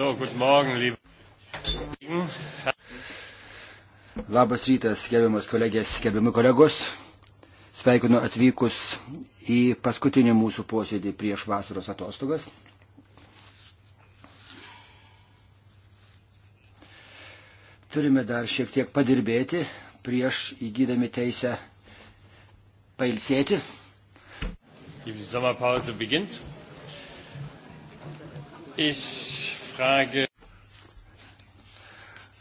So, guten Morgen, liebe Kollegen. Labas rytas, gerbiamas kolegės, gerbiami kolegos. Sveikinu atvykus į paskutinį mūsų posėdį prieš vasaros atostogas. Turime dar šiek tiek padirbėti prieš įgydami teisę pailsėti. Die Sommerpause beginnt. Ich Frage.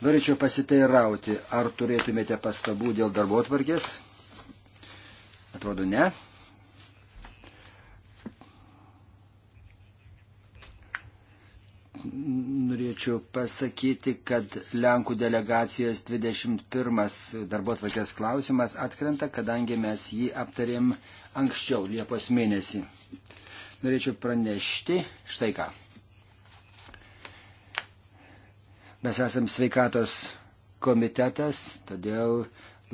Norėčiau pasiteirauti, ar turėtumėte pastabų dėl darbo atvarkės? Atrodo, ne. Norėčiau pasakyti, kad Lenkų delegacijos 21 darbo atvarkės klausimas atkrenta, kadangi mes jį aptarėm anksčiau, Liepos mėnesį. Norėčiau pranešti štai ką. Mes esam sveikatos komitetas, todėl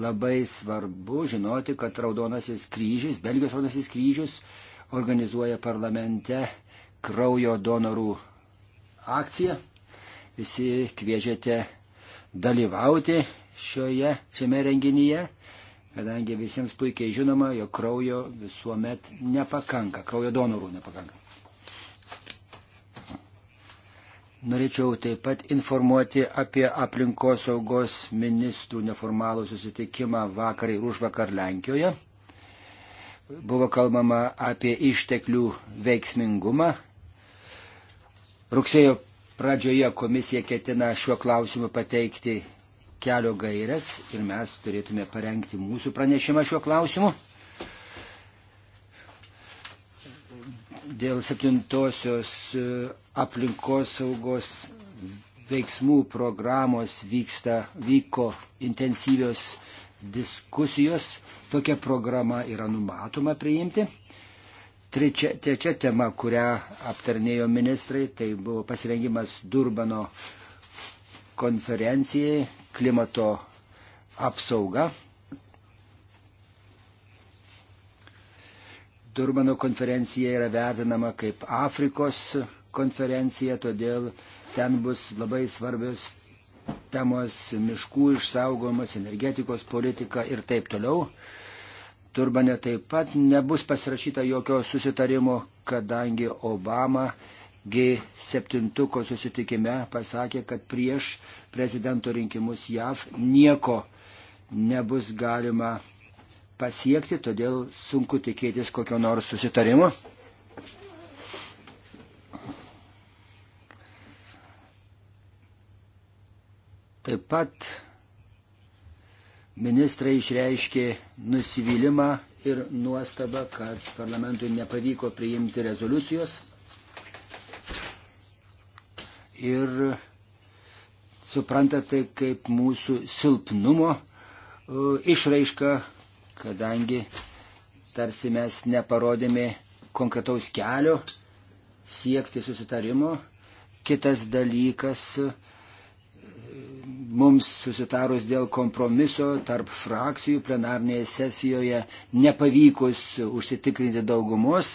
labai svarbu žinoti, kad Raudonasis kryžius, Belgijos Raudonasis kryžius organizuoja parlamente kraujo donorų akciją. Visi kviečiate dalyvauti šioje, šiame renginyje, kadangi visiems puikiai žinoma, jo kraujo visuomet nepakanka, kraujo donorų nepakanka. Norėčiau taip pat informuoti apie aplinkosaugos ministrų neformalų susitikimą vakar ir užvakar Lenkijoje. Buvo kalbama apie išteklių veiksmingumą. Rugsėjo pradžioje komisija ketina šiuo klausimu pateikti kelio gairias ir mes turėtume parengti mūsų pranešimą šiuo klausimu. Dėl septintosios aplinkosaugos veiksmų programos vyksta, vyko intensyvios diskusijos. Tokia programa yra numatoma priimti. Trečia, trečia tema, kurią aptarnėjo ministrai, tai buvo pasirengimas Durbano konferencijai klimato apsauga. Durbano konferencija yra vertinama kaip Afrikos konferencija, todėl ten bus labai svarbios temos miškų išsaugomas, energetikos politika ir taip toliau. Turbane taip pat nebus pasirašyta jokio susitarimo, kadangi Obama G7 susitikime pasakė, kad prieš prezidento rinkimus JAV nieko nebus galima pasiekti, todėl sunku tikėtis kokio nors susitarimo. Taip pat ministrai išreiškė nusivylimą ir nuostabą, kad parlamentui nepavyko priimti rezoliucijos. Ir supranta tai kaip mūsų silpnumo e, išraiška, kadangi tarsi mes neparodėme konkretaus kelio siekti susitarimo. Kitas dalykas, mums susitarus dėl kompromiso tarp frakcijų plenarnėje sesijoje nepavykus užsitikrinti daugumos,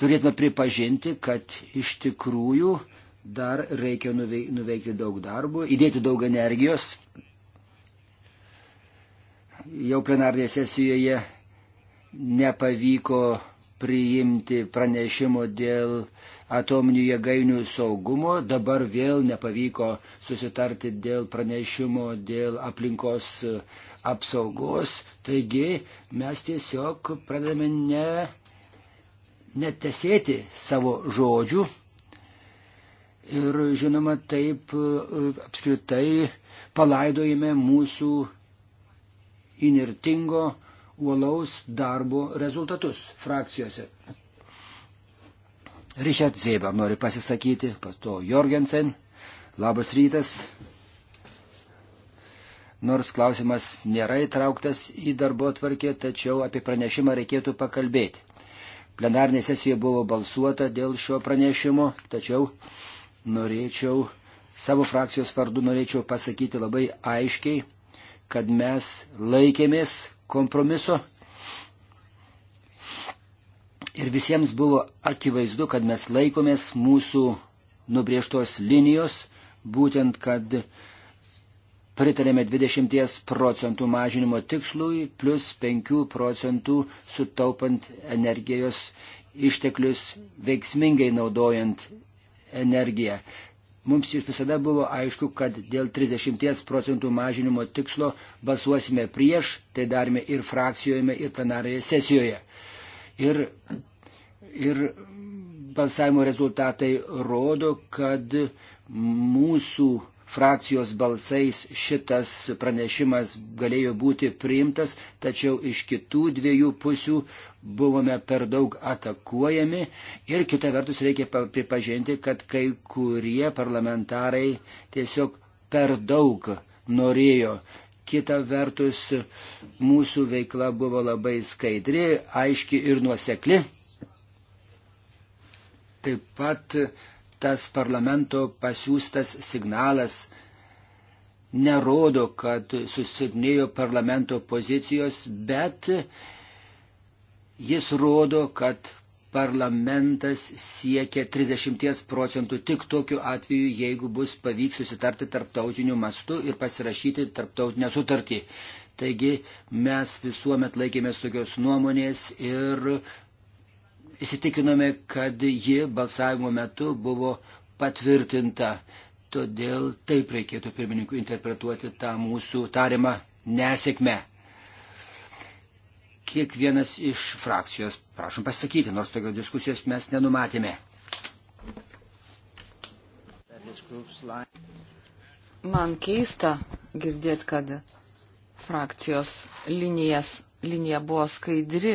turėtume pripažinti, kad iš tikrųjų dar reikia nuveikti daug darbo, įdėti daug energijos. Jau plenarnėje sesijoje nepavyko priimti pranešimo dėl uh, atominių jėgainių saugumo. Dabar vėl nepavyko susitarti dėl pranešimo, dėl aplinkos e, apsaugos. Taigi mes tiesiog pradedame ne, netesėti savo žodžių. Ir žinoma, taip e, apskritai palaidojame mūsų inirtingo uolaus darbo rezultatus frakcijose. Richard Zeba nori pasisakyti, pato Jorgensen. Labas rytas. Nors klausimas nėra įtrauktas į darbo tvarkę, tačiau apie pranešimą reikėtų pakalbėti. Plenarnė sesija buvo balsuota dėl šio pranešimo, tačiau norėčiau, savo frakcijos vardu norėčiau pasakyti labai aiškiai, kad mes laikėmės kompromiso Ir visiems buvo akivaizdu, kad mes laikomės mūsų nubriežtos linijos, būtent kad pritarėme 20 procentų mažinimo tikslui plus 5 procentų sutaupant energijos išteklius veiksmingai naudojant energiją. Mums ir visada buvo aišku, kad dėl 30 procentų mažinimo tikslo balsuosime prieš, tai darėme ir frakcijoje, ir plenarėje sesijoje. Ir, ir balsavimo rezultatai rodo, kad mūsų frakcijos balsais šitas pranešimas galėjo būti priimtas, tačiau iš kitų dviejų pusių buvome per daug atakuojami ir kita vertus reikia pripažinti, kad kai kurie parlamentarai tiesiog per daug norėjo Kita vertus, mūsų veikla buvo labai skaidri, aiški ir nuosekli. Taip pat tas parlamento pasiūstas signalas nerodo, kad susilpnėjo parlamento pozicijos, bet jis rodo, kad parlamentas siekia 30 procentų tik tokiu atveju, jeigu bus pavyks susitarti tarptautiniu mastu ir pasirašyti tarptautinę sutartį. Taigi mes visuomet laikėmės tokios nuomonės ir įsitikinome, kad ji balsavimo metu buvo patvirtinta. Todėl taip reikėtų pirmininkų interpretuoti tą mūsų tariamą nesėkmę kiekvienas iš frakcijos, prašom pasakyti, nors tokios diskusijos mes nenumatėme. Man keista girdėti, kad frakcijos linijas, linija buvo skaidri.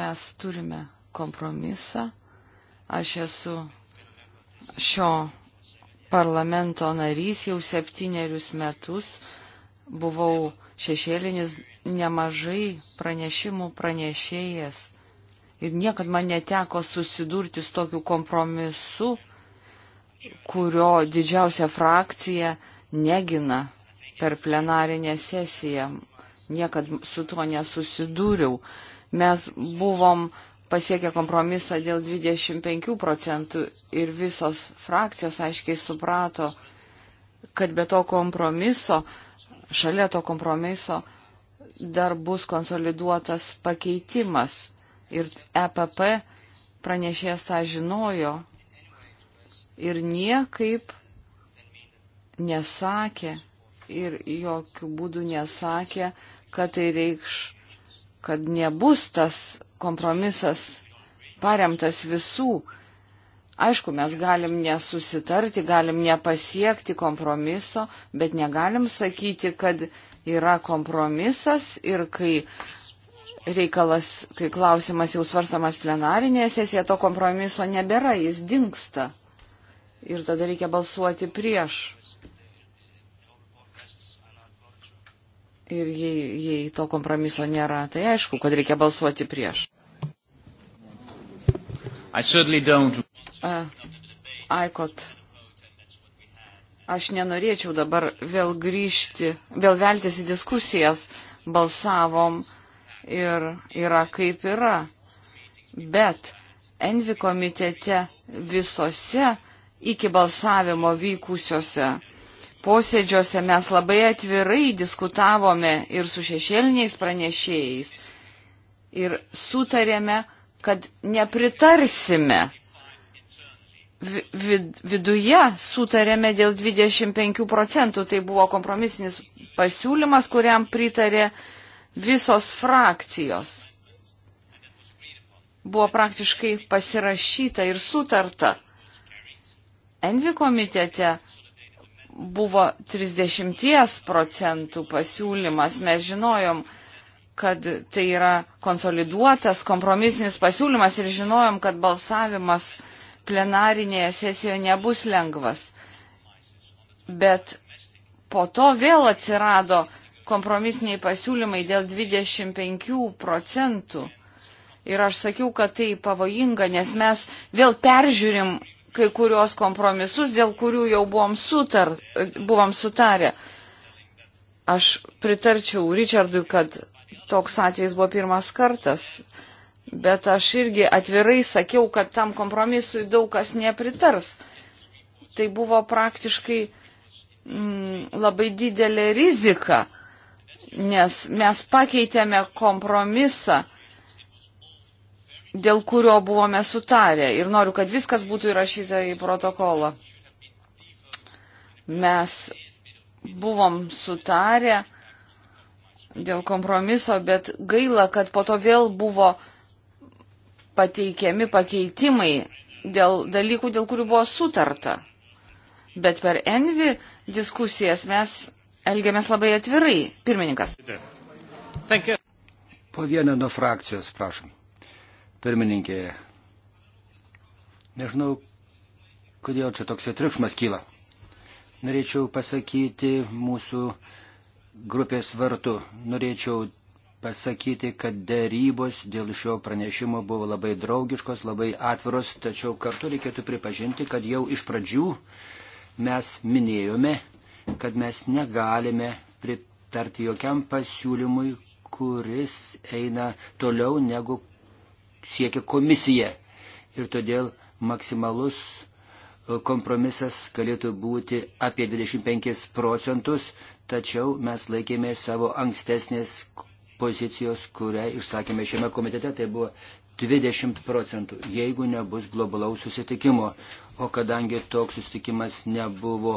Mes turime kompromisą. Aš esu šio parlamento narys jau septynerius metus buvau šešėlinis nemažai pranešimų pranešėjas. Ir niekad man neteko susidurti su tokiu kompromisu, kurio didžiausia frakcija negina per plenarinę sesiją. Niekad su tuo nesusidūriau. Mes buvom pasiekę kompromisą dėl 25 procentų ir visos frakcijos aiškiai suprato, kad be to kompromiso uh, šalia to kompromiso dar bus konsoliduotas pakeitimas ir EPP pranešėjas tą žinojo ir niekaip nesakė ir jokių būdų nesakė, kad tai reikš, kad nebus tas kompromisas paremtas visų Aišku, mes galim nesusitarti, galim nepasiekti kompromiso, bet negalim sakyti, kad yra kompromisas ir kai reikalas, kai klausimas jau svarstamas plenarinėje sesijoje, to kompromiso nebėra, jis dinksta. Ir tada reikia balsuoti prieš. Ir jei, jei to kompromiso nėra, tai aišku, kad reikia balsuoti prieš. Aikot. Aš nenorėčiau dabar vėl grįžti, vėl veltis į diskusijas, balsavom ir yra kaip yra. Bet Envi komitete visose iki balsavimo vykusiuose posėdžiuose mes labai atvirai diskutavome ir su šešėliniais pranešėjais ir sutarėme, kad nepritarsime vid, viduje sutarėme dėl 25 procentų. Tai buvo kompromisinis pasiūlymas, kuriam pritarė visos frakcijos. Buvo praktiškai pasirašyta ir sutarta. Envi komitete buvo 30 procentų pasiūlymas. Mes žinojom, kad tai yra konsoliduotas kompromisinis pasiūlymas ir žinojom, kad balsavimas uh, plenarinėje sesijoje nebus lengvas. Bet po to vėl atsirado kompromisiniai pasiūlymai dėl 25 procentų. Ir aš sakiau, kad tai pavojinga, nes mes vėl peržiūrim kai kuriuos kompromisus, dėl kurių jau buvom, sutar, buvom sutarę. Aš pritarčiau Richardui, kad toks atvejis buvo pirmas kartas. Bet aš irgi atvirai sakiau, kad tam kompromisui daug kas nepritars. Tai buvo praktiškai mm, labai didelė rizika, nes mes pakeitėme kompromisą, dėl kurio buvome sutarę. Ir noriu, kad viskas būtų įrašyta į protokolą. Mes buvom sutarę dėl kompromiso, bet gaila, kad po to vėl buvo pateikiami pakeitimai dėl dalykų, dėl kurių buvo sutarta. Bet per Envi diskusijas mes elgiamės labai atvirai. Pirmininkas. Po vieną nuo frakcijos, prašom. Pirmininkė. Nežinau, kodėl čia toks triukšmas kyla. Norėčiau pasakyti mūsų grupės vartų. Norėčiau pasakyti, kad dėrybos dėl šio pranešimo buvo labai draugiškos, labai atviros, tačiau kartu reikėtų pripažinti, kad jau iš pradžių mes minėjome, kad mes negalime pritarti jokiam pasiūlymui, kuris eina toliau negu siekia komisija. Ir todėl maksimalus e, kompromisas galėtų būti apie 25 procentus, tačiau mes laikėmės savo ankstesnės pozicijos, kurią išsakėme šiame komitete, tai buvo 20 procentų, jeigu nebus globalaus susitikimo. O kadangi toks susitikimas nebuvo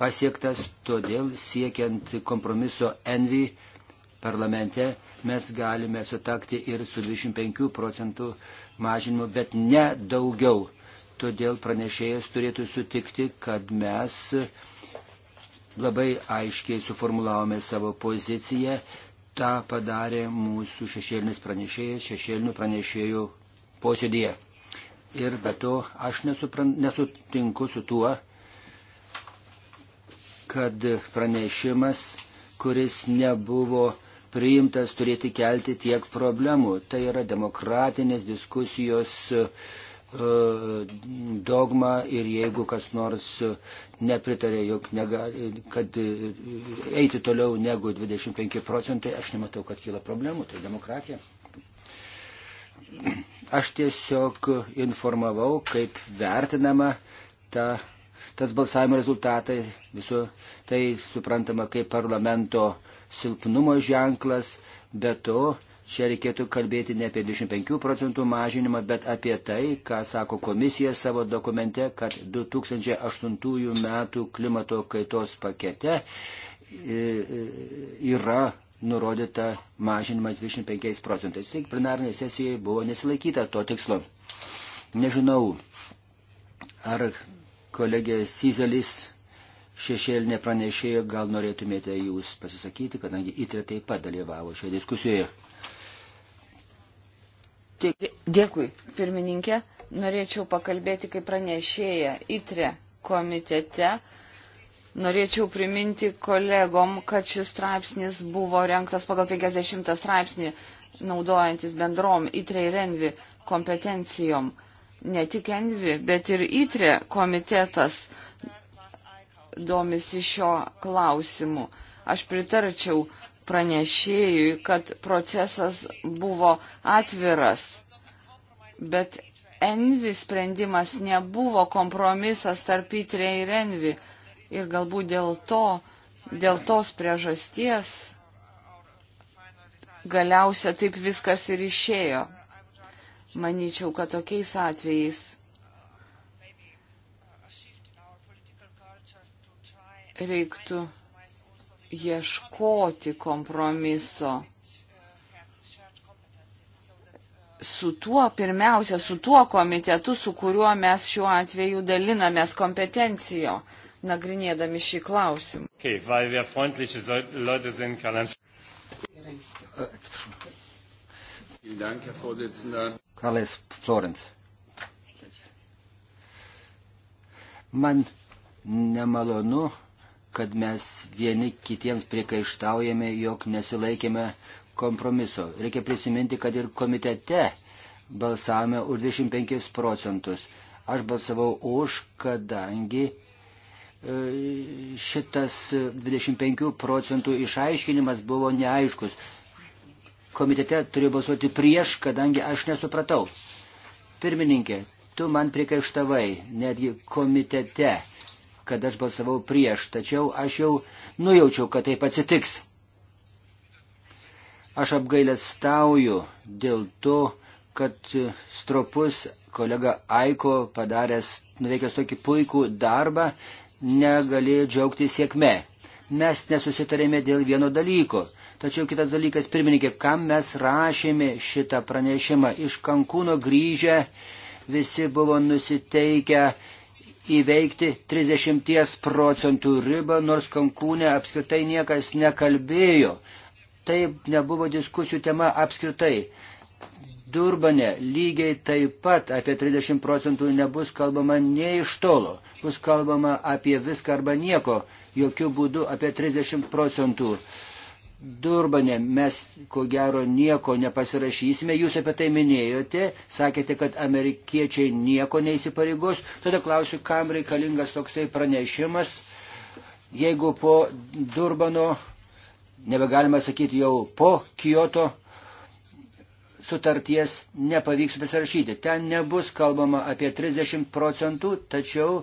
pasiektas, todėl siekiant kompromiso Envy parlamente mes galime sutakti ir su 25 procentų mažinimu, bet ne daugiau. Todėl pranešėjas turėtų sutikti, kad mes labai aiškiai suformulavome savo poziciją, tą padarė mūsų šešėlinis pranešėjas, šešėlinių pranešėjų posėdėje. Ir be to aš nesupran, nesutinku su tuo, kad pranešimas, kuris nebuvo priimtas, turėti kelti tiek problemų. Tai yra demokratinės diskusijos uh, dogma ir jeigu kas nors nepritarė, jog negali, kad eiti toliau negu 25 procentai, aš nematau, kad kyla problemų, tai demokratija. Aš tiesiog informavau, kaip vertinama ta, tas balsavimo rezultatai, viso tai suprantama kaip parlamento silpnumo ženklas, bet to Čia reikėtų kalbėti ne apie 25 procentų mažinimą, bet apie tai, ką sako komisija savo dokumente, kad 2008 metų klimato kaitos pakete e, e, yra nurodyta mažinimas 25 procentais. Tik plenarnėje sesijoje buvo nesilaikyta to tikslo. Nežinau, ar kolegė Sizelis šešėlinė pranešėja, gal norėtumėte jūs pasisakyti, kadangi įtrė taip pat dalyvavo šioje diskusijoje. Dėkui, pirmininkė. Norėčiau pakalbėti kaip pranešėja ITRE komitete. Norėčiau priminti kolegom, kad šis straipsnis buvo renktas pagal 50 straipsnį, naudojantis bendrom ITRE ir ENVI kompetencijom. Ne tik ENVI, bet ir ITRE komitetas domisi šio klausimu. Aš pritarčiau pranešėjui, kad procesas buvo atviras, bet Envi sprendimas nebuvo kompromisas tarp Pitrė ir Envi. Ir galbūt dėl to, dėl tos priežasties galiausia taip viskas ir išėjo. Manyčiau, kad tokiais atvejais reiktų ieškoti kompromiso su tuo, pirmiausia, su tuo komitetu, su kuriuo mes šiuo atveju dalinamės kompetencijo, nagrinėdami šį klausimą. Okay, Karlais Florence. Man nemalonu kad mes vieni kitiems priekaištaujame, jog nesilaikėme kompromiso. Reikia prisiminti, kad ir komitete balsavome už 25 procentus. Aš balsavau už, kadangi e, šitas 25 procentų išaiškinimas buvo neaiškus. Komitete turiu balsuoti prieš, kadangi aš nesupratau. Pirmininkė, tu man priekaištavai, netgi komitete kad aš balsavau prieš, tačiau aš jau nujaučiau, kad taip atsitiks. Aš apgailestauju dėl to, kad stropus kolega Aiko padaręs, nuveikęs tokį puikų darbą, negali džiaugti sėkme. Mes nesusitarėme dėl vieno dalyko. Tačiau kitas dalykas, pirmininkė, kam mes rašėme šitą pranešimą. Iš Kankūno grįžę visi buvo nusiteikę įveikti 30 procentų ribą, nors Kankūne apskritai niekas nekalbėjo. Tai nebuvo diskusijų tema apskritai. Durbane lygiai taip pat apie 30 procentų nebus kalbama nei iš tolo. Bus kalbama apie viską arba nieko, jokių būdų apie 30 procentų. Durbane mes ko gero nieko nepasirašysime, jūs apie tai minėjote, sakėte, kad amerikiečiai nieko neįsipareigos, tada klausiu, kam reikalingas toksai pranešimas, jeigu po Durbano, nebegalima sakyti jau po Kyoto sutarties nepavyks pasirašyti. Ten nebus kalbama apie 30 procentų, tačiau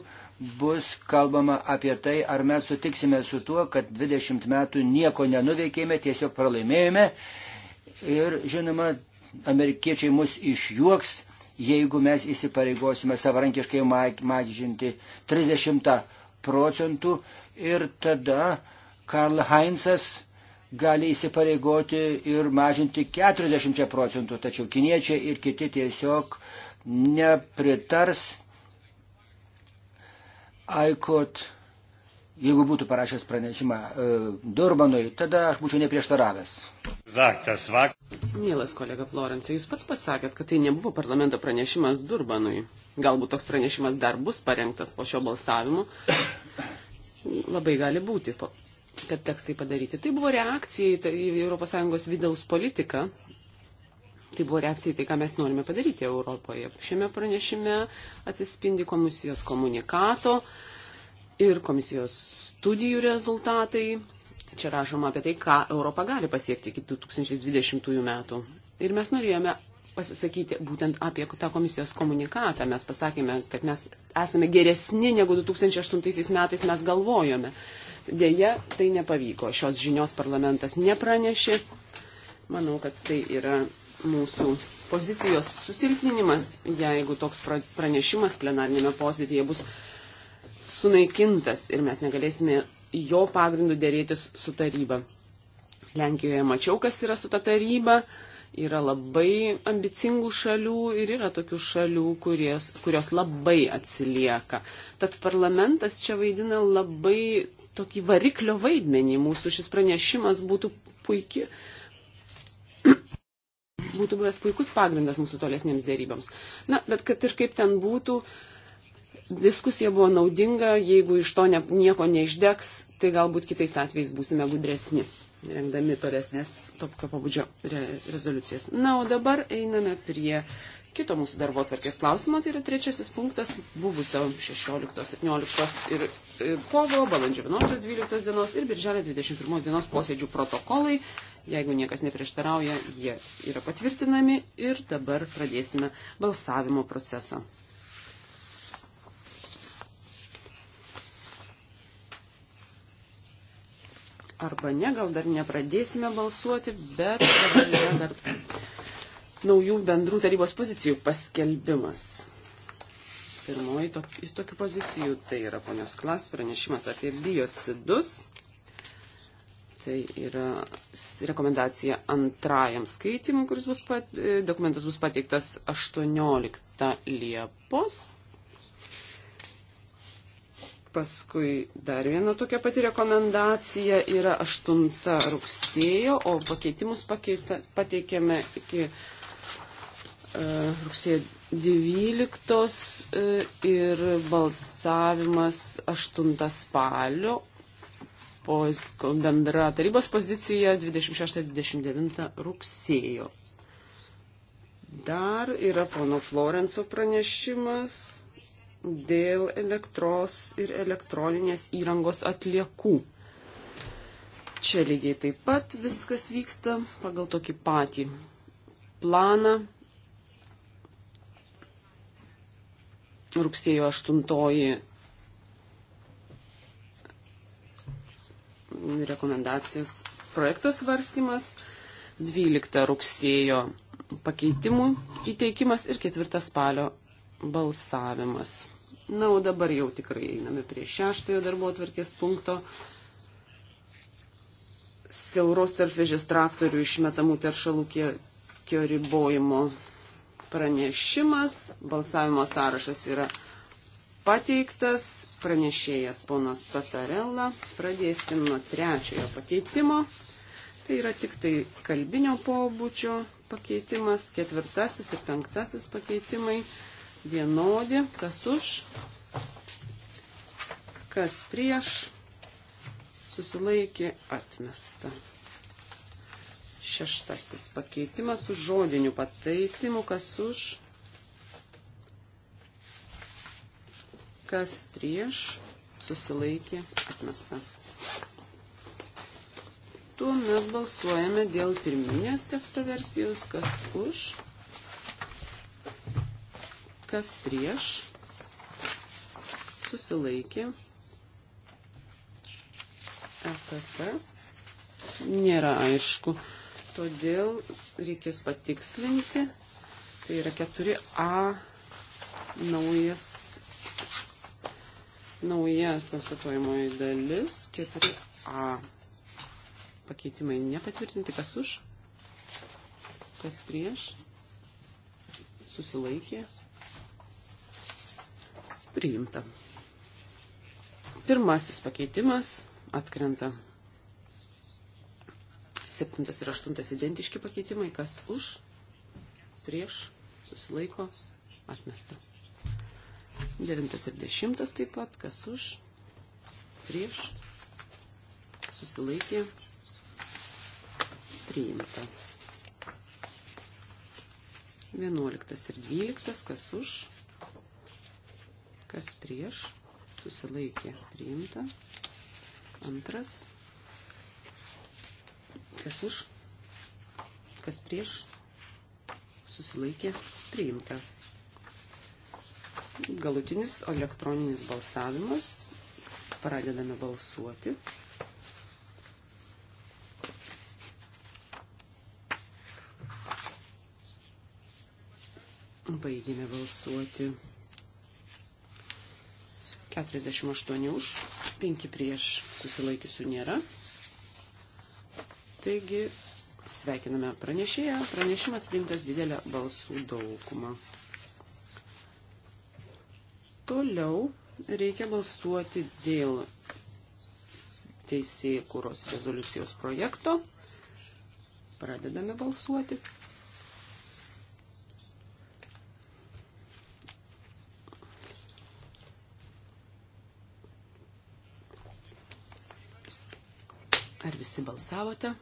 bus kalbama apie tai, ar mes sutiksime su tuo, kad 20 metų nieko nenuveikėme, tiesiog pralaimėjome. Ir žinoma, amerikiečiai mus išjuoks, jeigu mes įsipareigosime savarankiškai mažinti 30 procentų. Ir tada Karl Heinzas gali įsipareigoti ir mažinti 40 procentų, tačiau kiniečiai ir kiti tiesiog nepritars Aikot, jeigu būtų parašęs pranešimą e, Durbanui, tada aš būčiau neprieštaravęs. Zaktas vak. Mielas kolega Florencija, jūs pats pasakėt, kad tai nebuvo parlamento pranešimas Durbanui. Galbūt toks pranešimas dar bus parengtas po šio balsavimo. Labai gali būti, kad tekstai padaryti. Tai buvo reakcija į ES vidaus politiką Tai buvo reakcija į tai, ką mes norime padaryti Europoje. Šiame pranešime atsispindi komisijos komunikato ir komisijos studijų rezultatai. Čia rašoma apie tai, ką Europa gali pasiekti iki 2020 metų. Ir mes norėjome pasisakyti būtent apie tą komisijos komunikatą. Mes pasakėme, kad mes esame geresni negu 2008 metais mes galvojome. Deja, tai nepavyko. Šios žinios parlamentas nepranešė. Manau, kad tai yra mūsų pozicijos susilpninimas, jeigu toks pranešimas plenarnėme posėdėje bus sunaikintas ir mes negalėsime jo pagrindu dėrėtis su taryba. Lenkijoje mačiau, kas yra su ta taryba. Yra labai ambicingų šalių ir yra tokių šalių, kurios, kurios labai atsilieka. Tad parlamentas čia vaidina labai tokį variklio vaidmenį. Mūsų šis pranešimas būtų puikia būtų buvęs puikus pagrindas mūsų tolesnėms dėryboms. Na, bet kad ir kaip ten būtų, diskusija buvo naudinga, jeigu iš to ne, nieko neišdegs, tai galbūt kitais atvejais būsime gudresni, rengdami tolesnės tokio pabudžio re, rezoliucijas. Na, o dabar einame prie kito mūsų darbo atvarkės klausimo, tai yra trečiasis punktas buvusio 16, 17 ir kovo, balandžio 11, 12 dienos ir birželio 21 dienos posėdžių protokolai. Jeigu niekas neprieštarauja, jie yra patvirtinami ir dabar pradėsime balsavimo procesą. Arba ne, gal dar nepradėsime balsuoti, bet yra dar naujų bendrų tarybos pozicijų paskelbimas pirmoji to, iš tokių pozicijų tai yra ponios klas pranešimas apie biocidus. Tai yra rekomendacija antrajam skaitimui, kuris bus pat, e, dokumentas bus pateiktas 18 Liepos. Paskui dar viena tokia pati rekomendacija yra 8 rugsėjo, o pakeitimus pakeita, pateikėme iki uh, rugsėjo 12 uh, e, ir balsavimas 8 spalio, poz, bendra tarybos pozicija 26-29 rugsėjo. Dar yra pono Florenco pranešimas dėl elektros ir elektroninės įrangos atliekų. Čia lygiai taip pat viskas vyksta pagal tokį patį planą. Rugsėjo 8 rekomendacijos projektos svarstymas, 12 rugsėjo pakeitimų įteikimas ir 4 spalio balsavimas. Na, o dabar jau tikrai einame prie šeštojo darbo atvarkės punkto. Siauros tarpvežės traktorių išmetamų teršalų kiekio ribojimo pranešimas. Balsavimo sąrašas yra pateiktas pranešėjas ponas Patarella. Pradėsim nuo trečiojo pakeitimo. Tai yra tik tai kalbinio pobūdžio pakeitimas, ketvirtasis ir penktasis pakeitimai vienodi, kas už, kas prieš, susilaikė atmesta. Šeštasis pakeitimas su žodiniu pataisimu, kas už, kas prieš, susilaikė, atmesta. Tuomet balsuojame dėl pirminės teksto versijos, kas už, kas prieš, susilaikė, EPP. Nėra aišku, todėl reikės patikslinti. Tai yra 4A naujas Nauja konstatuojamoji dalis 4a. Pakeitimai nepatvirtinti, kas už, kas prieš, susilaikė, priimta. Pirmasis pakeitimas atkrenta. Septintas ir aštuntas identiški pakeitimai, kas už, prieš, susilaiko, atmesta. Devintas ir dešimtas taip pat, kas už, prieš, susilaikė, priimta. Vienuoliktas ir dvyliktas, kas už, kas prieš, susilaikė, priimta. Antras, kas už, kas prieš, susilaikė, priimta galutinis elektroninis balsavimas. Pradedame balsuoti. Baigėme balsuoti. 48 už, 5 prieš susilaikysiu nėra. Taigi sveikiname pranešėją. Pranešimas priimtas didelę balsų daugumą. Toliau reikia balsuoti dėl teisėjų kūros rezoliucijos projekto. Pradedame balsuoti. Ar visi balsavote?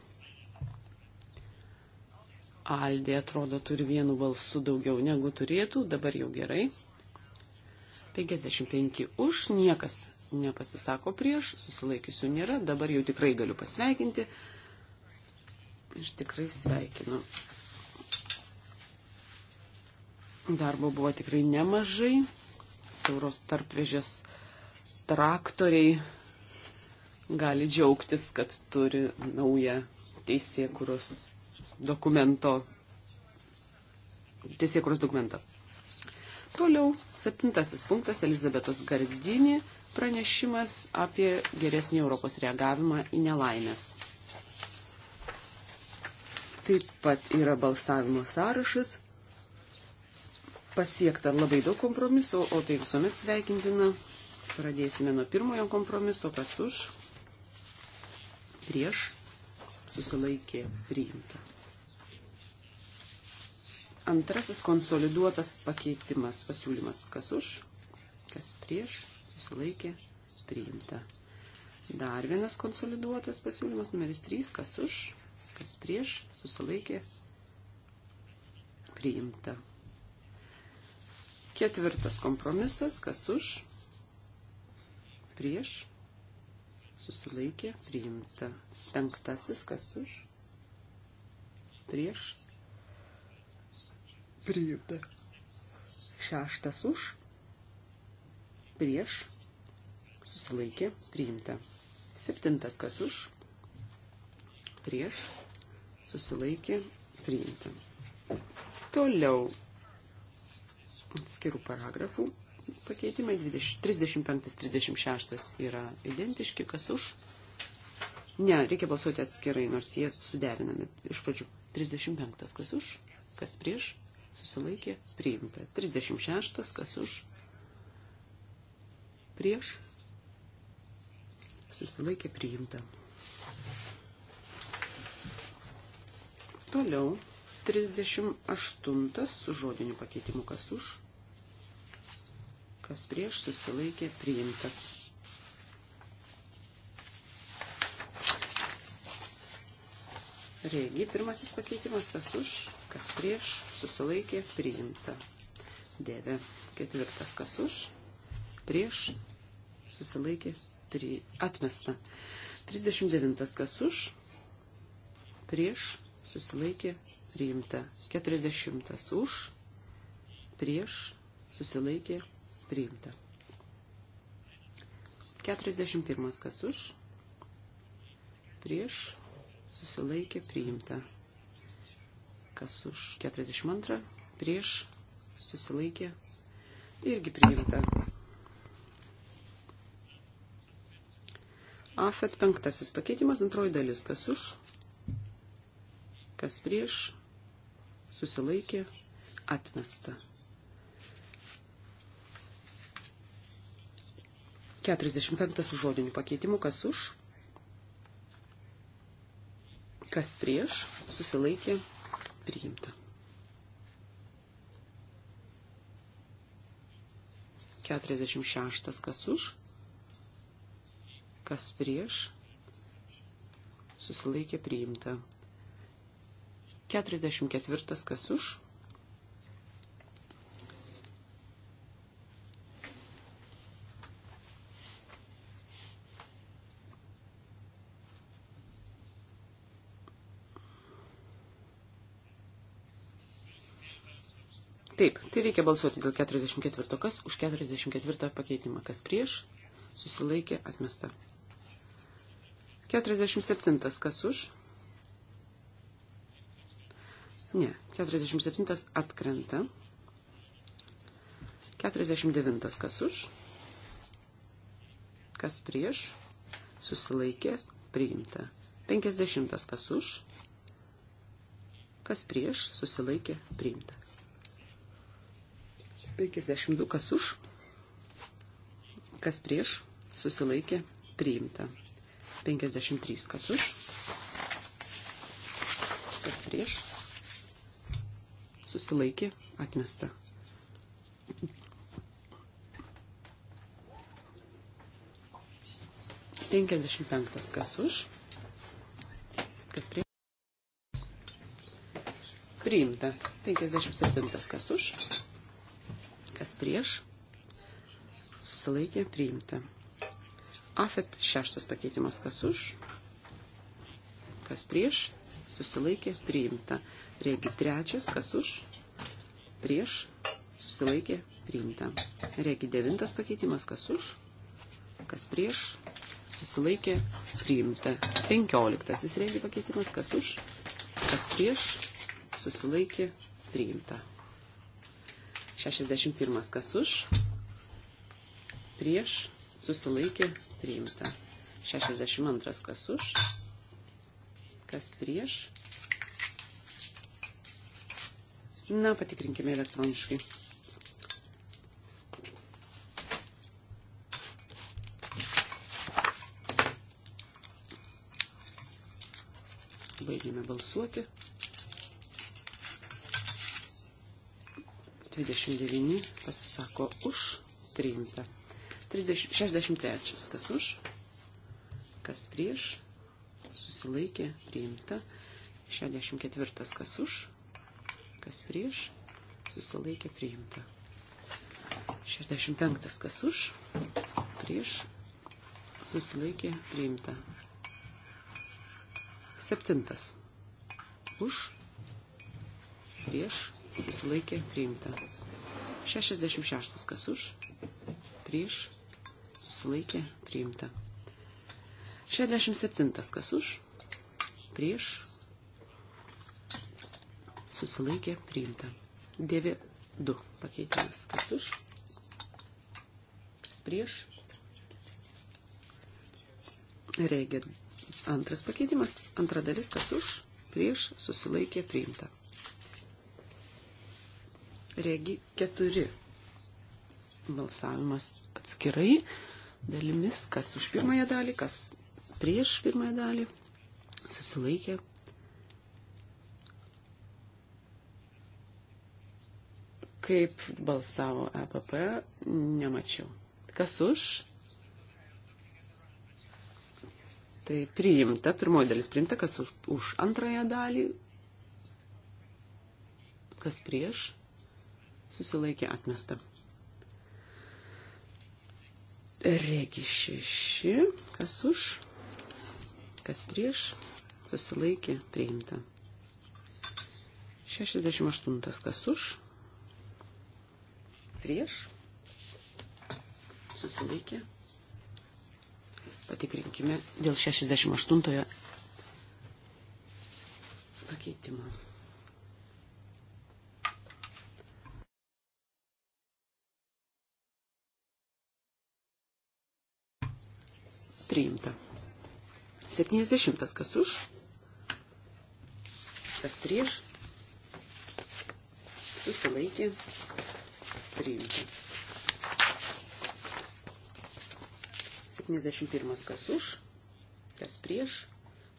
Aldė atrodo turi vienu balsu daugiau negu turėtų, dabar jau gerai. 55 už, niekas nepasisako prieš, susilaikiusių nėra, dabar jau tikrai galiu pasveikinti. Aš tikrai sveikinu. Darbo buvo tikrai nemažai, sauros tarpvežės traktoriai gali džiaugtis, kad turi naują teisėkuros dokumento. Teisėkuros dokumentą. Toliau septintasis punktas Elizabetos Gardinį pranešimas apie geresnį Europos reagavimą į nelaimės. Taip pat yra balsavimo sąrašas. Pasiekta labai daug kompromisų, o tai visuomet sveikintina. Pradėsime nuo pirmojo kompromiso, kas už, prieš, susilaikė, priimta. Antrasis konsoliduotas pakeitimas pasiūlymas. Kas už, kas prieš, susilaikė, priimta. Dar vienas konsoliduotas pasiūlymas, numeris 3, kas už, kas prieš, susilaikė, priimta. Ketvirtas kompromisas, kas už, prieš, susilaikė, priimta. Penktasis, kas už, prieš, priimta. Šeštas už, prieš, susilaikė, priimta. Septintas kas už, prieš, susilaikė, priimta. Toliau atskirų paragrafų pakeitimai 35-36 yra identiški, kas už. Ne, reikia balsuoti atskirai, nors jie suderinami. Iš pradžių 35, kas už, kas prieš, susilaikė, priimta. 36, kas už, prieš, susilaikė, priimta. Toliau, 38 su žodiniu pakeitimu, kas už, kas prieš, susilaikė, priimtas. Regi, pirmasis pakeitimas, kas už, kas prieš, susilaikė, priimta. Dėvė ketvirtas, kas už, prieš, susilaikė, pri... atmesta. 39, kas už, prieš, susilaikė, priimta. 40, už, prieš, susilaikė, priimta. 41, kas už, prieš, susilaikė, priimta kas už 42, prieš, susilaikė, irgi priimta. Afet penktasis pakeitimas, antroji dalis, kas už, kas prieš, susilaikė, atmesta. 45 su žodiniu pakeitimu, kas už, kas prieš, susilaikė, priimta. 46. Kas už, kas prieš, susilaikė priimta. 44. Kas už, Taip, tai reikia balsuoti dėl 44. Kas už 44 pakeitimą? Kas prieš? Susilaikė atmesta. 47. Kas už? Ne, 47 atkrenta. 49 kas už, kas prieš, susilaikė, priimta. 50 kas už, kas prieš, susilaikė, priimta. 52 kas už, kas prieš, susilaikė, priimta. 53 kas už, kas prieš, susilaikė, atmesta. Penkiasdešimt penktas kas už, kas prieš. Priimta. Penkiasdešimt septintas kas už, prieš, susilaikė priimta. Afet šeštas pakeitimas kas už, kas prieš, susilaikė priimta. Regi trečias kas už, prieš, susilaikė priimta. Regi devintas pakeitimas kas už, kas prieš, susilaikė priimta. Penkioliktasis regi pakeitimas kas už, kas prieš, susilaikė priimta. 61. Kas už? Prieš susilaikė priimta. 62. Kas už? Kas prieš? Na, patikrinkime elektroniškai. Baigėme balsuoti. 29 pasisako už priimta. 30, 63 kas už, kas prieš, susilaikė priimta. 64 kas už, kas prieš, susilaikė priimta. 65 kas už, prieš, susilaikė priimta. 7 už, prieš, susilaikė priimta. 66 kas už, prieš, susilaikė priimta. 67 kas už, prieš, susilaikė priimta. 9, 2 pakeitimas kas už, prieš, reikia antras pakeitimas, antra dalis kas už, prieš, susilaikė priimta. Regi 4. Balsavimas atskirai dalimis, kas už pirmąją dalį, kas prieš pirmąją dalį. Susilaikė. Kaip balsavo EPP, nemačiau. Kas už? Tai priimta, pirmoji dalis priimta, kas už, už antrąją dalį, kas prieš susilaikė atmesta. Regi šeši, kas už, kas prieš, susilaikė priimta. 68, kas už, prieš, susilaikė. Patikrinkime dėl 68 pakeitimo. priimta. 70. Kas už? Kas prieš? Susilaikė. Priimta. 71. Kas už? Kas prieš?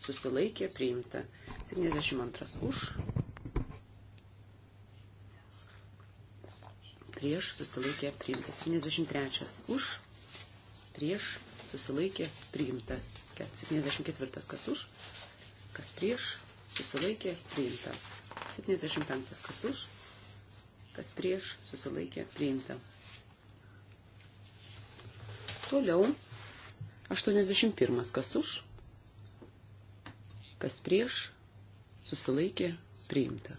Susilaikė. Priimta. 72. Už. Prieš susilaikė priimta. 73. Už. Prieš susilaikė, priimta. 74 kas už, kas prieš, susilaikė, priimta. 75 kas už, kas prieš, susilaikė, priimta. Toliau 81 kas už, kas prieš, susilaikė, priimta.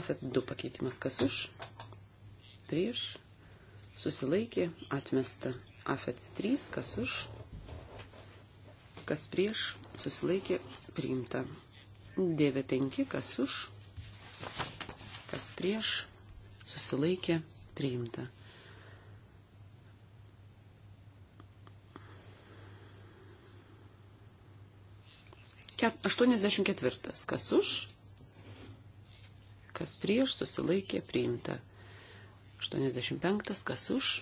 Afet 2 pakeitimas kas už, prieš, susilaikė, atmesta. Afet 3, kas už, kas prieš, susilaikė priimta. DV5, kas už, kas prieš, susilaikė priimta. Ket, 84. Kas už, kas prieš, susilaikė priimta. 85. Kas už,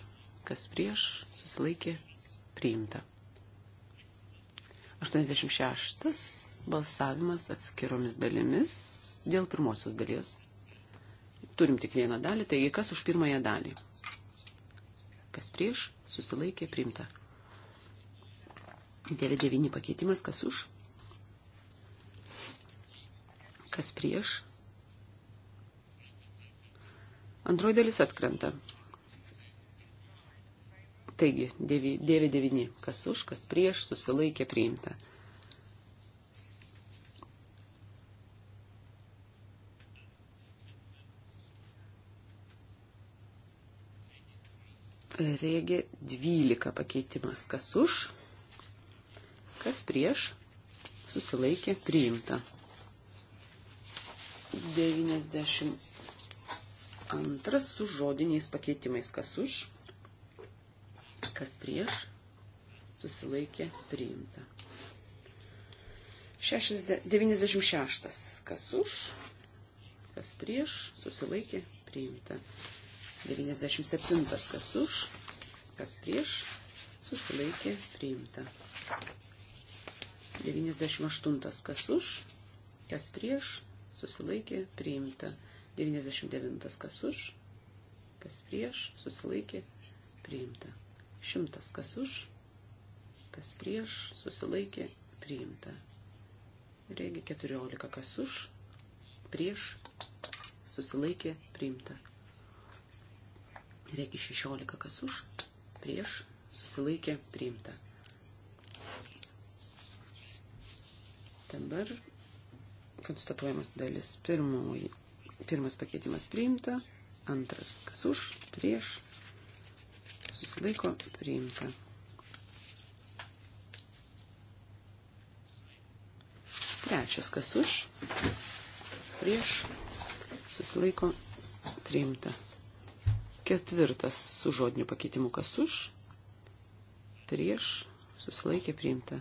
kas prieš, susilaikė, priimta. 86 balsavimas atskiromis dalimis dėl pirmosios dalies. Turim tik vieną dalį, taigi kas už pirmąją dalį? Kas prieš, susilaikė, priimta. 99 pakeitimas, kas už? Kas prieš? Antroji dalis atkrenta. Taigi, 9-9, kas už, kas prieš, susilaikė priimta. Regė 12 pakeitimas, kas už, kas prieš, susilaikė priimta. 92 su žodiniais pakeitimais, kas už, kas prieš, susilaikė priimta. 96. Kas už, kas prieš, susilaikė priimta. 97. Kas už, kas prieš, susilaikė priimta. 98. Kas už, kas prieš, susilaikė priimta. 99. Kas už, kas prieš, susilaikė priimta. Šimtas kas už, kas prieš, susilaikė, priimta. Regi 14 kas už, prieš, susilaikė, priimta. Regi 16 kas už, prieš, susilaikė, priimta. Dabar konstatuojamas dalis. Pirmoji, pirmas pakeitimas priimta, antras kas už, prieš, susilaiko priimta. Trečias, kas už, prieš, susilaiko priimta. Ketvirtas, su žodiniu pakeitimu, kas už, prieš, susilaikė priimta.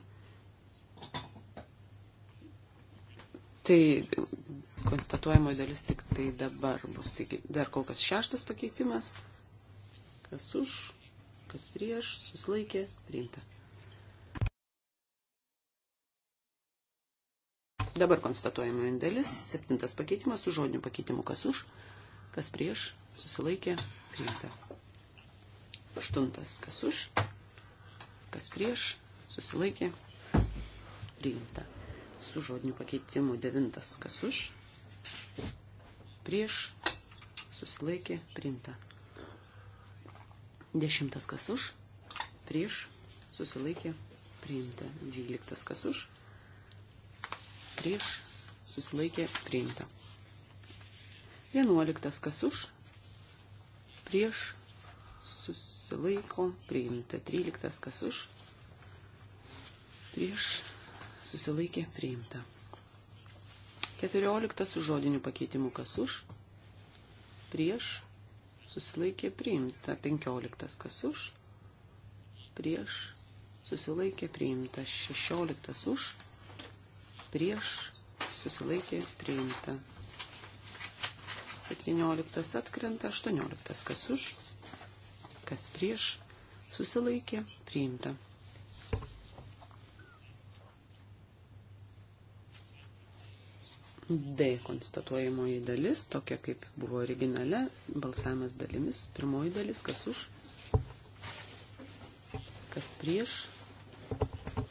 Tai konstatuojamo dalis tik tai dabar bus. Taigi dar kol kas šeštas pakeitimas. Kas už, kas prieš, susilaikė, priimta. Dabar konstatuojama dalis, septintas pakeitimas su žodiniu pakeitimu, kas už, kas prieš, susilaikė, priimta. Aštuntas, kas už, kas prieš, susilaikė, priimta. Su žodiniu pakeitimu devintas, kas už, prieš, susilaikė, priimta. Dešimtas kas už, prieš, susilaikė, priimta. Dvyliktas kas už, prieš, susilaikė, priimta. Vienuoliktas kas už, prieš, susilaiko, priimta. Tryliktas kas už, prieš, susilaikė, priimta. Keturioliktas su žodiniu pakeitimu kas už, prieš, susilaikė priimta. 15 kas už, prieš, susilaikė priimta. 16 už, prieš, susilaikė priimta. 17 atkrenta, 18 kas už, kas prieš, susilaikė priimta. D konstatuojamoji dalis, tokia kaip buvo originale, balsavimas dalimis, pirmoji dalis, kas už, kas prieš,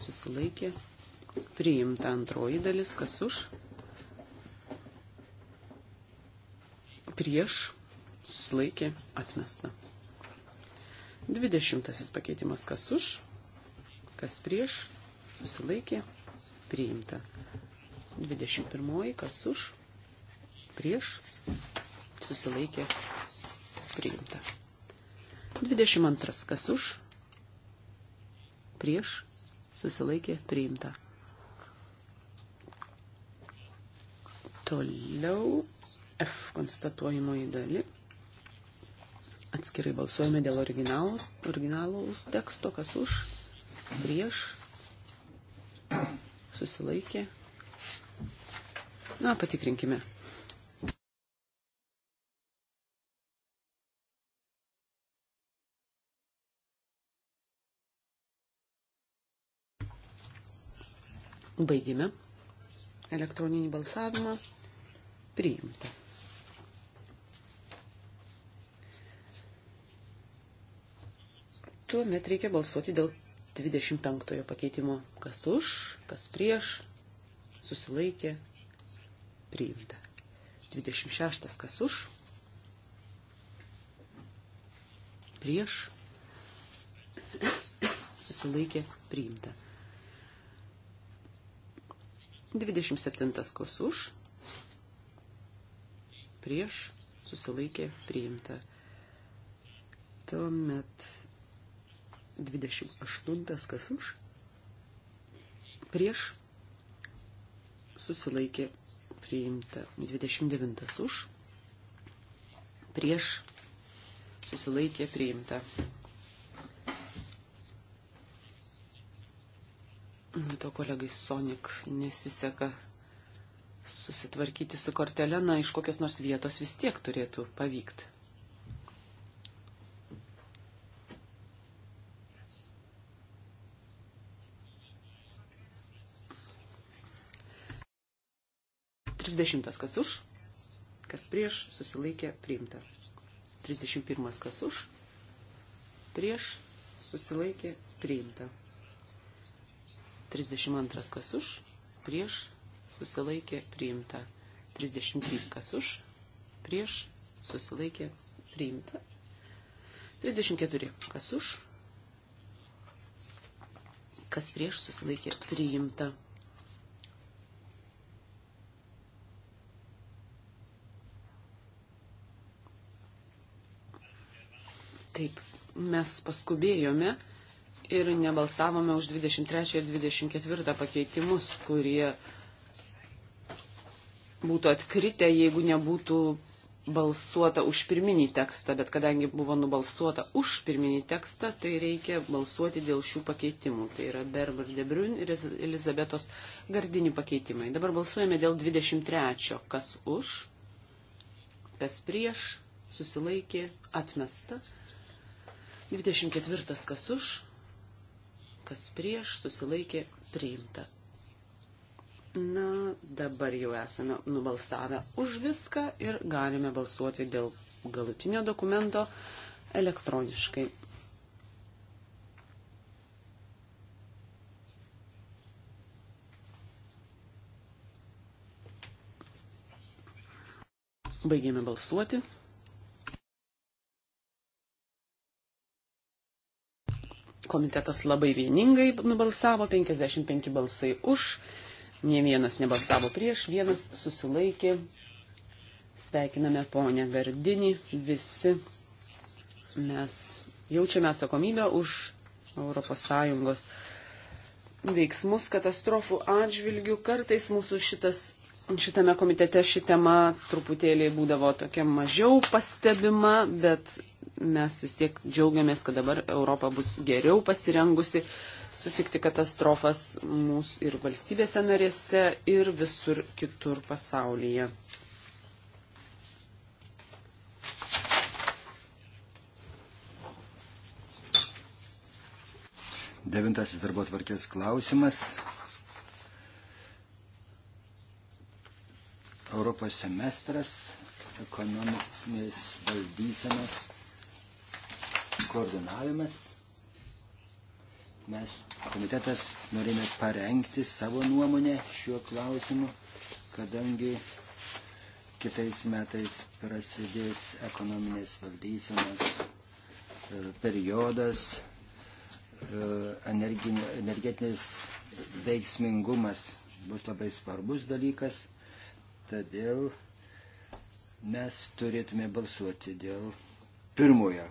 susilaikė, priimta antroji dalis, kas už, prieš, susilaikė, atmesta. Dvidešimtasis pakeitimas, kas už, kas prieš, susilaikė, priimta. 21. Kas už? Prieš? Susilaikė? Priimta. 22. Kas už? Prieš? Susilaikė? Priimta. Toliau F konstatuojamoji dali. Atskirai balsuojame dėl originalų, originalaus teksto, kas už, prieš, susilaikė, Na, patikrinkime. Baigime elektroninį balsavimą. Priimta. Tuomet reikia balsuoti dėl 25 pakeitimo. Kas už, kas prieš, susilaikė, priimta. 26 kas už, prieš, susilaikė priimta. 27 kas už, prieš, susilaikė priimta. Tuomet 28 kas už, prieš, susilaikė priimta. 29 už, prieš, susilaikė priimta. To kolegai Sonik nesiseka susitvarkyti su kortelė, na, iš kokios nors vietos vis tiek turėtų pavykti. 30 kas už, kas prieš, susilaikė priimta. 31 kas už, prieš, susilaikė priimta. 32 kas už, prieš, susilaikė priimta. 33 kas už, prieš, susilaikė priimta. 34 kas už, kas prieš, susilaikė priimta. Taip, mes paskubėjome ir nebalsavome už 23 ir 24 pakeitimus, kurie būtų atkritę, jeigu nebūtų balsuota už pirminį tekstą, bet kadangi buvo nubalsuota už pirminį tekstą, tai reikia balsuoti dėl šių pakeitimų. Tai yra Berber Debriun ir Elizabetos Gardinių pakeitimai. Dabar balsuojame dėl 23. Kas už, kas prieš, susilaikė, atmesta. 24 kas už, kas prieš, susilaikė priimta. Na, dabar jau esame nubalsavę už viską ir galime balsuoti dėl galutinio dokumento elektroniškai. Baigėme balsuoti. komitetas labai vieningai nubalsavo, 55 balsai už, nie vienas nebalsavo prieš, vienas susilaikė. Sveikiname ponę Gardinį, visi mes jaučiame atsakomybę už ES veiksmus katastrofų atžvilgių. Kartais mūsų šitas, šitame komitete ši tema truputėlį būdavo tokia mažiau pastebima, bet mes vis tiek džiaugiamės, kad dabar Europa bus geriau pasirengusi sutikti katastrofas mūsų ir valstybėse narėse, ir visur kitur pasaulyje. Devintasis darbo tvarkės klausimas. Europos semestras ekonominės valdysenos koordinavimas. Mes komitetas norime parengti savo nuomonę šiuo klausimu, kadangi kitais metais prasidės ekonominės valdysenos e, periodas, e, energetinis veiksmingumas bus labai svarbus dalykas, todėl mes turėtume balsuoti dėl pirmojo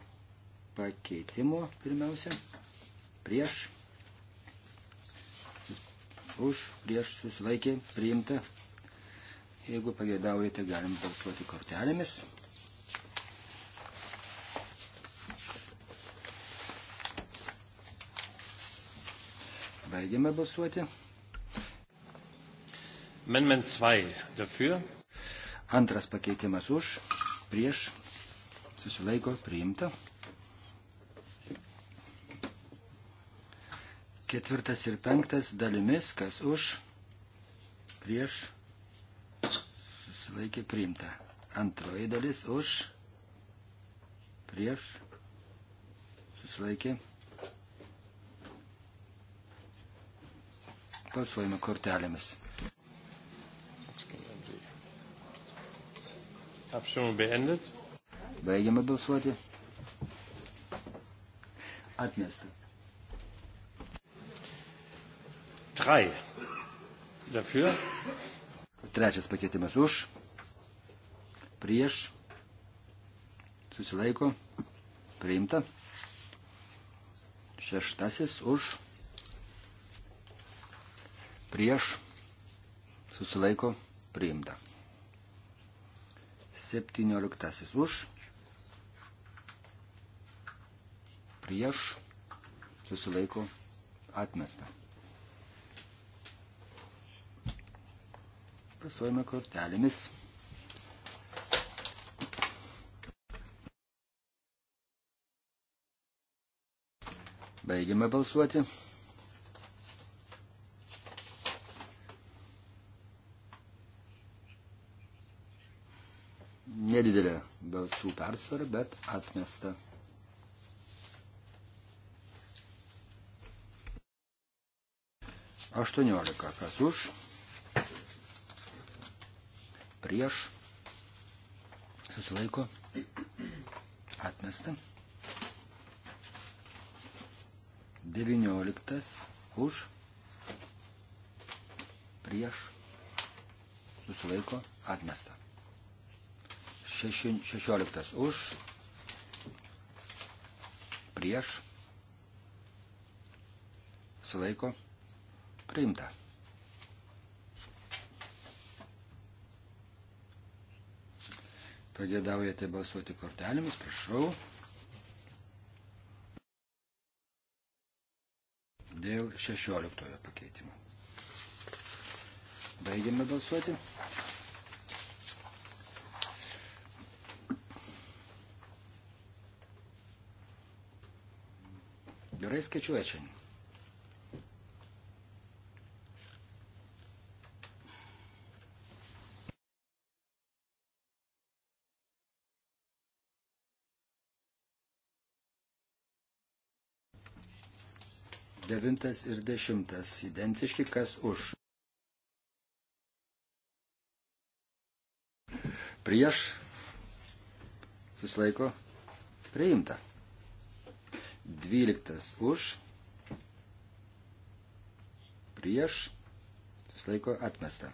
pakeitimo pirmiausia. Prieš. Už, prieš susilaikė, priimta. Jeigu pageidaujate, galim balsuoti kortelėmis. Baigiame balsuoti. Amendment 2 dafür. Antras pakeitimas už, prieš, susilaiko, priimta. Ketvirtas ir penktas dalimis, kas už, prieš, susilaikė priimta. Antroji dalis už, prieš, susilaikė. Balsuojame kortelėmis. Apšimų beendet. Baigiame balsuoti. Atmesta. 3. Dafür. Trečias pakeitimas už, prieš, susilaiko, priimta. Šeštasis už, prieš, susilaiko, priimta. Septynioliktasis už, prieš, susilaiko, atmesta. Pasuojame kortelėmis. Baigiame balsuoti. Nedidelė balsų persvara, bet atmesta. Aštuoniolika. Kas už? prieš, susilaiko, atmesta. 19 už, prieš, susilaiko, atmesta. 16 už, prieš, susilaiko, priimta. Pagėdaujate balsuoti kortelėmis, prašau. Dėl 16 pakeitimo. Baigiame balsuoti. Gerai skaičiuoja šiandien. 9 ir 10 identiški, kas už. Prieš susilaiko priimta. 12 už. Prieš susilaiko atmesta.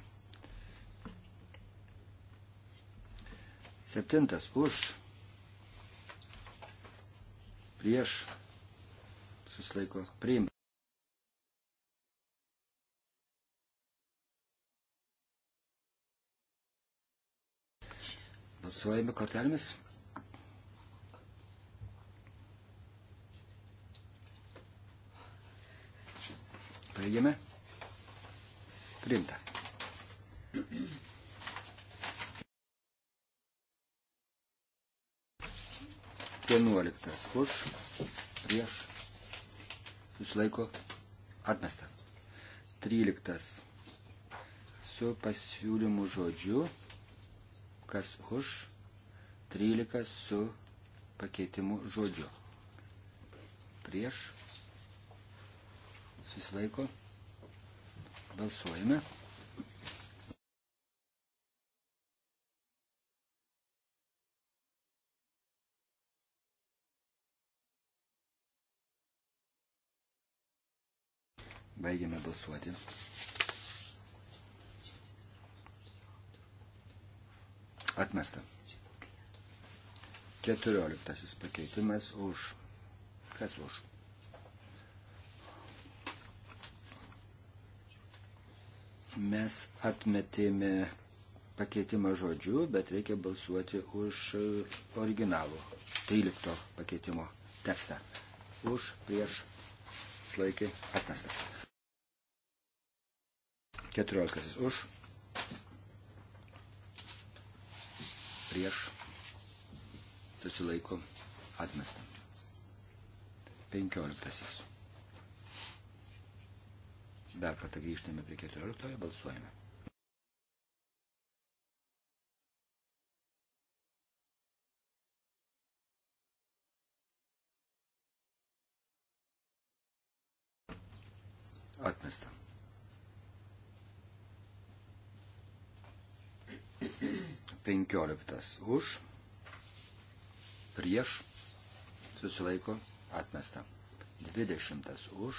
7 už. Prieš susilaiko priimta. Balsuojame kortelėmis. Baigiame. Priimta. Vienuoliktas už, prieš, susilaiko, atmesta. Tryliktas su pasiūlymu žodžiu kas už, 13 su pakeitimu žodžiu. Prieš, susilaiko, balsuojame. Baigiame balsuoti. Atmesta. Keturioliktasis pakeitimas už. Kas už? Mes atmetėme pakeitimą žodžiu, bet reikia balsuoti už originalų 13 pakeitimo tekstą. Už, prieš, laikė, atmestas. 14 už, prieš susilaiko atmesta. 15. Dar kartą grįžtame prie 14. Balsuojame. Atmesta. 15 už, prieš, susilaiko, atmesta. 20 už,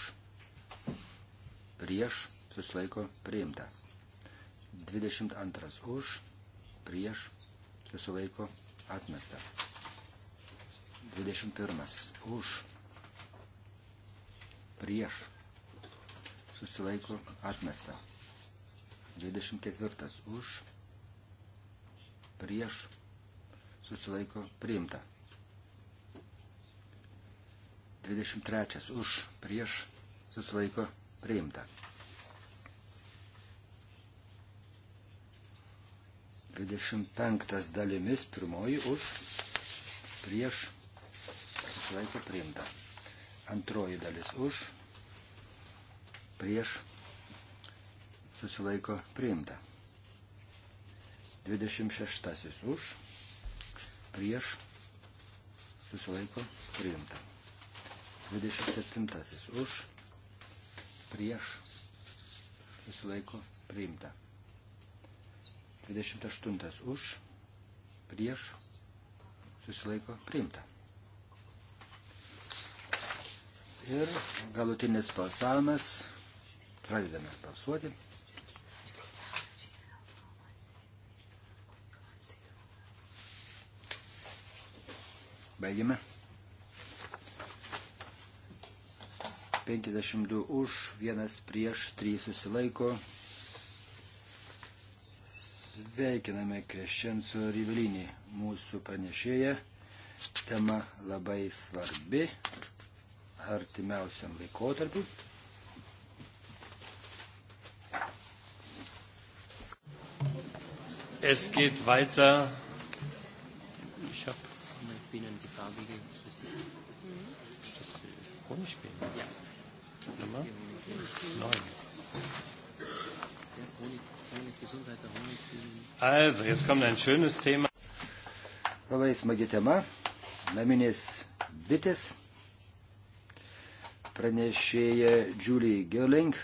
prieš, susilaiko, priimta. 22 už, prieš, susilaiko, atmesta. 21 už, prieš, susilaiko, atmesta. 24 už, prieš prieš susilaiko priimta. 23 už prieš susilaiko priimta. 25 dalimis pirmoji už prieš susilaiko priimta. Antroji dalis už prieš susilaiko priimta. 26 už, prieš, susilaiko, priimta. 27 už, prieš, susilaiko, priimta. 28 už, prieš, susilaiko, priimta. Ir galutinis balsavimas. Pradedame balsuoti. Baigiame. 52 už, 1 prieš, 3 susilaiko. Sveikiname Krešenco Rivelinį, mūsų pranešėją. Tema labai svarbi artimiausiam laikotarpiu. Es geht weiter vorne spielen? Ja. Nummer 9. Also, jetzt kommt ein schönes Thema. Labai smagi tema. Naminės bitės. Pranešėja Julie Gerling.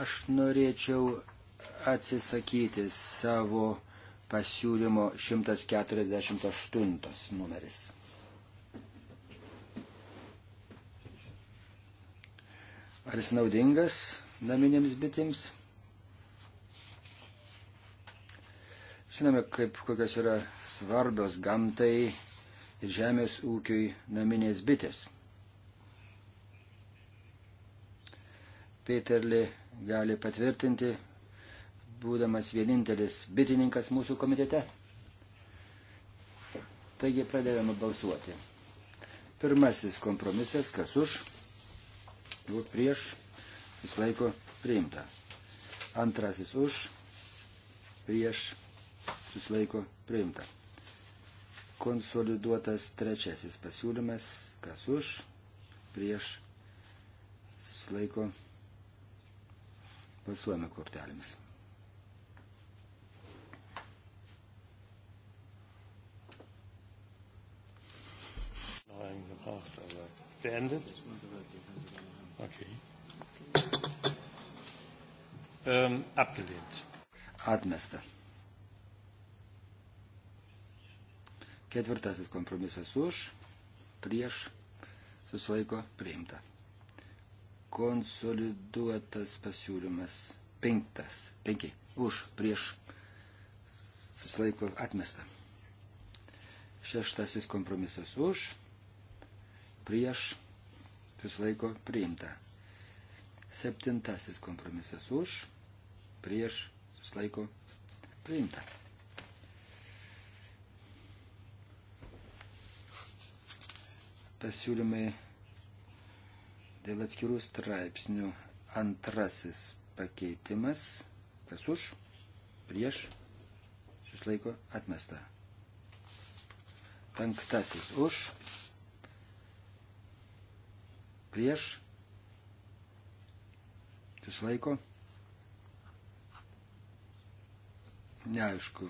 Aš norėčiau atsisakyti savo pasiūlymo 148 numeris. Ar jis naudingas naminėms bitėms? Žinome, kaip kokios yra svarbios gamtai ir žemės ūkiui naminės bitės. Peterli gali patvirtinti, būdamas vienintelis bitininkas mūsų komitete. Taigi pradedame balsuoti. Pirmasis kompromisas, kas už? Jau prieš susilaiko priimta. Antrasis už, prieš susilaiko priimta. Konsoliduotas trečiasis pasiūlymas, kas už, prieš susilaiko pasuojame kortelėmis. Beendet. Okay. Ähm, abgelehnt. Atmesta. Ketvirtasis kompromisas už, prieš, susilaiko priimta. Konsoliduotas pasiūlymas penktas, penki, už, prieš, susilaiko atmesta. Šeštasis kompromisas už, prieš, susilaiko priimta. Septintasis kompromisas už, prieš susilaiko priimta. Pasiūlymai dėl atskirų straipsnių antrasis pakeitimas, kas už, prieš susilaiko atmesta. Penktasis už, prieš, susilaiko, neaišku,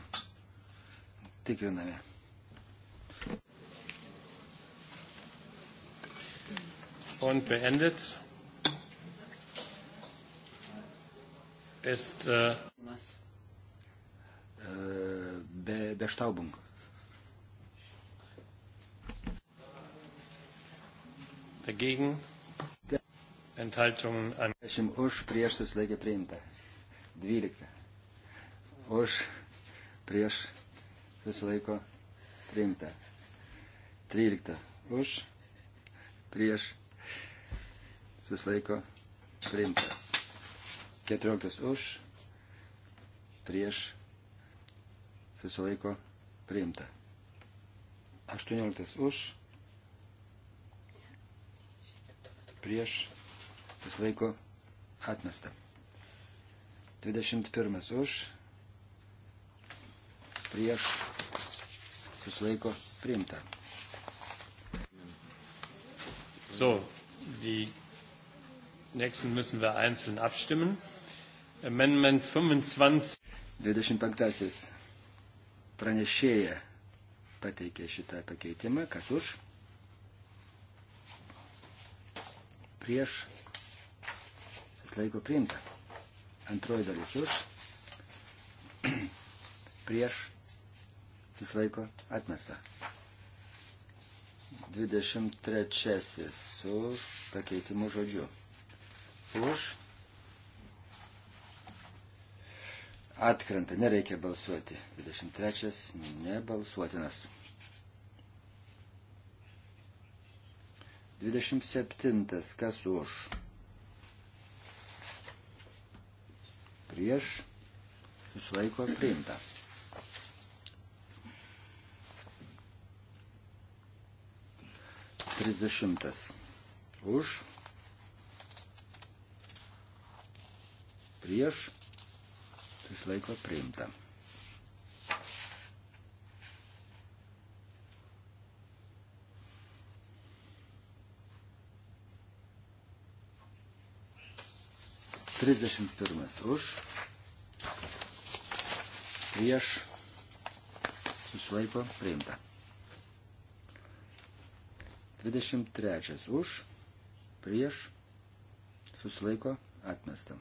tikriname. Und beendet ist äh, äh Be Bestaubung. Dagegen Enthaltungen an. 10 už, prieš susilaikė priimta. 12. Už, prieš susilaiko priimta. 13. Už, prieš susilaiko priimta. 14. Už, prieš susilaiko priimta. 18. Už, prieš susilaiko atmesta. 21 už, prieš, susilaiko priimta. So, die nächsten müssen wir einzeln abstimmen. Amendment 25. 25. Pranešėja pateikė šitą pakeitimą, kas už, prieš, susilaiko priimta. Antroji dalis už, prieš, susilaiko atmesta. 23 su pakeitimu žodžiu. Už, atkrenta, nereikia balsuoti. 23 nebalsuotinas. 27. Kas už? prieš, susilaiko priimta. Trisdešimtas už, prieš, susilaiko priimta. 31 už, prieš, susilaiko, priimta. 23 už, prieš, susilaiko, atmesta.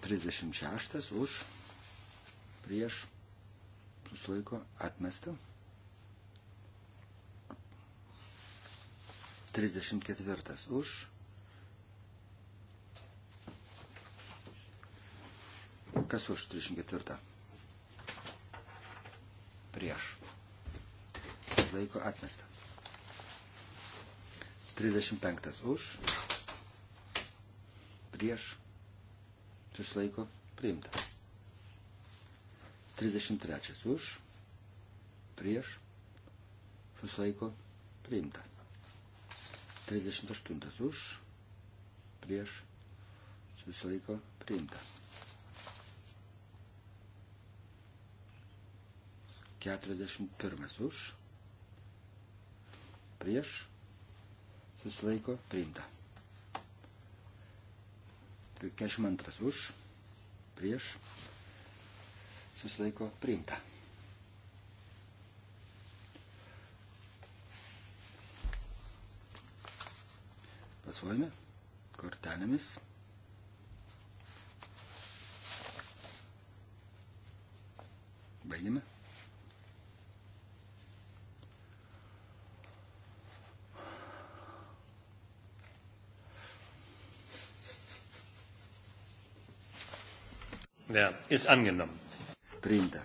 36 už, prieš, susilaiko, atmesta. 34 už, Kas už 34? Prieš. Laiko atmesta. 35 už. Prieš. Susilaiko priimta. 33 už. Prieš. Susilaiko priimta. 38 už. Prieš. Susilaiko priimta. 41 už, prieš, susilaiko, priimta. 42 už, prieš, susilaiko, priimta. Pasuojame kortelėmis. Baigime. Wer ist angenommen? Priimta.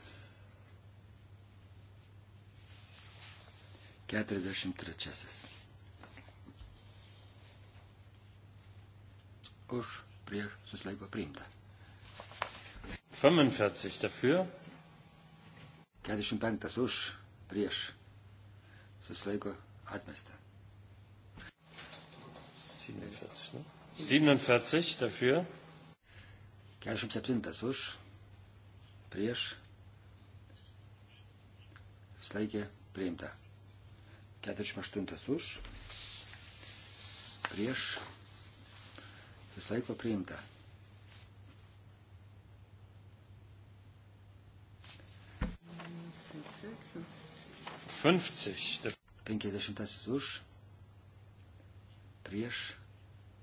43. Už prieš susilaiko priimta. 45 dafür. 45 už prieš susilaiko atmesta. 47, ne? 47 dafür 47 už, prieš, slaikė, priimta. 48 už, prieš, suslaiko, priimta. Penkiasdešimtasis už, prieš,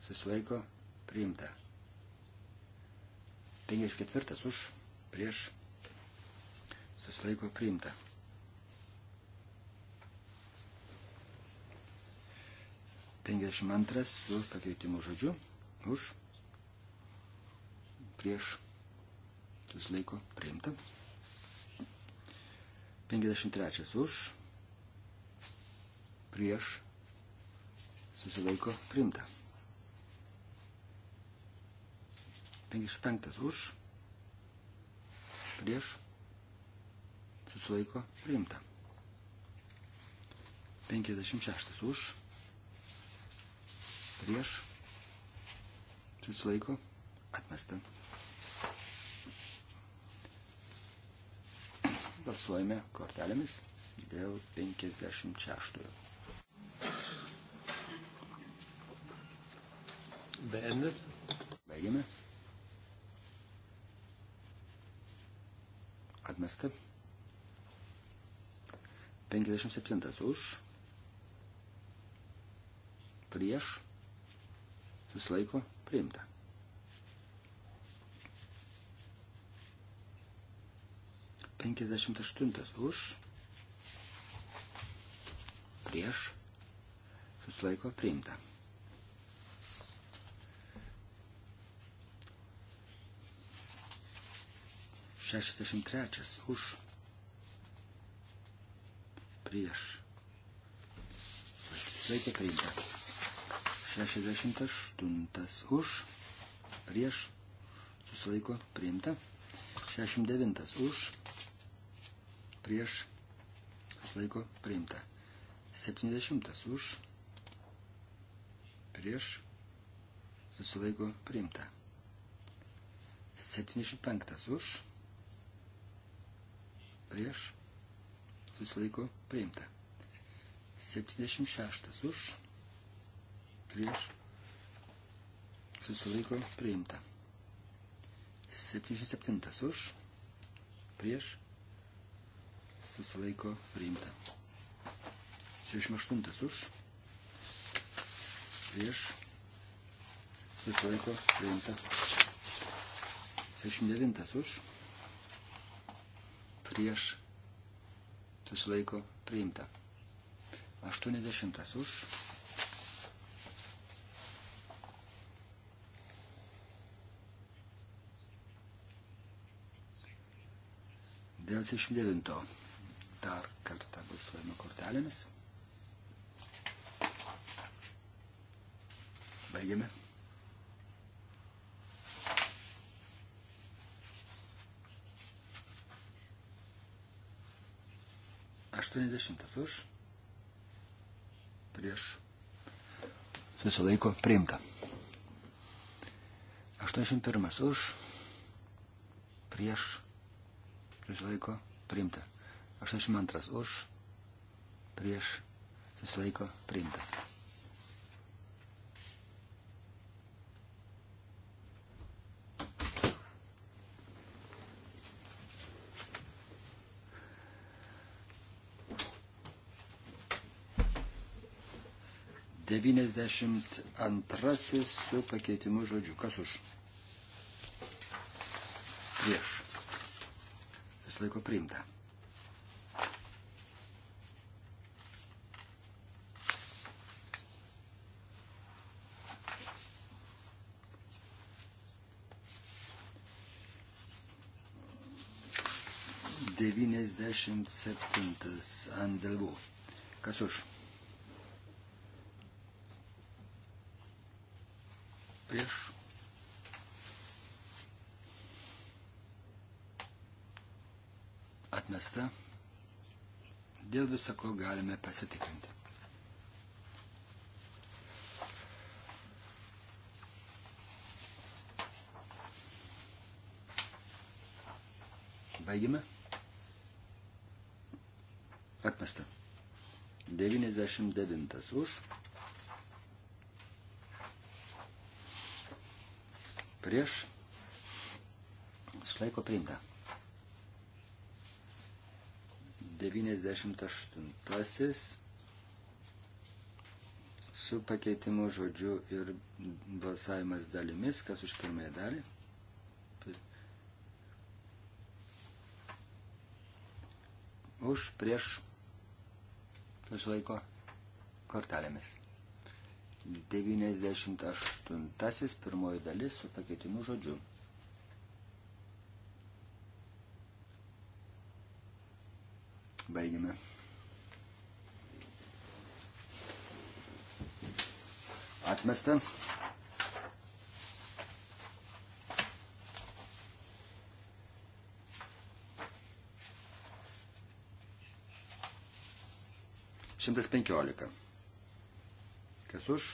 susilaiko, priimta. 54 už prieš susilaiko priimta. Penkiasdešimt antras su pakeitimu žodžiu už prieš susilaiko priimta. Penkiasdešimt trečias už prieš susilaiko priimta. 55 už, prieš, susilaiko, priimta. 56 už, prieš, susilaiko, atmesta. Balsuojame kortelėmis dėl 56. Beendet. Baigėme. Atmesta. 57 už. Prieš. Susilaiko. Priimta. Penkiasdešimt aštuntas už. Prieš. Susilaiko. Priimta. 63 už prieš. Laikė priimta. 68 už prieš. Susilaiko priimta. 69 už prieš. Susilaiko priimta. 70 už prieš. Susilaiko priimta. 75 už prieš susilaiko priimta. 76 už prieš susilaiko priimta. 77 už prieš susilaiko priimta. 78 už prieš susilaiko priimta. 79 už prieš susilaiko priimta. 80 už. Dėl 69 dar kartą balsuojame kortelėmis. Baigiame. 80 už, prieš, susilaiko priimta. 81 už, prieš, susilaiko priimta. 82 už, prieš, susilaiko priimta. 92 su pakeitimu žodžiu. Kas už? Prieš. Susilaiko priimta. Devyniasdešimt septintas Andelvų. Kas už? prieš. Atmesta. Dėl visako galime pasitikrinti. Baigime. Atmesta. 99 už. prieš, susilaiko priimta. 98 su pakeitimu žodžiu ir balsavimas dalimis, kas už pirmąją dalį. Už prieš susilaiko kortelėmis. 98 pirmoji dalis su pakeitimu žodžiu. Baigime. Atmesta. Šimtas penkiolika. Kas už?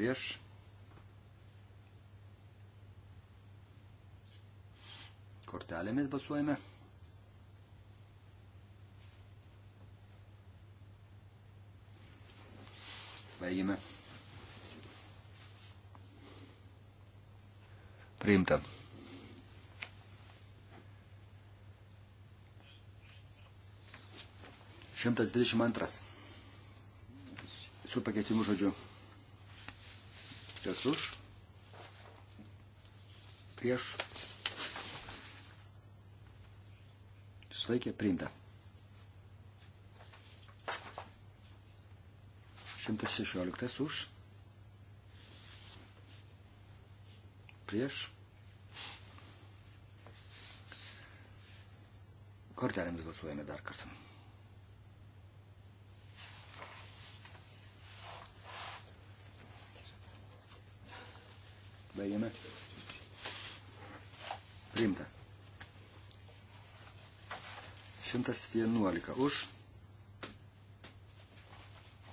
prieš. Kortelėmis balsuojame. Baigime. Priimta. Šimtas dvidešimt antras. Su pakeitimu žodžiu. Kas už? Prieš. Susilaikė priimta. 116 už. Prieš. Kortelėmis balsuojame dar kartą. Baigiame. Priimta. 111 už.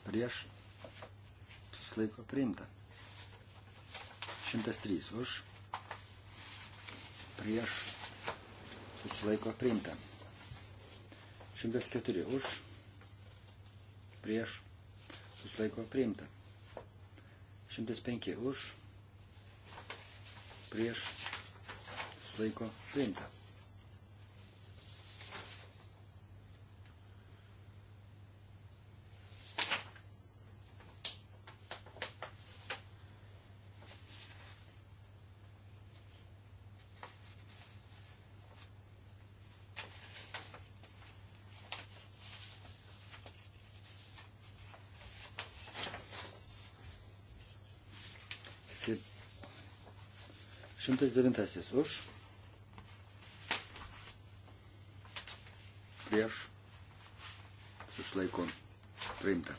Prieš. Susilaiko priimta. 103 už. Prieš. Susilaiko priimta. 104 už. Prieš. Susilaiko priimta. 105 už prieš laiko priimta. 109 už. Prieš. Susilaiko. Priimta.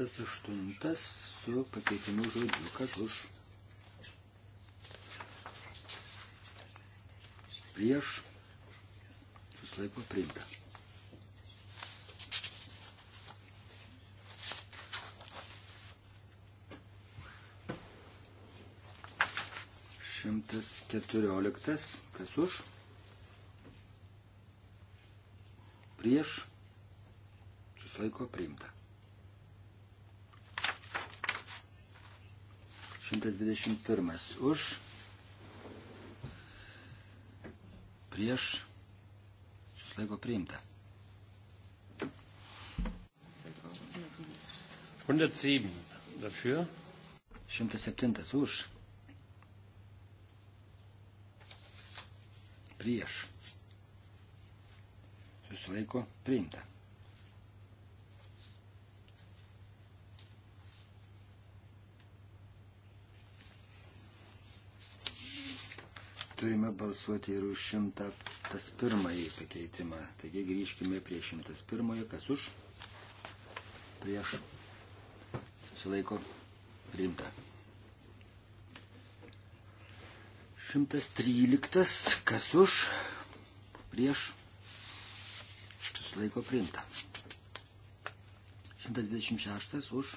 108 su pakeitimu žodžiu, kas už prieš susilaiko priimta. Šimtas keturioliktas, kas už? Prieš susilaiko priimta. 121 už, prieš, susilaiko priimta. 107 dafür. 107 už. Prieš. Susilaiko priimta. turime balsuoti ir už 101 pakeitimą. Taigi grįžkime prie 101, kas už, prieš, susilaiko, priimta. 113, kas už, prieš, susilaiko, priimta. 126 už,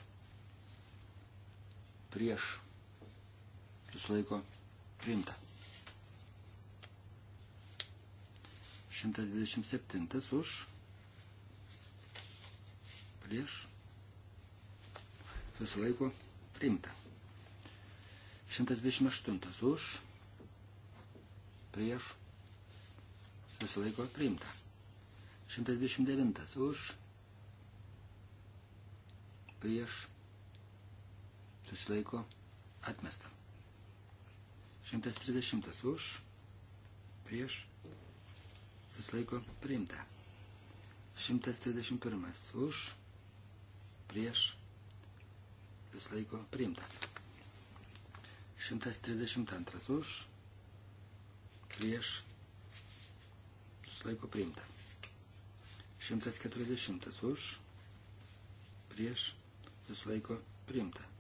prieš, susilaiko, priimta. 127 už, prieš, susilaiko, priimta. 128 už, prieš, susilaiko, priimta. 129 už, prieš, susilaiko, atmesta. 130 už, prieš, susilaiko priimta. 131 už, prieš, susilaiko priimta. 132 už, prieš, susilaiko priimta. 140 už, prieš, susilaiko priimta.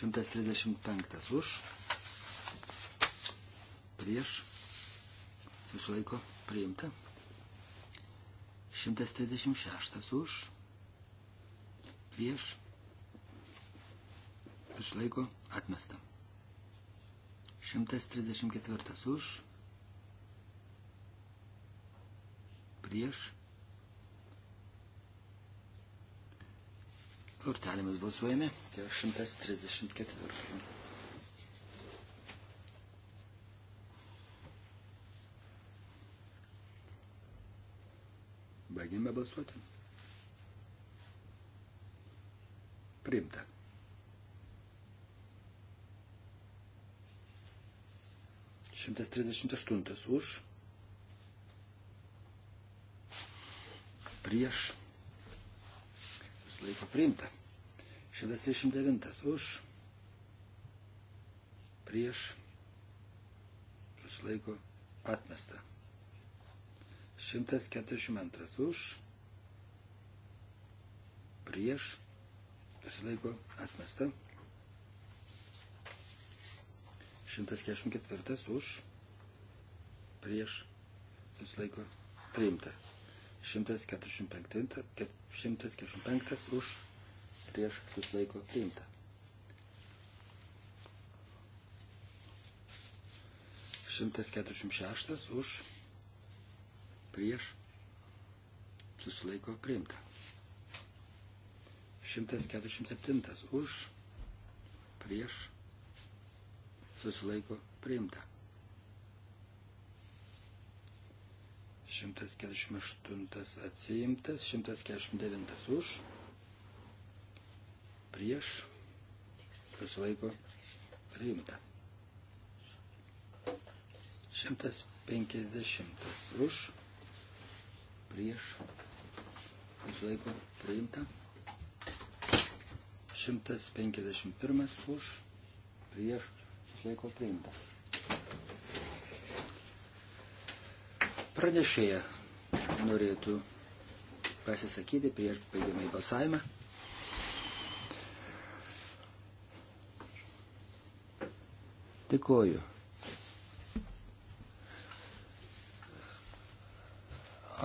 135 už, prieš, visą laiko priimta. 136 už, prieš, visą laiko atmesta. 134 už, prieš, Kortelėmis balsuojame. Tai 134. Baigėme balsuoti. Priimta. Šimtas trisdešimt aštuntas už. Prieš susilaiko priimta. 139 už, prieš, susilaiko atmesta. 142 už, prieš, susilaiko atmesta. 144 už, prieš, susilaiko priimta. 145, 145 už prieš susilaiko priimta. 146 už prieš susilaiko priimta. 147 už prieš susilaiko priimta. 148 atsiimtas, 149 už, prieš, susilaiko, priimta. 150 už, prieš, susilaiko, priimta. 151 už, prieš, susilaiko, priimta. Pranešėja norėtų pasisakyti prieš baigiamą į balsavimą. Dėkoju.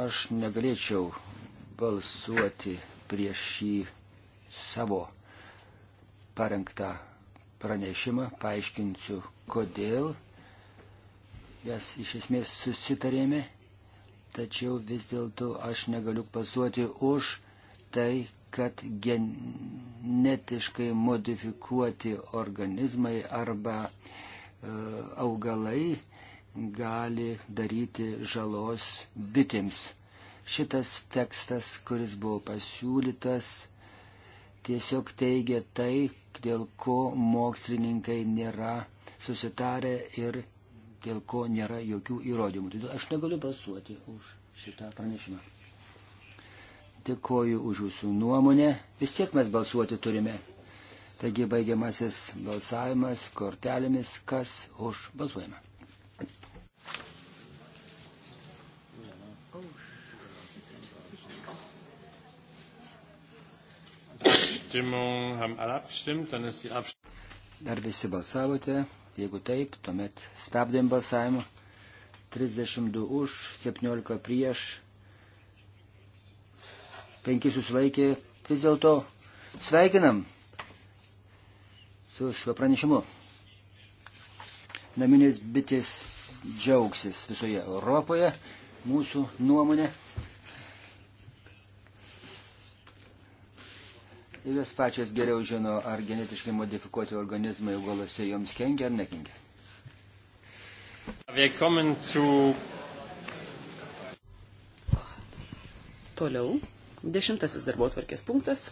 Aš negalėčiau balsuoti prieš šį savo parengtą pranešimą, paaiškinsiu kodėl. Mes iš esmės susitarėme tačiau vis dėlto aš negaliu pasuoti už tai, kad genetiškai modifikuoti organizmai arba e, augalai gali daryti žalos bitėms. Šitas tekstas, kuris buvo pasiūlytas, tiesiog teigia tai, dėl ko mokslininkai nėra susitarę ir dėl ko nėra jokių įrodymų. Todėl aš negaliu balsuoti už šitą pranešimą. Dėkoju už jūsų nuomonę. Vis tiek mes balsuoti turime. Taigi baigiamasis balsavimas kortelėmis, kas už balsuojama. Dar visi balsavote, Jeigu taip, tuomet stabdėm balsavimą. 32 už, 17 prieš, 5 susilaikė. Vis dėlto sveikinam su šiuo pranešimu. Naminės bitės džiaugsis visoje Europoje, mūsų nuomonė. Jūs pačios geriau žino, ar genetiškai modifikuoti organizmai augaluose joms kenkia ar nekenkia. Zu... Toliau. Dešimtasis darbo atvarkės punktas.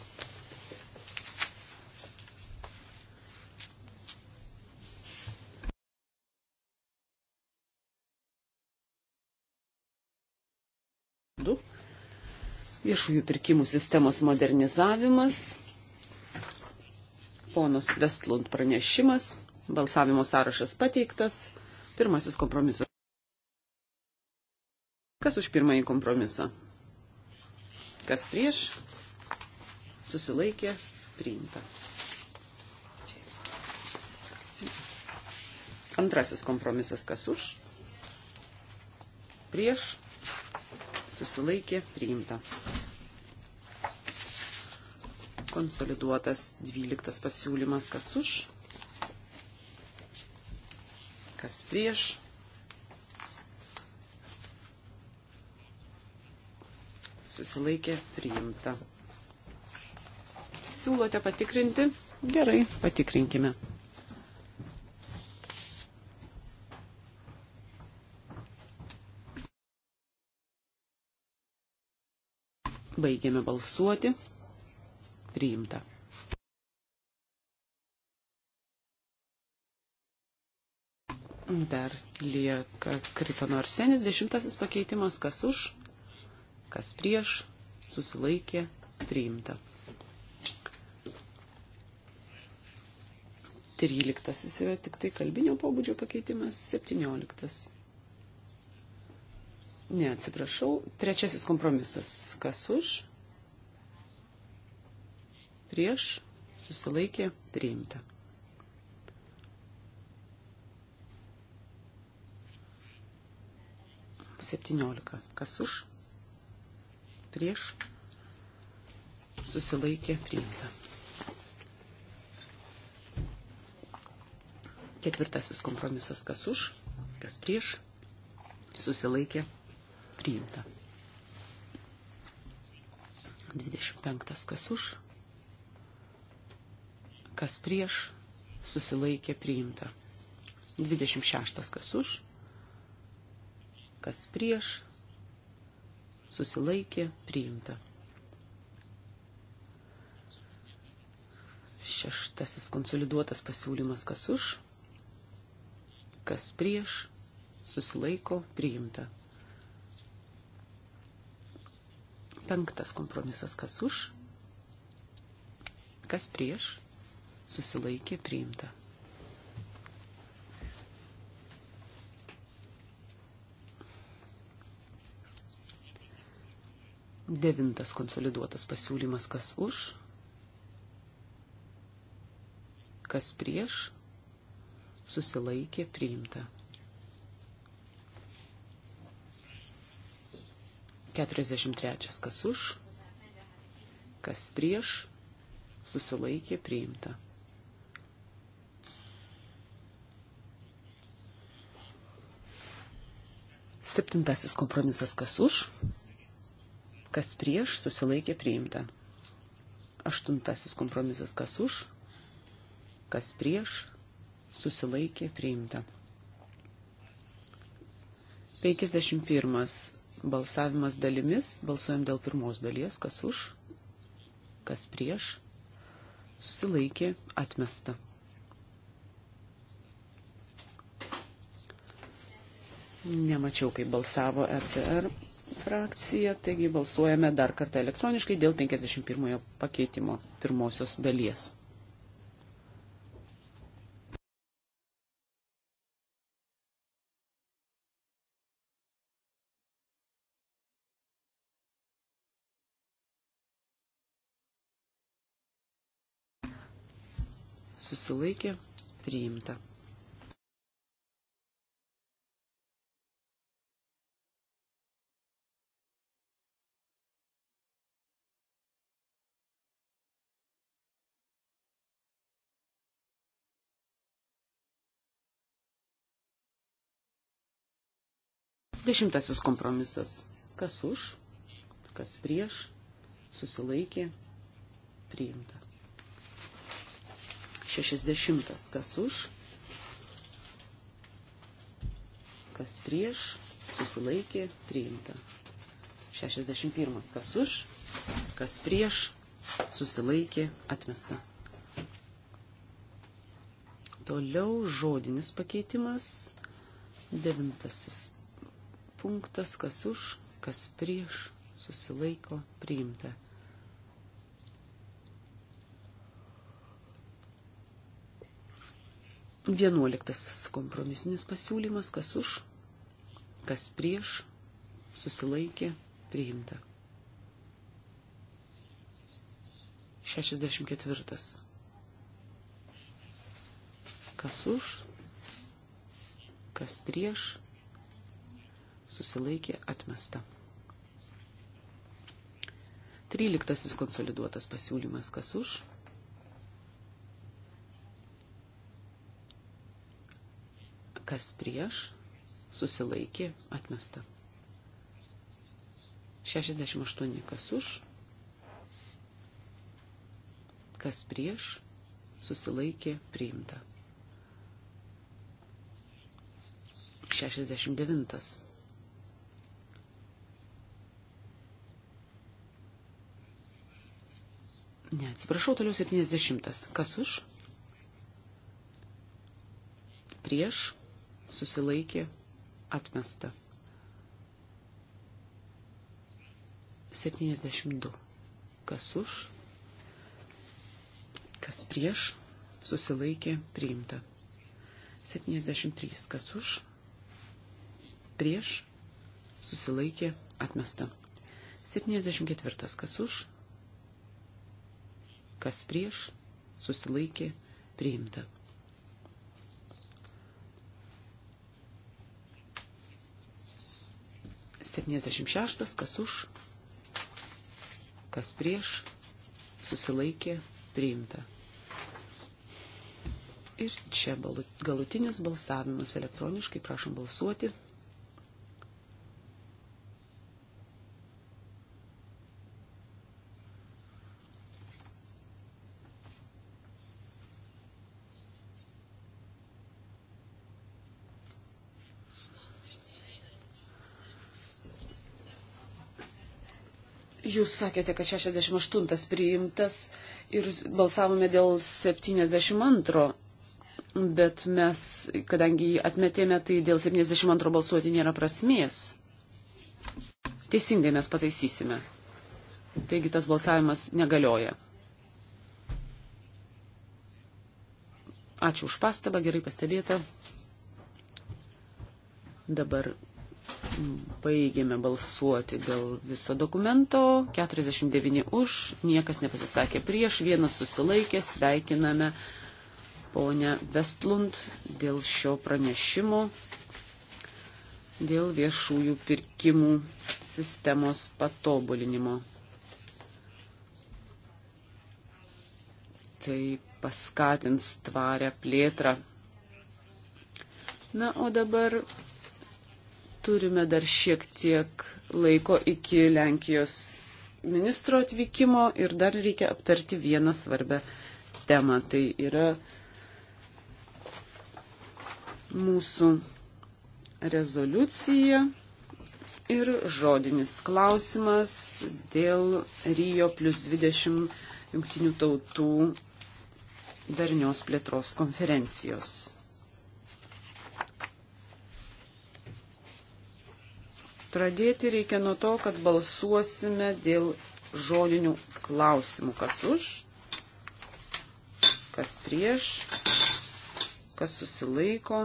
viešųjų pirkimų sistemos modernizavimas, Ponos Vestlund pranešimas, balsavimo sąrašas pateiktas, pirmasis kompromisas. Kas už pirmąjį kompromisą? Kas prieš? Susilaikė, priimta. Antrasis kompromisas, kas už? Prieš? Susilaikė, priimta. Konsoliduotas 12 pasiūlymas, kas už, kas prieš. Susilaikė priimta. Siūlote patikrinti? Gerai, patikrinkime. Baigėme balsuoti priimta. Dar lieka kritono arsenis, dešimtasis pakeitimas, kas už, kas prieš, susilaikė, priimta. Tryliktasis yra tik tai kalbinio pobūdžio pakeitimas, septynioliktas. Ne, atsiprašau, trečiasis kompromisas, kas už, prieš, susilaikė, priimta. Septyniolika. Kas už? Prieš. Susilaikė, priimta. Ketvirtasis kompromisas. Kas už? Kas prieš? Susilaikė, priimta. 25. Kas už? kas prieš, susilaikė priimta. 26 kas už, kas prieš, susilaikė priimta. Šeštasis konsoliduotas pasiūlymas kas už, kas prieš, susilaiko priimta. Penktas kompromisas kas už, kas prieš, susilaikė priimta. Devintas konsoliduotas pasiūlymas, kas už, kas prieš, susilaikė priimta. 43. Kas už, kas prieš, susilaikė priimta. Septintasis kompromisas kas už, kas prieš, susilaikė priimta. Aštuntasis kompromisas kas už, kas prieš, susilaikė priimta. 51 balsavimas dalimis, balsuojam dėl pirmos dalies, kas už, kas prieš, susilaikė, atmesta. Nemačiau, kaip balsavo ECR frakcija, taigi balsuojame dar kartą elektroniškai dėl 51 pakeitimo pirmosios dalies. Susilaikė priimta. Dešimtasis kompromisas. Kas už, kas prieš, susilaikė, priimta. Šešisdešimtas. Kas už, kas prieš, susilaikė, priimta. Šešisdešimt pirmas. Kas už, kas prieš, susilaikė, atmesta. Toliau žodinis pakeitimas. Devintasis punktas, kas už, kas prieš, susilaiko priimta. Vienuoliktasis kompromisinis pasiūlymas, kas už, kas prieš, susilaikė, priimta. 64. Kas už, kas prieš, susilaikė atmesta. Tryliktasis konsoliduotas pasiūlymas kas už. Kas prieš susilaikė atmesta. 68 kas už. Kas prieš susilaikė priimta. 69 Ne, atsiprašau, toliau 70. Kas už? Prieš susilaikė atmesta. 72. Kas už? Kas prieš? Susilaikė priimta. 73. Kas už? Prieš? Susilaikė atmesta. 74. Kas už? kas prieš, susilaikė, priimta. Septyniasdešimt šeštas, kas už, kas prieš, susilaikė, priimta. Ir čia galutinis balsavimas elektroniškai, prašom balsuoti. Jūs sakėte, kad 68 priimtas ir balsavome dėl 72, bet mes, kadangi jį atmetėme, tai dėl 72 balsuoti nėra prasmės. Teisingai mes pataisysime. Taigi tas balsavimas negalioja. Ačiū už pastabą, gerai pastebėta. Dabar Baigėme balsuoti dėl viso dokumento. 49 už, niekas nepasisakė prieš, vienas susilaikė. Sveikiname ponę Vestlund dėl šio pranešimo, dėl viešųjų pirkimų sistemos patobulinimo. Tai paskatins tvarę plėtrą. Na, o dabar Turime dar šiek tiek laiko iki Lenkijos ministro atvykimo ir dar reikia aptarti vieną svarbę temą. Tai yra mūsų rezoliucija ir žodinis klausimas dėl Rio plus 20 jungtinių tautų darnios plėtros konferencijos. Pradėti reikia nuo to, kad balsuosime dėl žodinių klausimų. Kas už, kas prieš, kas susilaiko.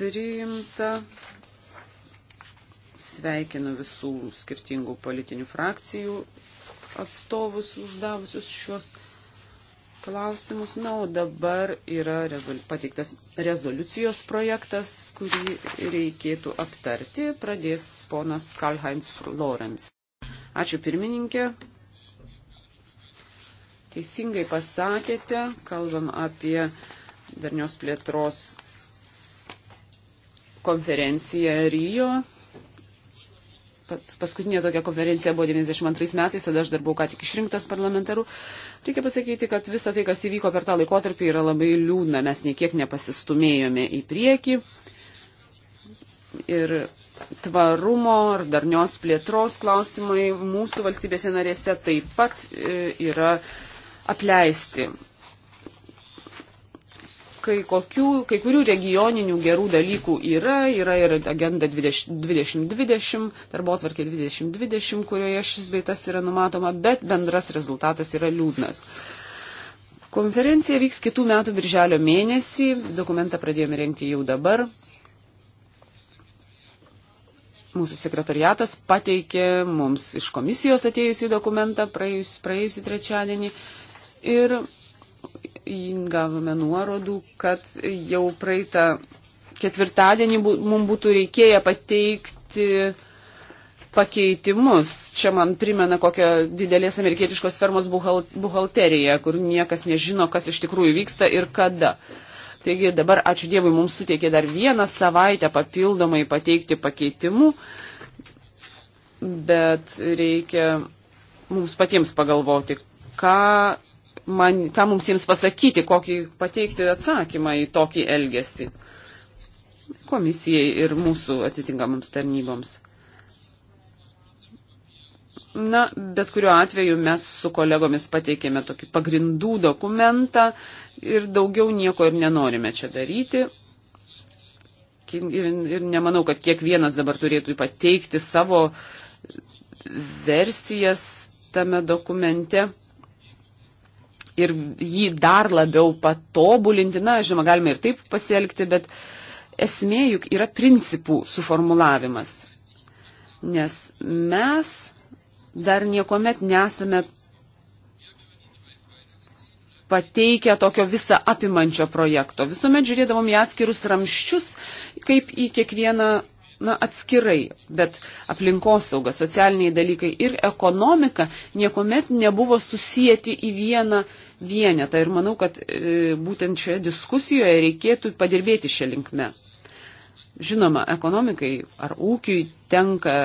Priimta. Sveikinu visų skirtingų politinių frakcijų atstovus uždavusius šios klausimus klausimus. Na, o dabar yra rezol pateiktas rezoliucijos projektas, kurį reikėtų aptarti. Pradės ponas Karl-Heinz Lorenz. Ačiū pirmininkė. Teisingai pasakėte, kalbam apie darnios plėtros konferenciją Rijo paskutinė tokia konferencija buvo 92 metais, tada aš dar buvau ką tik išrinktas parlamentaru. Reikia pasakyti, kad visa tai, kas įvyko per tą laikotarpį, yra labai liūdna, mes niekiek nepasistumėjome į priekį. Ir tvarumo ar darnios plėtros klausimai mūsų valstybėse narėse taip pat e, yra apleisti kai, kokių, kai kurių regioninių gerų dalykų yra, yra ir agenda 2020, darbo atvarkė 2020, kurioje šis beitas yra numatoma, bet bendras rezultatas yra liūdnas. Konferencija vyks kitų metų birželio mėnesį, dokumentą pradėjome renkti jau dabar. Mūsų sekretariatas pateikė mums iš komisijos atėjusį dokumentą praėjusį, praėjusį trečiadienį ir gavome nuorodų, kad jau praeitą ketvirtadienį mums būtų reikėję pateikti pakeitimus. Čia man primena kokią didelės amerikietiškos fermos buhalteriją, kur niekas nežino, kas iš tikrųjų vyksta ir kada. Taigi dabar, ačiū Dievui, mums suteikė dar vieną savaitę papildomai pateikti pakeitimų, bet reikia mums patiems pagalvoti, ką man, ką mums jiems pasakyti, kokį pateikti atsakymą į tokį elgesį komisijai ir mūsų atitinkamams tarnyboms. Na, bet kuriuo atveju mes su kolegomis pateikėme tokį pagrindų dokumentą ir daugiau nieko ir nenorime čia daryti. Ir, ir nemanau, kad kiekvienas dabar turėtų pateikti savo versijas tame dokumente ir jį dar labiau patobulinti. Na, žinoma, galime ir taip pasielgti, bet esmė juk yra principų suformulavimas. Nes mes dar niekuomet nesame pateikę tokio visą apimančio projekto. Visuomet žiūrėdavom į atskirus ramščius, kaip į kiekvieną na, atskirai, bet aplinkosauga, socialiniai dalykai ir ekonomika niekuomet nebuvo susijęti į vieną vienetą. Ir manau, kad e, būtent šioje diskusijoje reikėtų padirbėti šią linkmę. Žinoma, ekonomikai ar ūkiui tenka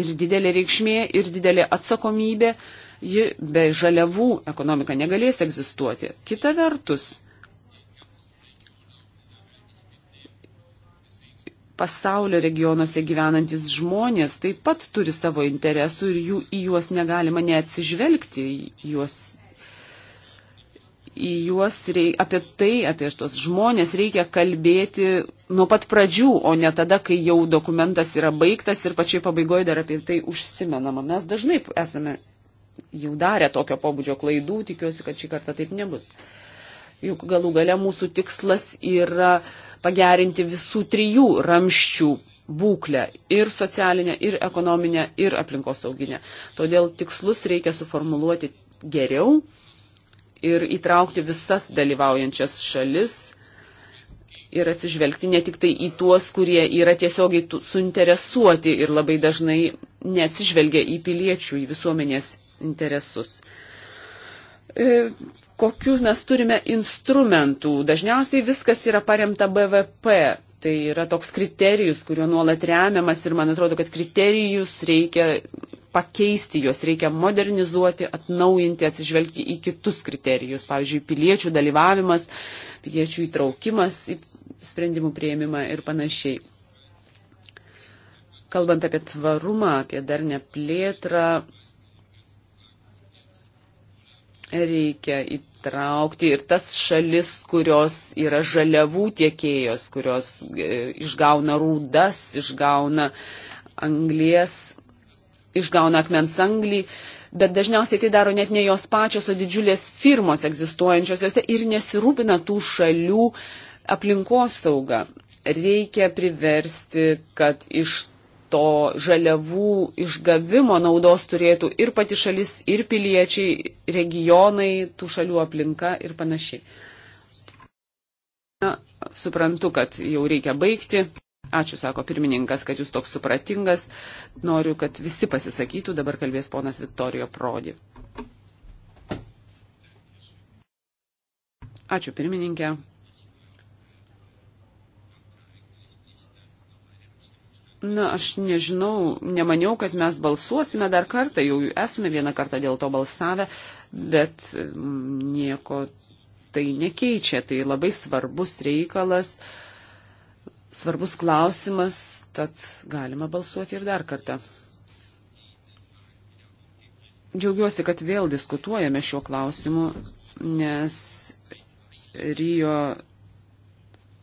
ir didelė reikšmė, ir didelė atsakomybė, ji be žaliavų ekonomika negalės egzistuoti. Kita vertus, pasaulio regionuose gyvenantis žmonės taip pat turi savo interesų ir jų, į juos negalima neatsižvelgti, juos, į juos reik, apie tai, apie šitos žmonės reikia kalbėti nuo pat pradžių, o ne tada, kai jau dokumentas yra baigtas ir pačiai pabaigoje dar apie tai užsimenama. Mes dažnai esame jau darę tokio pobūdžio klaidų, tikiuosi, kad šį kartą taip nebus. Juk galų gale mūsų tikslas yra uh, pagerinti visų trijų ramščių būklę - ir socialinę, ir ekonominę, ir aplinkosauginę. Todėl tikslus reikia suformuluoti geriau ir įtraukti visas dalyvaujančias šalis ir atsižvelgti ne tik tai į tuos, kurie yra tiesiogiai suinteresuoti ir labai dažnai neatsižvelgia į piliečių, į visuomenės interesus. E, kokiu mes turime instrumentų. Dažniausiai viskas yra paremta BVP. Tai yra toks kriterijus, kuriuo nuolat remiamas ir man atrodo, kad kriterijus reikia pakeisti, juos reikia modernizuoti, atnaujinti, atsižvelgti į kitus kriterijus. Pavyzdžiui, piliečių dalyvavimas, piliečių įtraukimas į sprendimų prieimimą ir panašiai. Kalbant apie tvarumą, apie darnę plėtrą, Reikia įtraukti ir tas šalis, kurios yra žaliavų tiekėjos, kurios e, išgauna rūdas, išgauna anglies, išgauna akmens anglį, bet dažniausiai tai daro net ne jos pačios, o didžiulės firmos egzistuojančios jose ir nesirūpina tų šalių aplinkos saugą reikia priversti, kad iš to žaliavų išgavimo naudos turėtų ir pati šalis, ir piliečiai, regionai, tų šalių aplinka ir panašiai. Na, suprantu, kad jau reikia baigti. Ačiū, sako pirmininkas, kad jūs toks supratingas. Noriu, kad visi pasisakytų. Dabar kalbės ponas Viktorijo Prodi. Ačiū, pirmininkė. Na, aš nežinau, nemaniau, kad mes balsuosime dar kartą, jau esame vieną kartą dėl to balsavę, bet mm, nieko tai nekeičia. Tai labai svarbus reikalas, svarbus klausimas, tad galima balsuoti ir dar kartą. Džiaugiuosi, kad vėl diskutuojame šiuo klausimu, nes Rijo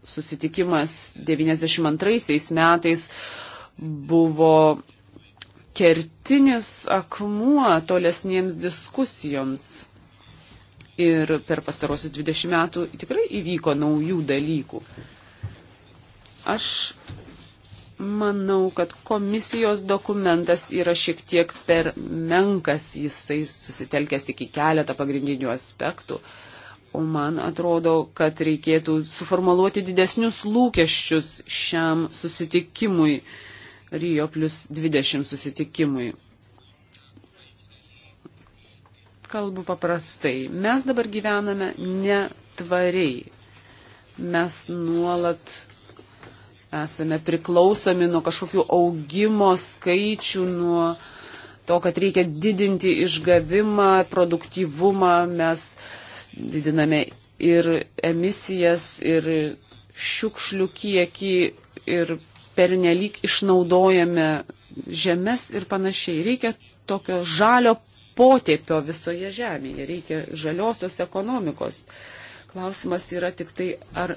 susitikimas 92 metais buvo kertinis akmuo tolesniems diskusijoms. Ir per pastarosius 20 metų tikrai įvyko naujų dalykų. Aš manau, kad komisijos dokumentas yra šiek tiek per menkas, jisai susitelkęs tik į keletą pagrindinių aspektų. O man atrodo, kad reikėtų suformuoluoti didesnius lūkesčius šiam susitikimui. Uh, Rio plus 20 susitikimui. Kalbu paprastai. Mes dabar gyvename netvariai. Mes nuolat esame priklausomi nuo kažkokių augimo skaičių, nuo to, kad reikia didinti išgavimą, produktyvumą. Mes didiname ir emisijas, ir šiukšlių kiekį, ir pernelyg išnaudojame žemės ir panašiai. Reikia tokio žalio potėpio visoje žemėje, reikia žaliosios ekonomikos. Klausimas yra tik tai, ar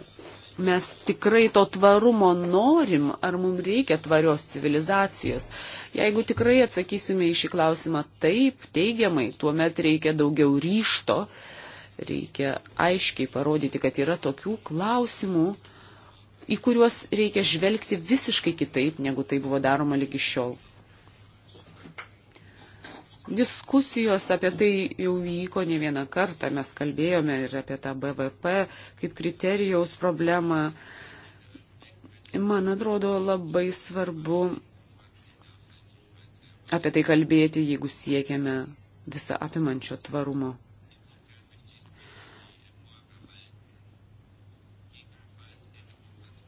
mes tikrai to tvarumo norim, ar mums reikia tvarios civilizacijos. Jeigu tikrai atsakysime į šį klausimą taip, teigiamai, tuomet reikia daugiau ryšto, reikia aiškiai parodyti, kad yra tokių klausimų, į kuriuos reikia žvelgti visiškai kitaip, negu tai buvo daroma lygi šiol. Diskusijos apie tai jau vyko ne vieną kartą, mes kalbėjome ir apie tą BVP kaip kriterijaus problemą. Man atrodo labai svarbu apie tai kalbėti, jeigu siekiame visą apimančio tvarumo.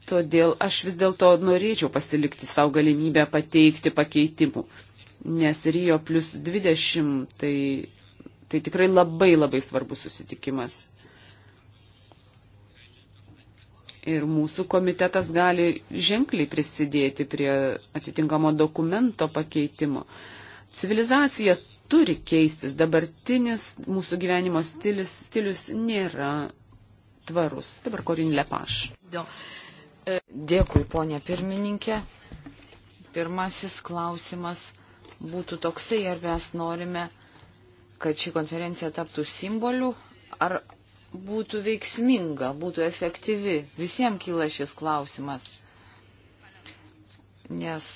Todėl aš vis dėlto norėčiau pasilikti savo galimybę pateikti pakeitimų. Nes Rio plus 20 tai, tai tikrai labai labai svarbus susitikimas. Ir mūsų komitetas gali ženkliai prisidėti prie atitinkamo dokumento pakeitimo. Civilizacija turi keistis. Dabartinis mūsų gyvenimo stilius, stilius nėra tvarus. Dabar Korin Lepaš. Dėl. Dėkui, ponė pirmininkė. Pirmasis klausimas būtų toksai, ar mes norime, kad ši konferencija taptų simboliu, ar būtų veiksminga, būtų efektyvi. Visiems kyla šis klausimas. Nes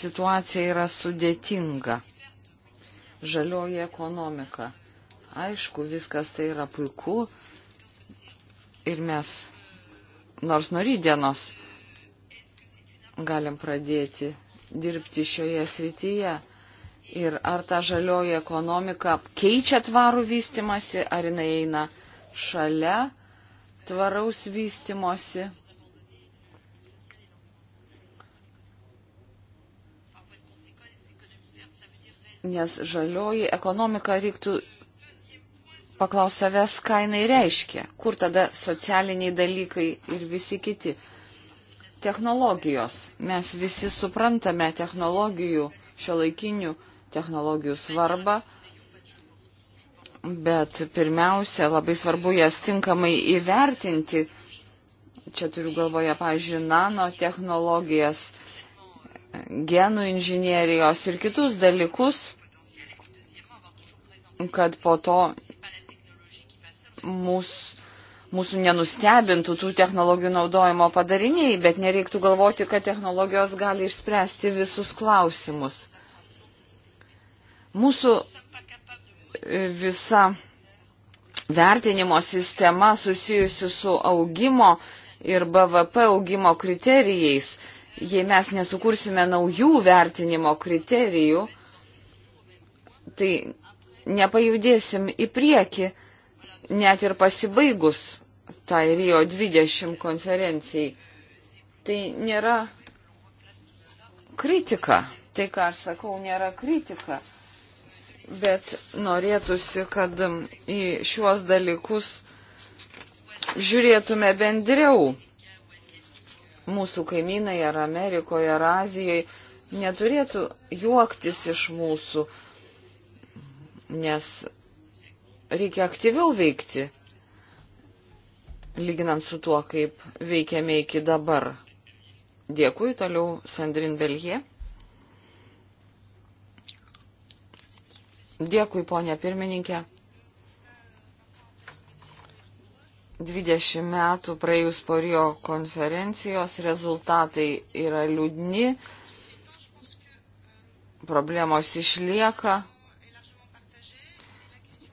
situacija yra sudėtinga. Žalioji ekonomika. Aišku, viskas tai yra puiku ir mes nors nuo rydienos galim pradėti dirbti šioje srityje. Ir ar ta žalioji ekonomika keičia tvarų vystimasi, ar jinai eina šalia tvaraus vystimosi. Nes žalioji ekonomika reiktų paklaus savęs, ką jinai reiškia, kur tada socialiniai dalykai ir visi kiti. Technologijos. Mes visi suprantame technologijų, šio laikinių technologijų svarbą, bet pirmiausia, labai svarbu jas tinkamai įvertinti. Čia turiu galvoje, pažiūrėjau, nanotehnologijas, genų inžinierijos ir kitus dalykus, kad po to mūsų mūsų nenustebintų tų technologijų naudojimo padariniai, bet nereiktų galvoti, kad technologijos gali išspręsti visus klausimus. Mūsų e, visa vertinimo sistema susijusi su augimo ir BVP augimo kriterijais, jei mes nesukursime naujų vertinimo kriterijų, tai nepajudėsim į priekį net ir pasibaigus tai Rio 20 konferencijai. Tai nėra kritika. Tai, ką aš sakau, nėra kritika. Bet norėtųsi, kad į šiuos dalykus žiūrėtume bendriau. Mūsų kaimynai ar Amerikoje, ar Azijoje neturėtų juoktis iš mūsų, nes reikia aktyviau veikti, lyginant su tuo, kaip veikiame iki dabar. Dėkui, toliau Sandrin Belgie. Dėkui, ponė pirmininkė. 20 metų praėjus po Rio konferencijos rezultatai yra liūdni, problemos išlieka.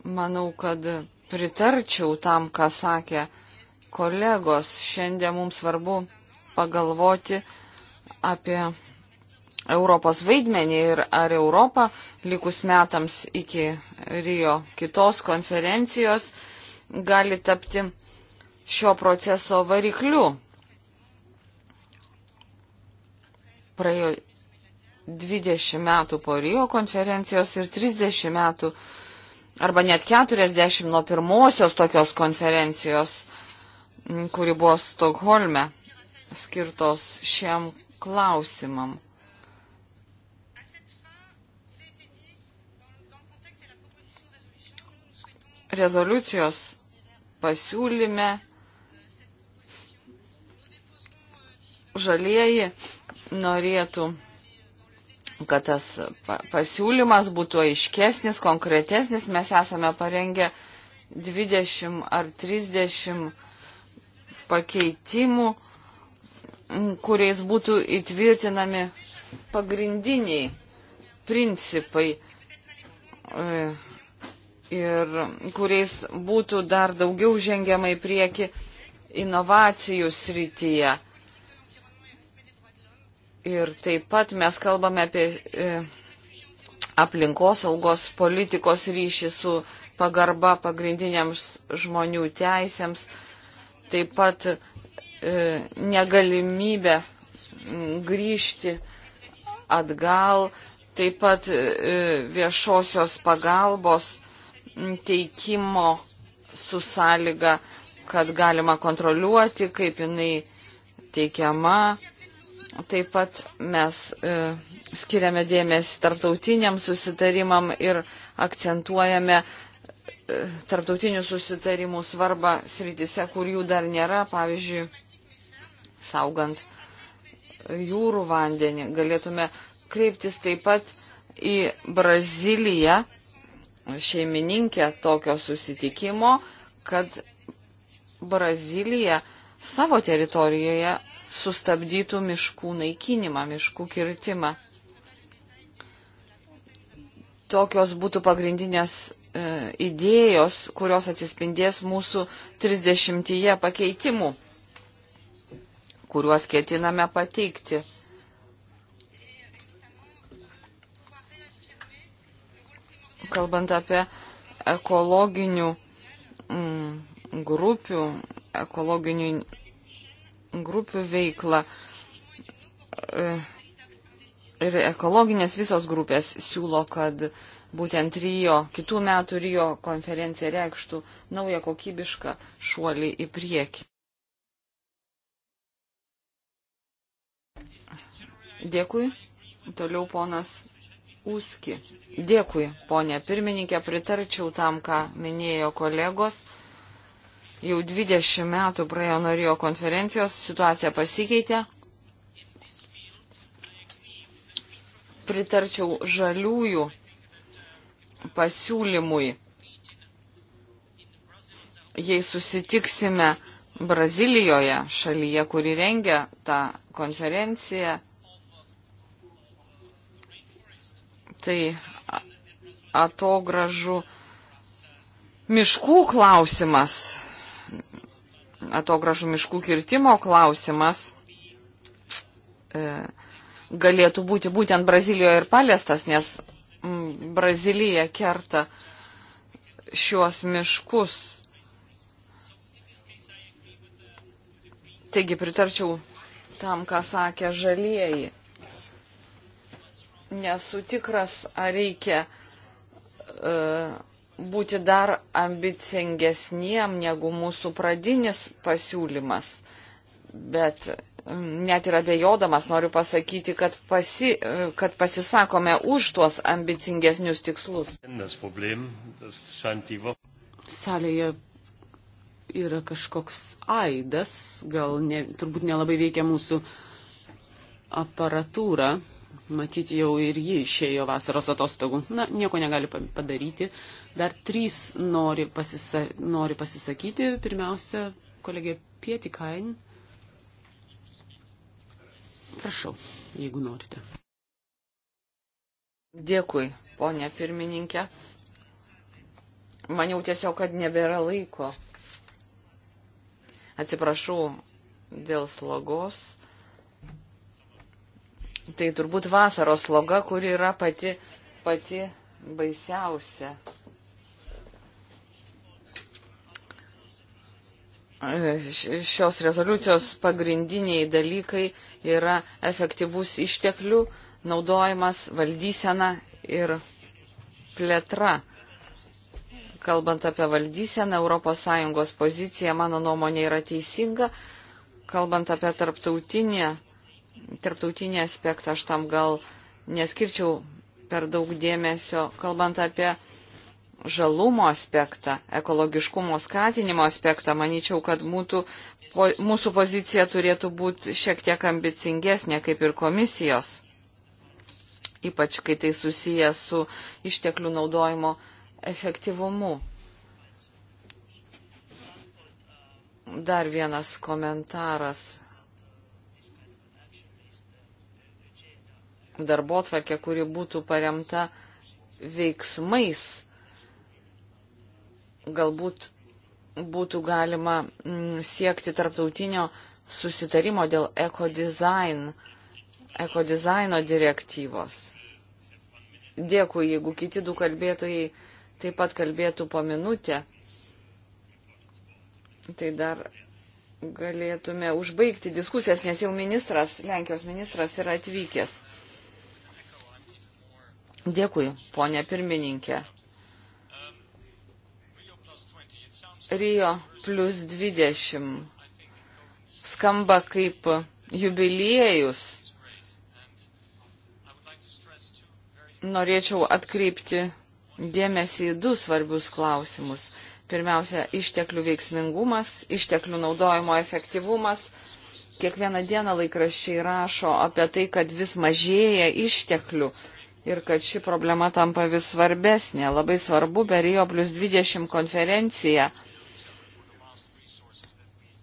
Manau, kad pritarčiau tam, ką sakė kolegos. Šiandien mums svarbu pagalvoti apie Europos vaidmenį ir ar Europa likus metams iki Rio kitos konferencijos gali tapti šio proceso varikliu. Praėjo 20 metų po Rio konferencijos ir 30 metų arba net 40 nuo pirmosios tokios konferencijos, kuri buvo Stokholme, skirtos šiam klausimam. Rezoliucijos pasiūlyme žalieji norėtų kad tas pasiūlymas būtų aiškesnis, konkretesnis. Mes esame parengę 20 ar 30 pakeitimų, kuriais būtų įtvirtinami pagrindiniai principai e, ir kuriais būtų dar daugiau žengiama į priekį inovacijų srityje. Ir taip pat mes kalbame apie e, aplinkosaugos politikos ryšį su pagarba pagrindiniams žmonių teisėms, taip pat e, negalimybė grįžti atgal, taip pat e, viešosios pagalbos teikimo su sąlyga, kad galima kontroliuoti, kaip jinai teikiama, Taip pat mes e, skiriame dėmesį tarptautiniam susitarimam ir akcentuojame e, tarptautinių susitarimų svarbą srityse, kur jų dar nėra, pavyzdžiui, saugant jūrų vandenį. Galėtume kreiptis taip pat į Braziliją, šeimininkę tokio susitikimo, kad Brazilija savo teritorijoje sustabdytų miškų naikinimą, miškų kirtimą. Tokios būtų pagrindinės e, idėjos, kurios atsispindės mūsų 30 pakeitimų, kuriuos ketiname pateikti. Kalbant apie ekologinių mm, grupių, ekologinių grupių veiklą. E, ir ekologinės visos grupės siūlo, kad būtent Rio, kitų metų Rio konferencija reikštų naują kokybišką šuolį į priekį. Dėkui. Toliau ponas Uski. Dėkui, ponė pirmininkė, pritarčiau tam, ką minėjo kolegos. Jau 20 metų praėjo Norijo konferencijos, situacija pasikeitė. Pritarčiau žaliųjų pasiūlymui. Jei susitiksime Brazilijoje, šalyje, kuri rengia tą konferenciją, tai atogražų miškų klausimas atogražų miškų kirtimo klausimas e, galėtų būti būtent Brazilijoje ir paliestas, nes m, Brazilija kerta šiuos miškus. Taigi pritarčiau tam, ką sakė žalieji. Nesu tikras, ar reikia uh, būti dar ambicingesniem negu mūsų pradinis pasiūlymas. Bet mm, net ir abejodamas noriu pasakyti, kad, pasi, kad pasisakome už tuos ambicingesnius tikslus. Salėje yra kažkoks aidas, gal ne, turbūt nelabai veikia mūsų aparatūra. Matyti jau ir ji išėjo vasaros atostogų. Na, nieko negali padaryti. Dar trys nori, pasisa nori pasisakyti. Pirmiausia, kolegė Pietikain. Prašau, jeigu norite. Dėkui, ponė pirmininkė. Maniau tiesiog, kad nebėra laiko. Atsiprašau dėl slogos. Tai turbūt vasaros sloga, kuri yra pati, pati baisiausia. šios rezoliucijos pagrindiniai dalykai yra efektyvus išteklių naudojimas, valdysena ir plėtra. Kalbant apie valdyseną, ES pozicija, mano nuomonė, yra teisinga. Kalbant apie tarptautinį, tarptautinį aspektą, aš tam gal neskirčiau per daug dėmesio. Kalbant apie žalumo aspektą, ekologiškumo skatinimo aspektą, manyčiau, kad mūtų, po, mūsų pozicija turėtų būti šiek tiek ambicingesnė, kaip ir komisijos, ypač kai tai susiję su išteklių naudojimo efektyvumu. Dar vienas komentaras. Darbotvarkė, kuri būtų paremta veiksmais galbūt būtų galima mm, siekti tarptautinio susitarimo dėl ekodizain, ekodizaino direktyvos. Dėkui, jeigu kiti du kalbėtojai taip pat kalbėtų po minutę, tai dar galėtume užbaigti diskusijas, nes jau ministras, Lenkijos ministras yra atvykęs. Dėkui, ponė pirmininkė. Rio plus 20 skamba kaip jubiliejus. Norėčiau atkreipti dėmesį į du svarbius klausimus. Pirmiausia, išteklių veiksmingumas, išteklių naudojimo efektyvumas. Kiekvieną dieną laikraščiai rašo apie tai, kad vis mažėja išteklių ir kad ši problema tampa vis svarbesnė. Labai svarbu per Rio plus 20 konferenciją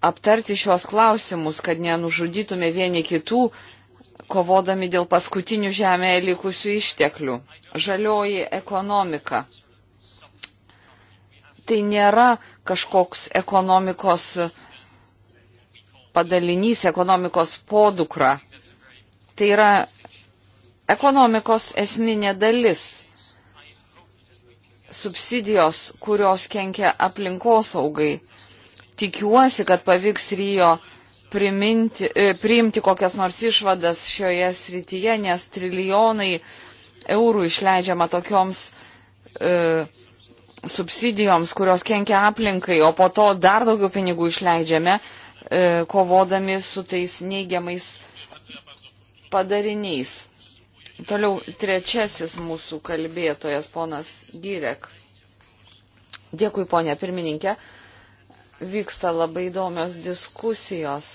aptarti šios klausimus, kad nenužudytume vieni kitų, kovodami dėl paskutinių žemėje likusių išteklių. Žalioji ekonomika. Tai nėra kažkoks ekonomikos padalinys, ekonomikos podukra. Tai yra ekonomikos esminė dalis. Subsidijos, kurios kenkia aplinkosaugai tikiuosi, kad pavyks Rijo priminti, e, priimti kokias nors išvadas šioje srityje, nes trilijonai eurų išleidžiama tokioms e, subsidijoms, kurios kenkia aplinkai, o po to dar daugiau pinigų išleidžiame, e, kovodami su tais neigiamais padariniais. Toliau trečiasis mūsų kalbėtojas, ponas Girek. Dėkui, ponė pirmininkė. E, vyksta labai įdomios diskusijos,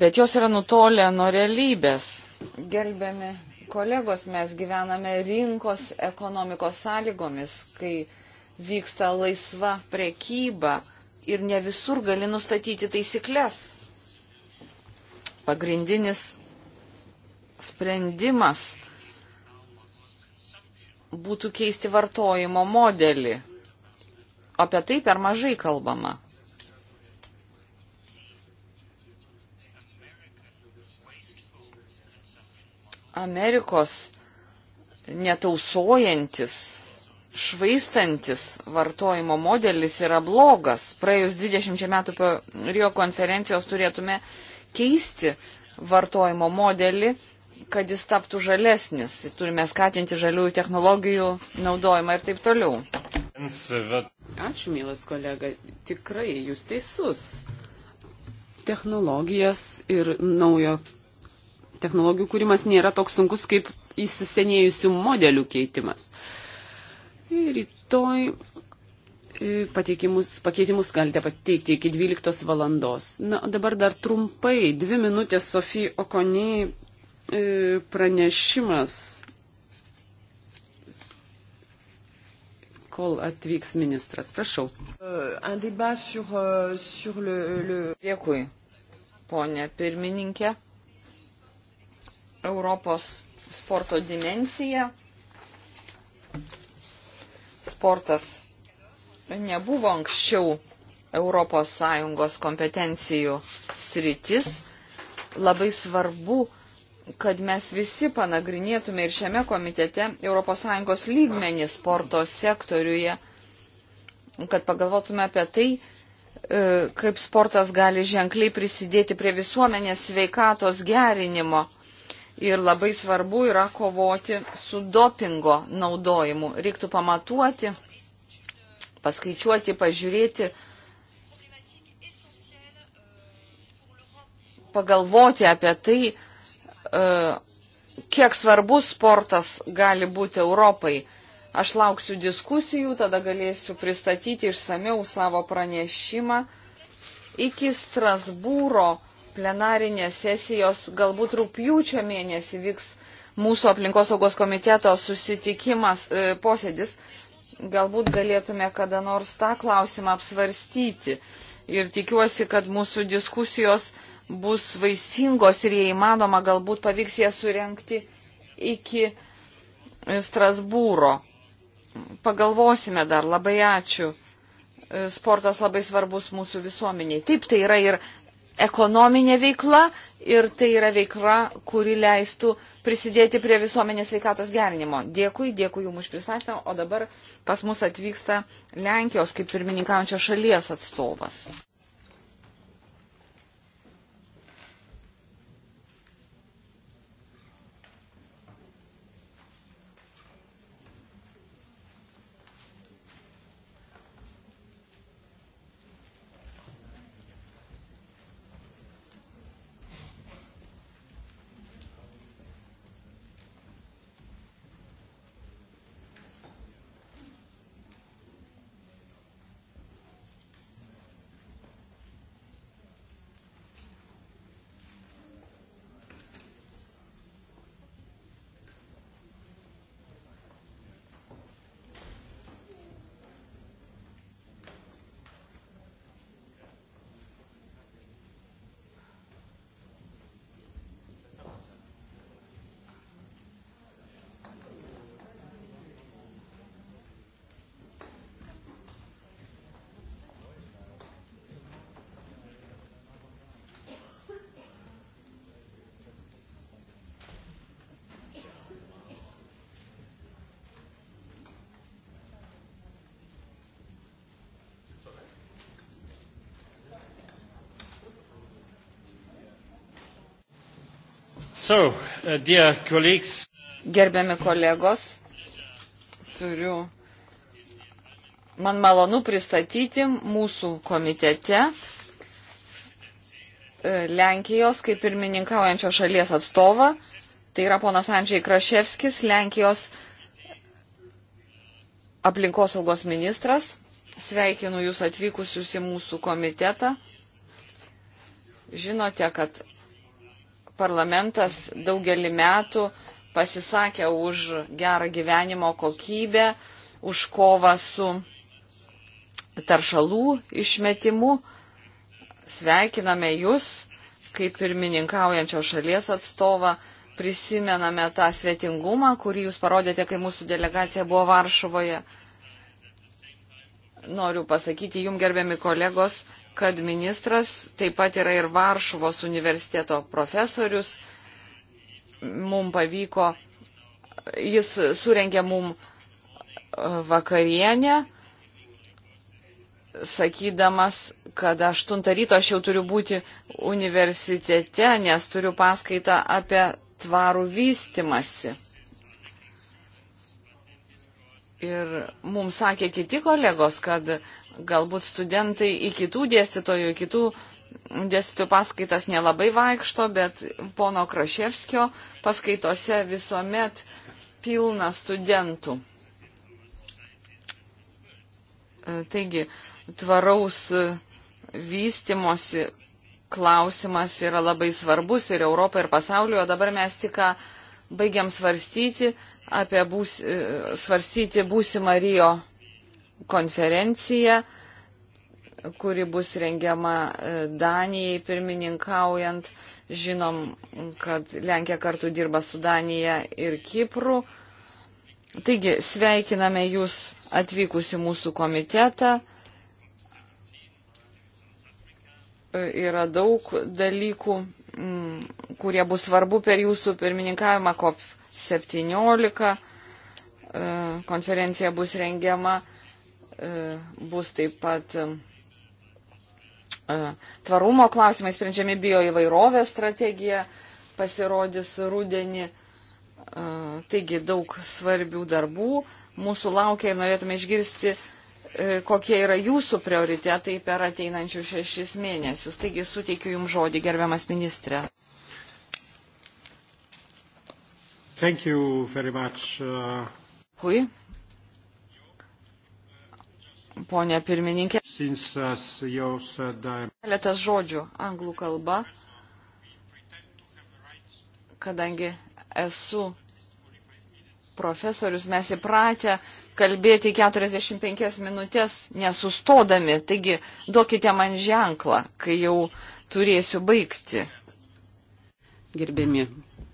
bet jos yra nutolę nuo realybės. Gerbiami kolegos, mes gyvename rinkos ekonomikos sąlygomis, kai vyksta laisva prekyba ir ne visur gali nustatyti taisyklės. Pagrindinis sprendimas būtų keisti vartojimo modelį apie tai per mažai kalbama. Amerikos netausojantis, švaistantis vartojimo modelis yra blogas. Praėjus 20 metų po Rio konferencijos turėtume keisti vartojimo modelį, kad jis taptų žalesnis. Turime skatinti žaliųjų technologijų naudojimą ir taip toliau. Ačiū, mielas kolega. Tikrai jūs teisus. Technologijas ir naujo technologijų kūrimas nėra toks sunkus kaip įsisenėjusių modelių keitimas. Ir rytoj e, pateikimus, pakeitimus galite pateikti iki 12 valandos. Na, dabar dar trumpai, dvi minutės Sofija Okony e, pranešimas kol atvyks ministras. Prašau. Euh, Dėkui, ponė pirmininkė. Europos sporto dimensija. Sportas nebuvo anksčiau ES kompetencijų sritis. Labai svarbu kad mes visi panagrinėtume ir šiame komitete ES lygmenį sporto sektoriuje, kad pagalvotume apie tai, e, kaip sportas gali ženkliai prisidėti prie visuomenės sveikatos gerinimo. Ir labai svarbu yra kovoti su dopingo naudojimu. Reiktų pamatuoti, paskaičiuoti, pažiūrėti, pagalvoti apie tai, E, kiek svarbus sportas gali būti Europai. Aš lauksiu diskusijų, tada galėsiu pristatyti išsameu savo pranešimą. Iki Strasbūro plenarinės sesijos galbūt rūpjūčio mėnesį vyks mūsų aplinkosaugos komiteto susitikimas, e, posėdis. Galbūt galėtume kada nors tą klausimą apsvarstyti. Ir tikiuosi, kad mūsų diskusijos bus vaisingos ir jei įmanoma, galbūt pavyks jas surenkti iki Strasbūro. Pagalvosime dar, labai ačiū. Sportas labai svarbus mūsų visuomeniai. Taip, tai yra ir ekonominė veikla ir tai yra veikla, kuri leistų prisidėti prie visuomenės veikatos gerinimo. Dėkui, dėkui jums už pristatymą, o dabar pas mus atvyksta Lenkijos kaip pirmininkaujančio šalies atstovas. So, uh, Gerbiami kolegos, turiu man malonu pristatyti mūsų komitete e, Lenkijos kaip pirmininkaujančio šalies atstovą. Tai yra ponas Andžiai Kraševskis, Lenkijos aplinkosaugos ministras. Sveikinu Jūs atvykusius į mūsų komitetą. Žinote, kad parlamentas daugelį metų pasisakė už gerą gyvenimo kokybę, už kovą su taršalų išmetimu. Sveikiname Jūs, kaip pirmininkaujančios šalies atstovą, prisimename tą svetingumą, kurį Jūs parodėte, kai mūsų delegacija buvo Varšuvoje. Noriu pasakyti Jums, gerbiami kolegos, kad ministras taip pat yra ir Varšuvos universiteto profesorius. Mums pavyko, jis surengė mum e, vakarienę, sakydamas, kad 8 ryto aš jau turiu būti universitete, nes turiu paskaitą apie tvarų vystimasi. Ir mums sakė kiti kolegos, kad galbūt studentai į kitų dėstytojų, į kitų dėstytojų paskaitas nelabai vaikšto, bet pono Kraševskio paskaitose visuomet pilna studentų. E, taigi, tvaraus vystimosi klausimas yra labai svarbus ir Europai, ir pasaulio, o dabar mes tik baigiam svarstyti apie būs, e, svarstyti būsimą Rio konferencija, kuri bus rengiama e, Danijai pirmininkaujant. Žinom, kad Lenkija kartu dirba su Danija ir Kipru. Taigi, sveikiname Jūs atvykus į mūsų komitetą. E, yra daug dalykų, mm, kurie bus svarbu per Jūsų pirmininkavimą COP17. E, konferencija bus rengiama E, bus taip pat e, tvarumo klausimai sprendžiami bio įvairovės strategija, pasirodys rudenį. E, taigi daug svarbių darbų mūsų laukia ir norėtume išgirsti, kokie yra jūsų prioritetai per ateinančius šešis mėnesius. Taigi suteikiu Jums žodį, gerbiamas ministrė. Thank you very much. Uh... Hui ponė pirmininkė. Keletas žodžių anglų kalba, kadangi esu profesorius, mes įpratę kalbėti 45 minutės nesustodami, taigi duokite man ženklą, kai jau turėsiu baigti. Gerbiami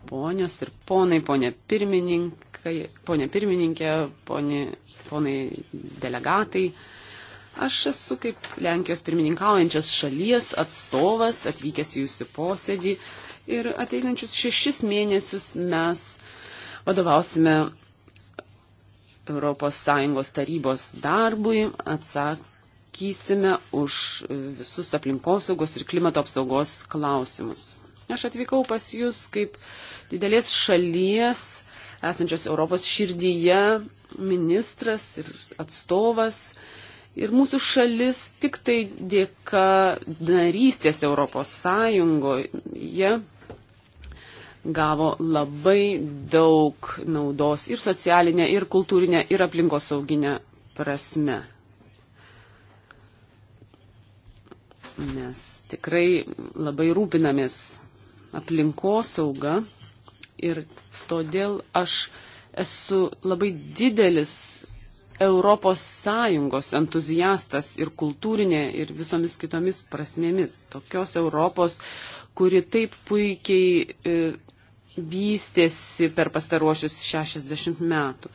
ponios ir ponai, ponė pirmininkai, ponė pirmininkė, ponė, ponai delegatai, Aš esu kaip Lenkijos pirmininkaujančios šalies atstovas, atvykęs į jūsų posėdį ir ateinančius šešis mėnesius mes vadovausime ES tarybos darbui, atsakysime už visus aplinkosaugos ir klimato apsaugos klausimus. Aš atvykau pas jūs kaip didelės šalies, esančios Europos širdyje ministras ir atstovas. Ir mūsų šalis tik tai dėka narystės Europos Sąjungoje gavo labai daug naudos ir socialinė, ir kultūrinė, ir aplinkosauginė prasme. Mes tikrai labai rūpinamės aplinkosauga ir todėl aš esu labai didelis ES entuziastas ir kultūrinė ir visomis kitomis prasmėmis. Tokios Europos, kuri taip puikiai e, vystėsi per pastaruosius 60 metų.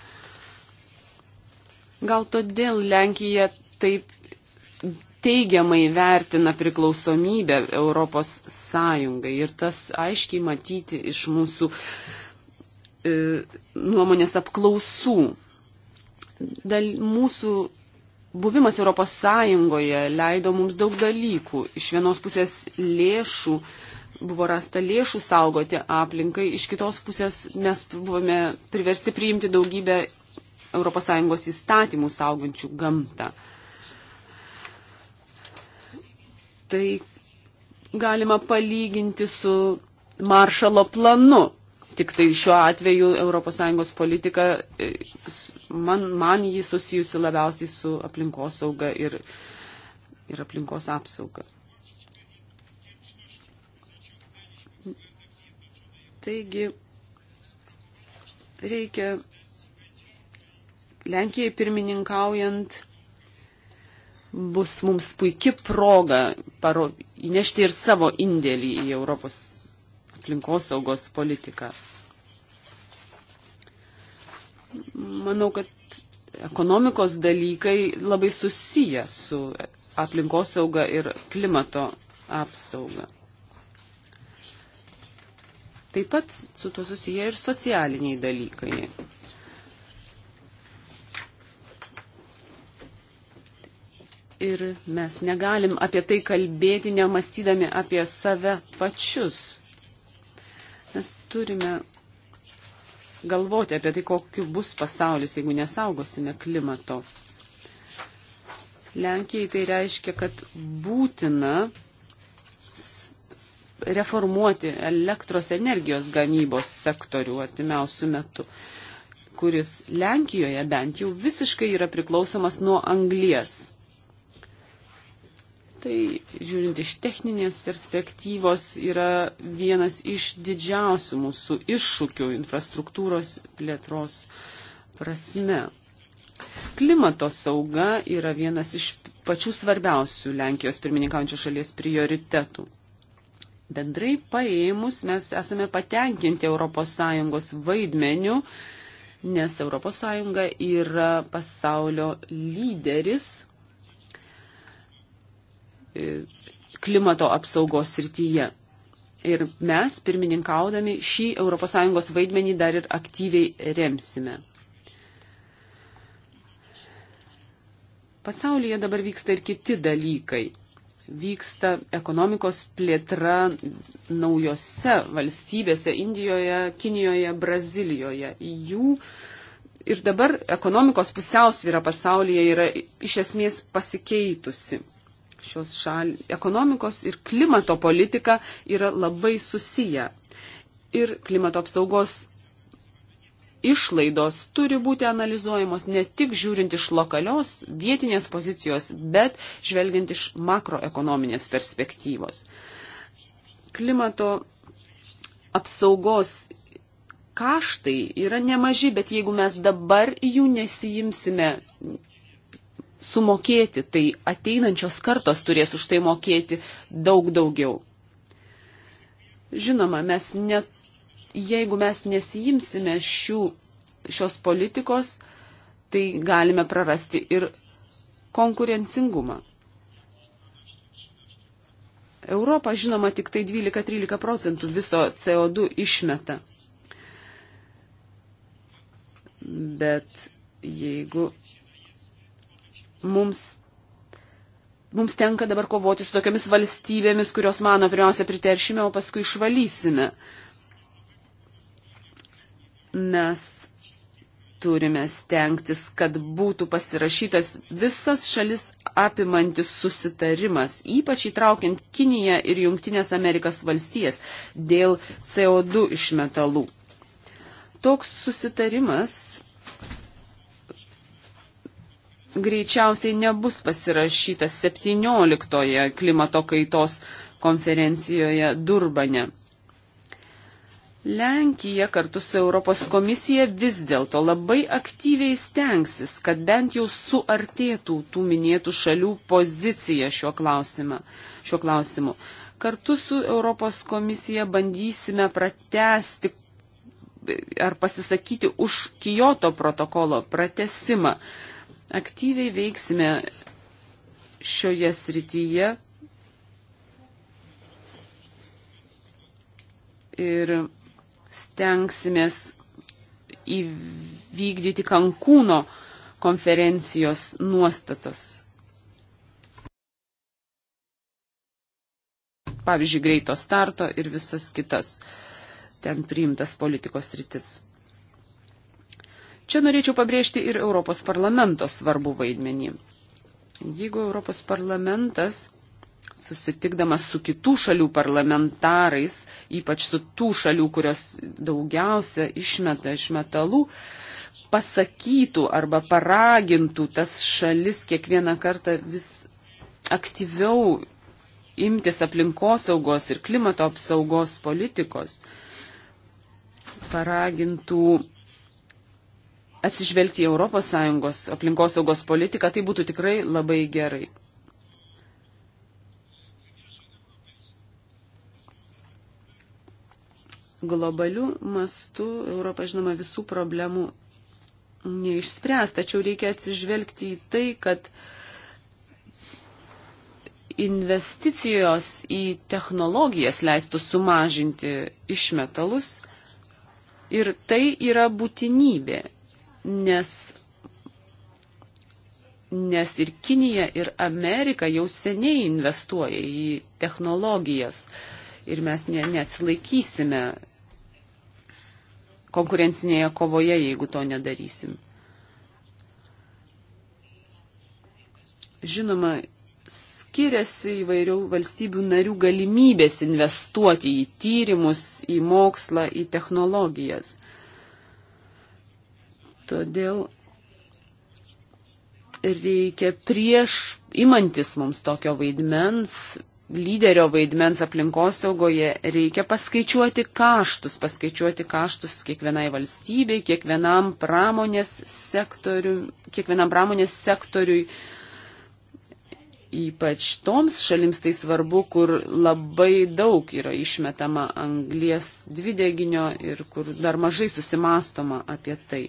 Gal todėl Lenkija taip teigiamai vertina priklausomybę Europos Sąjungai ir tas aiškiai matyti iš mūsų e, nuomonės apklausų dal, mūsų buvimas Europos Sąjungoje leido mums daug dalykų. Iš vienos pusės lėšų, buvo rasta lėšų saugoti aplinkai, iš kitos pusės mes buvome priversti priimti daugybę Europos Sąjungos įstatymų saugančių gamtą. Tai galima palyginti su maršalo planu, tik tai šiuo atveju ES politika, e, man, man jį susijusi labiausiai su aplinkosauga ir, ir aplinkos apsauga. Taigi, reikia Lenkijai pirmininkaujant bus mums puikia proga paro, įnešti ir savo indėlį į Europos aplinkosaugos politiką manau, kad ekonomikos dalykai labai susiję su aplinkosauga ir klimato apsauga. Taip pat su to susiję ir socialiniai dalykai. Ir mes negalim apie tai kalbėti, nemastydami apie save pačius. Mes turime galvoti apie tai, kokiu bus pasaulis, jeigu nesaugosime klimato. Lenkijai tai reiškia, kad būtina reformuoti elektros energijos gamybos sektorių artimiausių metų, kuris Lenkijoje bent jau visiškai yra priklausomas nuo anglies. Tai žiūrint iš techninės perspektyvos yra vienas iš didžiausių mūsų iššūkių infrastruktūros plėtros prasme. Klimato sauga yra vienas iš pačių svarbiausių Lenkijos pirmininkaujančios šalies prioritetų. Bendrai paėmus mes esame patenkinti ES vaidmeniu, nes ES yra pasaulio lyderis E, klimato apsaugos srityje. Ir mes, pirmininkaudami, šį ES vaidmenį dar ir aktyviai remsime. Pasaulyje dabar vyksta ir kiti dalykai. Vyksta ekonomikos plėtra naujose valstybėse - Indijoje, Kinijoje, Brazilijoje. Jų ir dabar ekonomikos pusiausvyrą pasaulyje yra iš esmės pasikeitusi šios šal, ekonomikos ir klimato politika yra labai susiję. Ir klimato apsaugos išlaidos turi būti analizuojamos ne tik žiūrint iš lokalios vietinės pozicijos, bet žvelgiant iš makroekonominės perspektyvos. Klimato apsaugos kaštai yra nemaži, bet jeigu mes dabar jų nesijimsime sumokėti, tai ateinančios kartos turės už tai mokėti daug daugiau. Žinoma, mes ne, jeigu mes nesijimsime šių, šios politikos, tai galime prarasti ir konkurencingumą. Europa, žinoma, tik tai 12-13 procentų viso CO2 išmeta. Bet jeigu mums, mums tenka dabar kovoti su tokiamis valstybėmis, kurios mano pirmiausia priteršime, o paskui išvalysime. Mes turime stengtis, kad būtų pasirašytas visas šalis apimantis susitarimas, ypač įtraukiant Kiniją ir Junktinės Amerikos valstijas dėl CO2 iš metalų. Toks susitarimas greičiausiai nebus pasirašytas 17-oje klimato kaitos konferencijoje Durbane. Lenkija kartu su Europos komisija vis dėlto labai aktyviai stengsis, kad bent jau suartėtų tų minėtų šalių pozicija šiuo, klausimą, šiuo klausimu. Kartu su Europos komisija bandysime pratesti ar pasisakyti už Kyoto protokolo pratesimą aktyviai veiksime šioje srityje. Ir stengsimės įvykdyti Kankūno konferencijos nuostatas. Pavyzdžiui, greito starto ir visas kitas ten priimtas politikos rytis. Čia norėčiau pabrėžti ir Europos parlamento svarbų vaidmenį. Jeigu Europos parlamentas susitikdamas su kitų šalių parlamentarais, ypač su tų šalių, kurios daugiausia išmeta iš metalų, pasakytų arba paragintų tas šalis kiekvieną kartą vis aktyviau imtis aplinkosaugos ir klimato apsaugos politikos, paragintų atsižvelgti į ES aplinkosaugos politiką, tai būtų tikrai labai gerai. Globalių mastų Europa, žinoma, visų problemų neišspręs, tačiau reikia atsižvelgti į tai, kad investicijos į technologijas leistų sumažinti išmetalus ir tai yra būtinybė nes, nes ir Kinija, ir Amerika jau seniai investuoja į technologijas ir mes ne, neatsilaikysime konkurencinėje kovoje, jeigu to nedarysim. Žinoma, skiriasi įvairių valstybių narių galimybės investuoti į tyrimus, į mokslą, į technologijas. Todėl reikia prieš imantis mums tokio vaidmens, lyderio vaidmens aplinkosaugoje, reikia paskaičiuoti kaštus, paskaičiuoti kaštus kiekvienai valstybei, kiekvienam pramonės sektoriui, kiekvienam pramonės sektoriui. Ypač toms šalims tai svarbu, kur labai daug yra išmetama anglies dvideginio ir kur dar mažai susimastoma apie tai.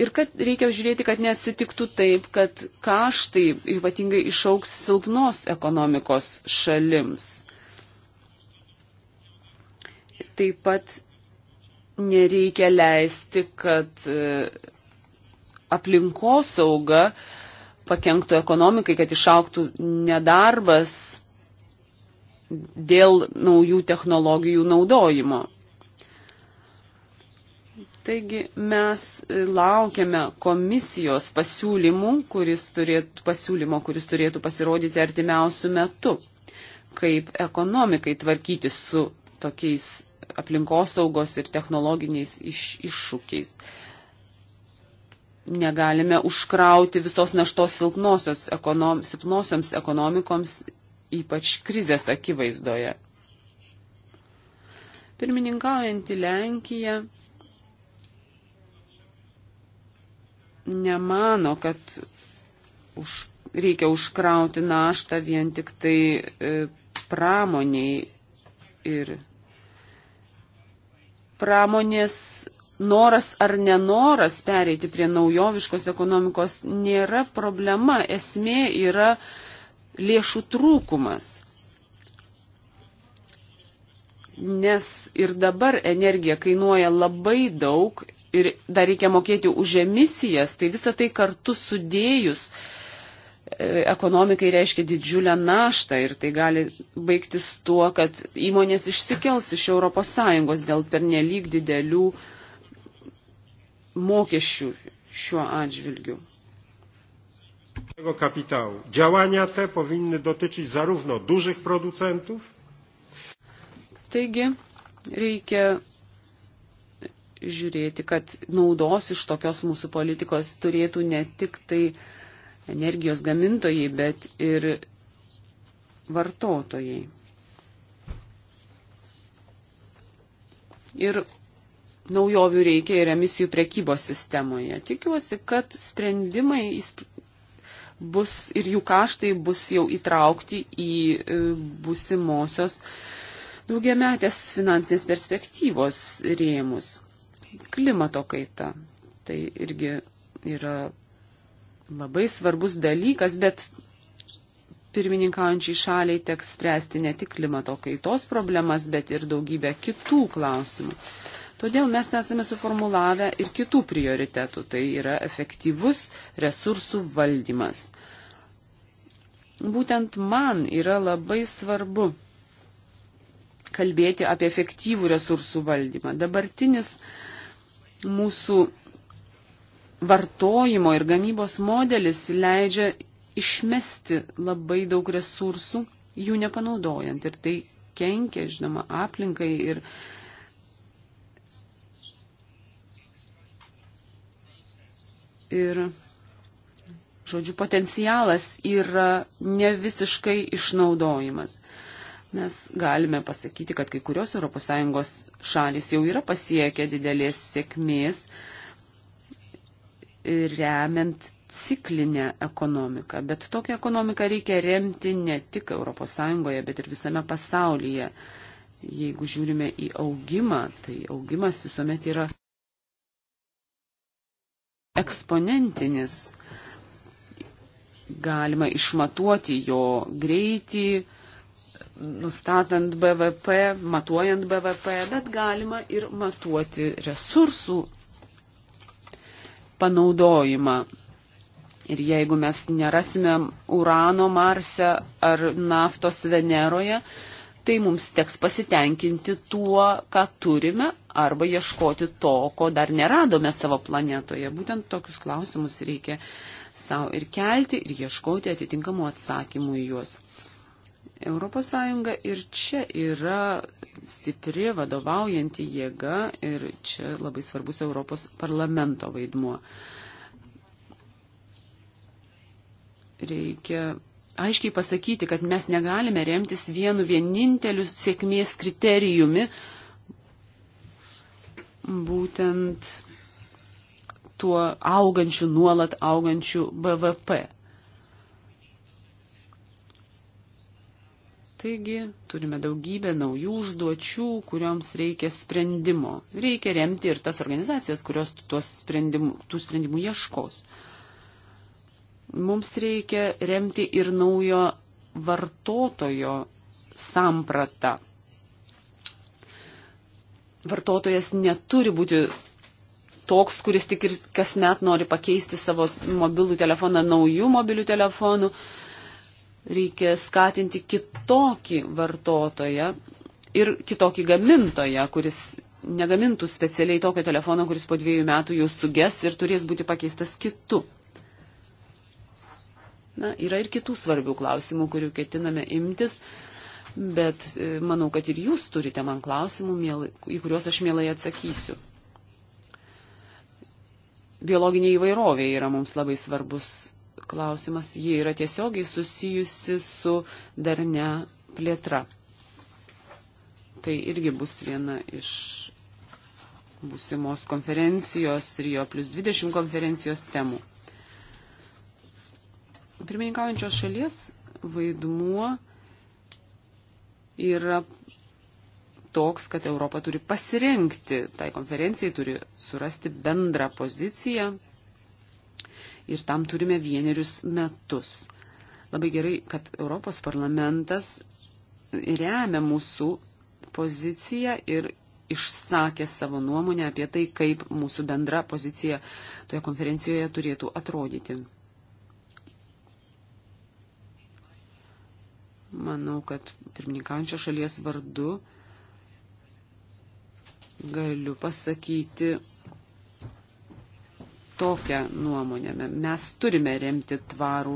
Ir kad reikia žiūrėti, kad neatsitiktų taip, kad kaštai ypatingai išauks silpnos ekonomikos šalims. Taip pat nereikia leisti, kad e, aplinkosauga pakenktų ekonomikai, kad išauktų nedarbas dėl naujų technologijų naudojimo. Taigi mes e, laukiame komisijos pasiūlymų, kuris turėtų, pasiūlymo, kuris turėtų pasirodyti artimiausių metų, kaip ekonomikai tvarkyti su tokiais aplinkosaugos ir technologiniais iš, iššūkiais. Negalime užkrauti visos naštos silpnosios ekonom, silpnosioms ekonomikoms, ypač krizės akivaizdoje. Pirmininkaujantį Lenkiją nemano, kad už, reikia užkrauti naštą vien tik tai e, pramoniai ir pramonės noras ar nenoras pereiti prie naujoviškos ekonomikos nėra problema, esmė yra lėšų trūkumas. Nes ir dabar energija kainuoja labai daug ir dar reikia mokėti už emisijas, tai visą tai kartu sudėjus e, ekonomikai reiškia didžiulę naštą ir tai gali baigtis tuo, kad įmonės išsikels iš ES dėl pernelyg didelių mokesčių šiuo atžvilgiu. Kapitału. Działania te powinny dotyczyć zarówno dużych producentów. Taigi reikia žiūrėti, kad naudos iš tokios mūsų politikos turėtų ne tik tai energijos gamintojai, bet ir vartotojai. Ir naujovių reikia ir emisijų prekybos sistemoje. Tikiuosi, kad sprendimai bus ir jų kaštai bus jau įtraukti į e, busimosios daugiametės finansinės perspektyvos rėmus klimato kaita. Tai irgi yra labai svarbus dalykas, bet pirmininkaujančiai šaliai teks spręsti ne tik klimato kaitos problemas, bet ir daugybę kitų klausimų. Todėl mes esame suformulavę ir kitų prioritetų, tai yra efektyvus resursų valdymas. Būtent man yra labai svarbu kalbėti apie efektyvų resursų valdymą. Dabartinis uh, mūsų vartojimo ir gamybos modelis leidžia išmesti labai daug resursų, jų nepanaudojant. Ir tai kenkia, žinoma, aplinkai ir ir, žodžiu, potencialas yra ne visiškai išnaudojimas mes galime pasakyti, kad kai kurios ES šalis jau yra pasiekę didelės sėkmės remiant ciklinę ekonomiką. Bet tokią ekonomiką reikia remti ne tik ES, bet ir visame pasaulyje. Jeigu žiūrime į augimą, tai augimas visuomet yra eksponentinis. Galima išmatuoti jo greitį, nustatant BVP, matuojant BVP, bet galima ir matuoti resursų panaudojimą. Ir jeigu mes nerasime urano Marse ar naftos Veneroje, tai mums teks pasitenkinti tuo, ką turime, arba ieškoti to, ko dar neradome savo planetoje. Būtent tokius klausimus reikia savo ir kelti ir ieškoti atitinkamų atsakymų į juos. Europos Sąjunga ir čia yra stipri vadovaujanti jėga ir čia labai svarbus Europos parlamento vaidmuo. Reikia aiškiai pasakyti, kad mes negalime remtis vienu vieninteliu sėkmės kriterijumi, būtent tuo augančiu, nuolat augančiu BVP. Taigi turime daugybę naujų užduočių, kurioms reikia sprendimo. Reikia remti ir tas organizacijas, kurios sprendimų, tų sprendimų ieškos. Mums reikia remti ir naujo vartotojo sampratą. Vartotojas neturi būti toks, kuris tik ir kasmet nori pakeisti savo mobilų telefoną naujų mobilių telefonų. Uh, Reikia skatinti kitokį vartotoją ir kitokį gamintoją, kuris negamintų specialiai tokio telefono, kuris po dviejų metų jau suges ir turės būti pakeistas kitu. Na, yra ir kitų svarbių klausimų, kurių ketiname imtis, bet e, manau, kad ir jūs turite man klausimų, mėlai, į kuriuos aš mielai atsakysiu. Biologinė įvairovė yra mums labai svarbus klausimas, ji yra tiesiogiai susijusi su darne plėtra. Tai irgi bus viena iš būsimos konferencijos ir jo plus 20 konferencijos temų. Pirmininkaujančios šalies vaidmuo yra toks, kad Europa turi pasirinkti tai konferencijai, turi surasti bendrą poziciją ir tam turime vienerius metus. Labai gerai, kad Europos parlamentas remia mūsų poziciją ir išsakė savo nuomonę apie tai, kaip mūsų bendra pozicija toje konferencijoje turėtų atrodyti. Manau, kad pirmininkančio šalies vardu galiu pasakyti tokią nuomonę. Mes turime remti tvarų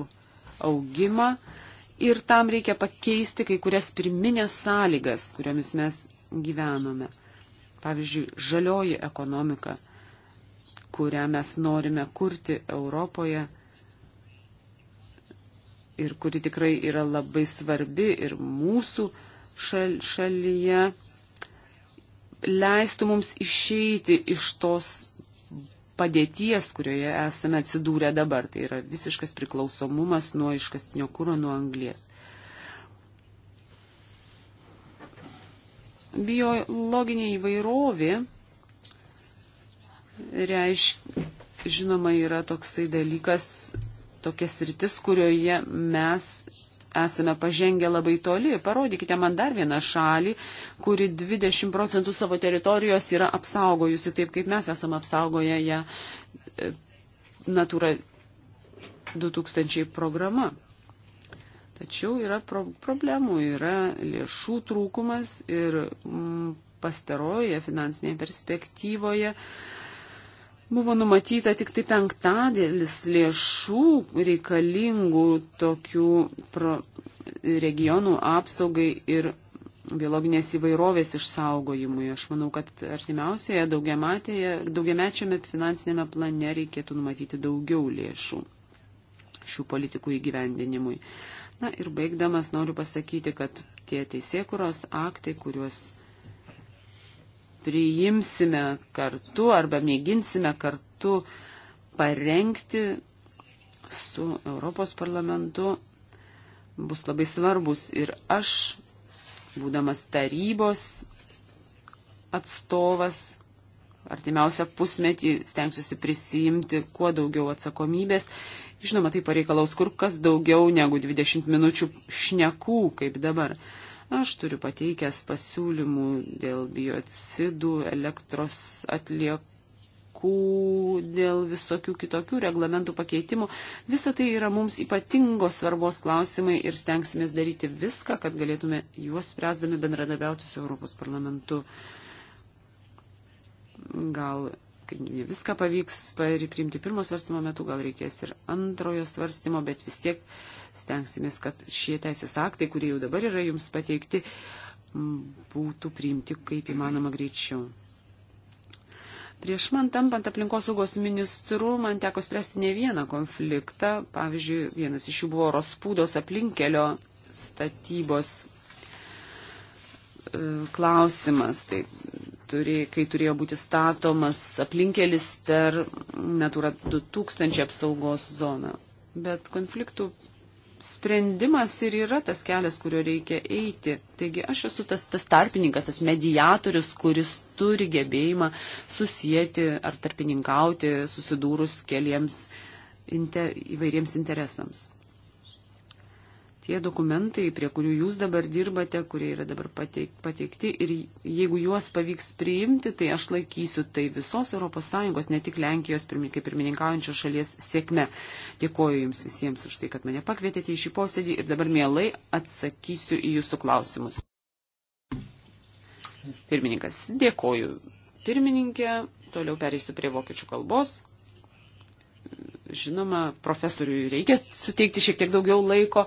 augimą ir tam reikia pakeisti kai kurias pirminės sąlygas, kuriomis mes gyvenome. Pavyzdžiui, žalioji ekonomika, kurią mes norime kurti Europoje ir kuri tikrai yra labai svarbi ir mūsų šal, šalyje, leistų mums išeiti iš tos padėties, kurioje esame atsidūrę dabar. Tai yra visiškas priklausomumas nuo iškastinio kūro, nuo anglies. Biologinė įvairovė reiškia, žinoma, yra toksai dalykas, tokias rytis, kurioje mes esame pažengę labai toli. Parodykite man dar vieną šalį, kuri 20 procentų savo teritorijos yra apsaugojusi, taip kaip mes esame apsaugoję ją e, Natura 2000 programa. Tačiau yra pro problemų, yra lėšų trūkumas ir mm, pastarojoje finansinėje perspektyvoje uh, Buvo numatyta tik tai penktadėlis lėšų reikalingų tokių pro, regionų apsaugai ir biologinės įvairovės išsaugojimui. Aš manau, kad artimiausioje daugiamečiame finansinėme plane reikėtų numatyti daugiau lėšų šių politikų įgyvendinimui. Na ir baigdamas noriu pasakyti, kad tie teisėkuros aktai, kuriuos priimsime kartu arba mėginsime kartu parengti su Europos parlamentu bus labai svarbus. Ir aš, būdamas tarybos atstovas, artimiausią pusmetį stengsiuosi prisijimti kuo daugiau atsakomybės. Žinoma, tai pareikalaus kur kas daugiau negu 20 minučių šnekų, kaip dabar. Aš turiu pateikęs pasiūlymų dėl biocidų, elektros atliekų, dėl visokių kitokių reglamentų pakeitimų. Visa tai yra mums ypatingos svarbos klausimai ir stengsimės daryti viską, kad galėtume juos spręsdami bendradarbiauti su Europos parlamentu. Gal kai viską pavyks priimti pirmo svarstymo metu, gal reikės ir antrojo svarstymo, bet vis tiek stengsimės, kad šie teisės aktai, kurie jau dabar yra jums pateikti, būtų priimti kaip įmanoma greičiau. Prieš man tampant aplinkosaugos ministru, man teko spręsti ne vieną konfliktą. Pavyzdžiui, vienas iš jų buvo Rospūdos aplinkelio statybos e, klausimas. Tai turė, kai turėjo būti statomas aplinkelis per Natura 2000 apsaugos zoną. Bet konfliktų sprendimas ir yra tas kelias, kurio reikia eiti. Taigi aš esu tas, tas tarpininkas, tas mediatorius, kuris turi gebėjimą susijęti ar tarpininkauti susidūrus keliems inter, įvairiems interesams tie dokumentai, prie kurių jūs dabar dirbate, kurie yra dabar pateikti ir jeigu juos pavyks priimti, tai aš laikysiu tai visos ES, ne tik Lenkijos kaip pirmininkaujančios šalies sėkme. Dėkoju Jums visiems už tai, kad mane pakvietėte į šį posėdį ir dabar mielai atsakysiu į Jūsų klausimus. Pirmininkas, dėkoju. Pirmininkė, toliau pereisiu prie vokiečių kalbos žinoma, profesoriui reikia suteikti šiek tiek daugiau laiko,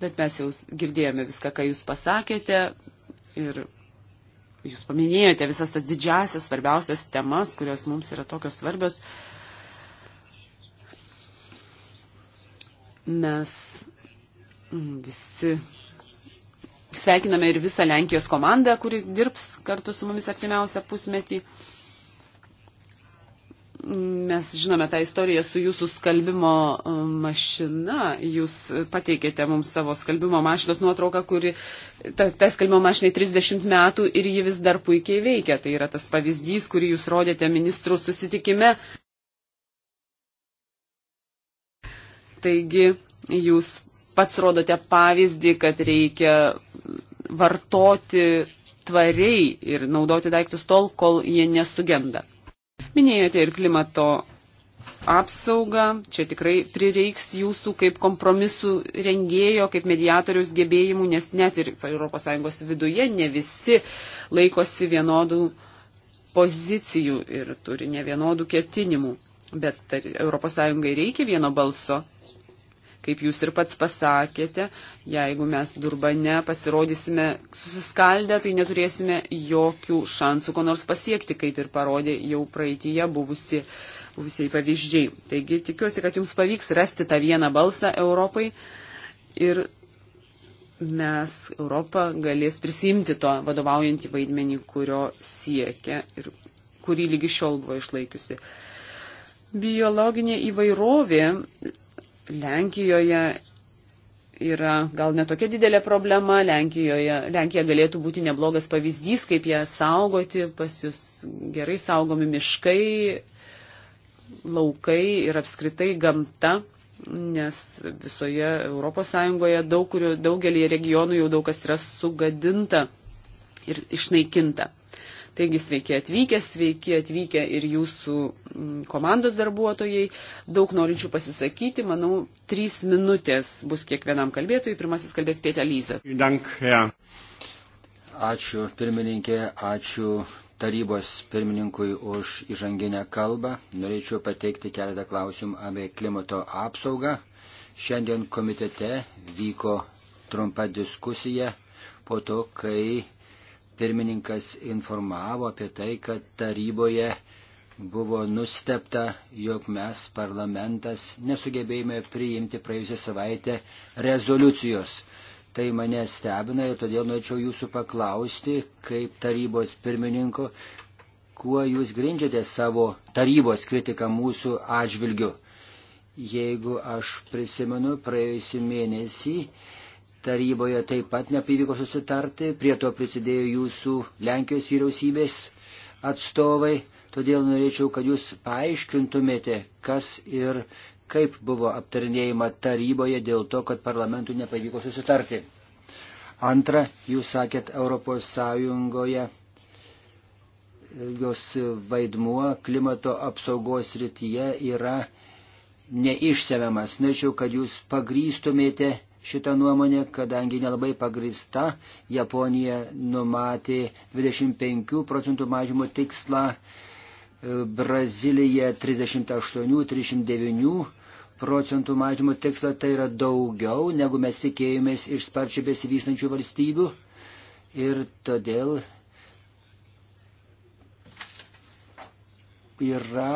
bet mes jau girdėjome viską, ką jūs pasakėte ir jūs paminėjote visas tas didžiasias, svarbiausias temas, kurios mums yra tokios svarbios. Mes mm, visi sveikiname ir visą Lenkijos komandą, kuri dirbs kartu su mumis artimiausią pusmetį. Mes žinome tą istoriją su jūsų skalbimo e, mašina. Jūs pateikėte mums savo skalbimo mašinos nuotrauką, kuri, ta, ta skalbimo mašinai 30 metų ir ji vis dar puikiai veikia. Tai yra tas pavyzdys, kurį jūs rodėte ministrų susitikime. Taigi jūs pats rodote pavyzdį, kad reikia vartoti tvariai ir naudoti daiktus tol, kol jie nesugenda. Minėjote ir klimato apsaugą, čia tikrai prireiks jūsų kaip kompromisų rengėjo, kaip mediatorius gebėjimų, nes net ir ES viduje ne visi laikosi vienodų pozicijų ir turi ne vienodų ketinimų. Bet tai ES reikia vieno balso Kaip jūs ir pats pasakėte, jeigu mes Durbane pasirodysime susiskaldę, tai neturėsime jokių šansų ko nors pasiekti, kaip ir parodė jau praeitįje buvusi, buvusiai pavyzdžiai. Taigi tikiuosi, kad jums pavyks rasti tą vieną balsą Europai ir mes Europą galės prisimti to vadovaujantį vaidmenį, kurio siekia ir kurį lygi šiol buvo išlaikiusi. Biologinė įvairovė Lenkijoje yra gal netokia didelė problema. Lenkijoje, Lenkija galėtų būti neblogas pavyzdys, kaip ją saugoti. Pas jūs gerai saugomi miškai, laukai ir apskritai gamta nes visoje ES daug, daugelį regionų jau daug kas yra sugadinta ir išnaikinta. Taigi sveiki atvykę, sveiki atvykę ir jūsų mm, komandos darbuotojai. Daug norinčių pasisakyti, manau, trys minutės bus kiekvienam kalbėtojui. Pirmasis kalbės Pietė Lyza. Ačiū pirmininkė, ačiū tarybos pirmininkui už įžanginę kalbą. Norėčiau pateikti keletą klausimų apie klimato apsaugą. Šiandien komitete vyko trumpa diskusija po to, kai pirmininkas informavo apie tai, kad taryboje buvo nustepta, jog mes, parlamentas, nesugebėjome priimti praėjusią savaitę rezoliucijos. Tai mane stebina ir todėl norėčiau jūsų paklausti, kaip tarybos pirmininko, kuo jūs grindžiate savo tarybos kritiką mūsų atžvilgiu. Jeigu aš prisimenu, praėjusį mėnesį taryboje taip pat nepavyko susitarti, prie to prisidėjo jūsų Lenkijos vyriausybės atstovai, todėl norėčiau, kad jūs paaiškintumėte, kas ir kaip buvo aptarinėjama taryboje dėl to, kad parlamentui nepavyko susitarti. Antra, jūs sakėt, Europos Sąjungoje e, jos vaidmuo klimato apsaugos rytyje yra neišsemiamas. Norėčiau, kad jūs pagrystumėte šitą nuomonę, kadangi nelabai pagrista. Japonija numatė 25 procentų mažimo tikslą, e, Brazilija 38-39 procentų mažimo tikslą, tai yra daugiau negu mes tikėjomės iš sparčiai besivystančių valstybių. Ir todėl yra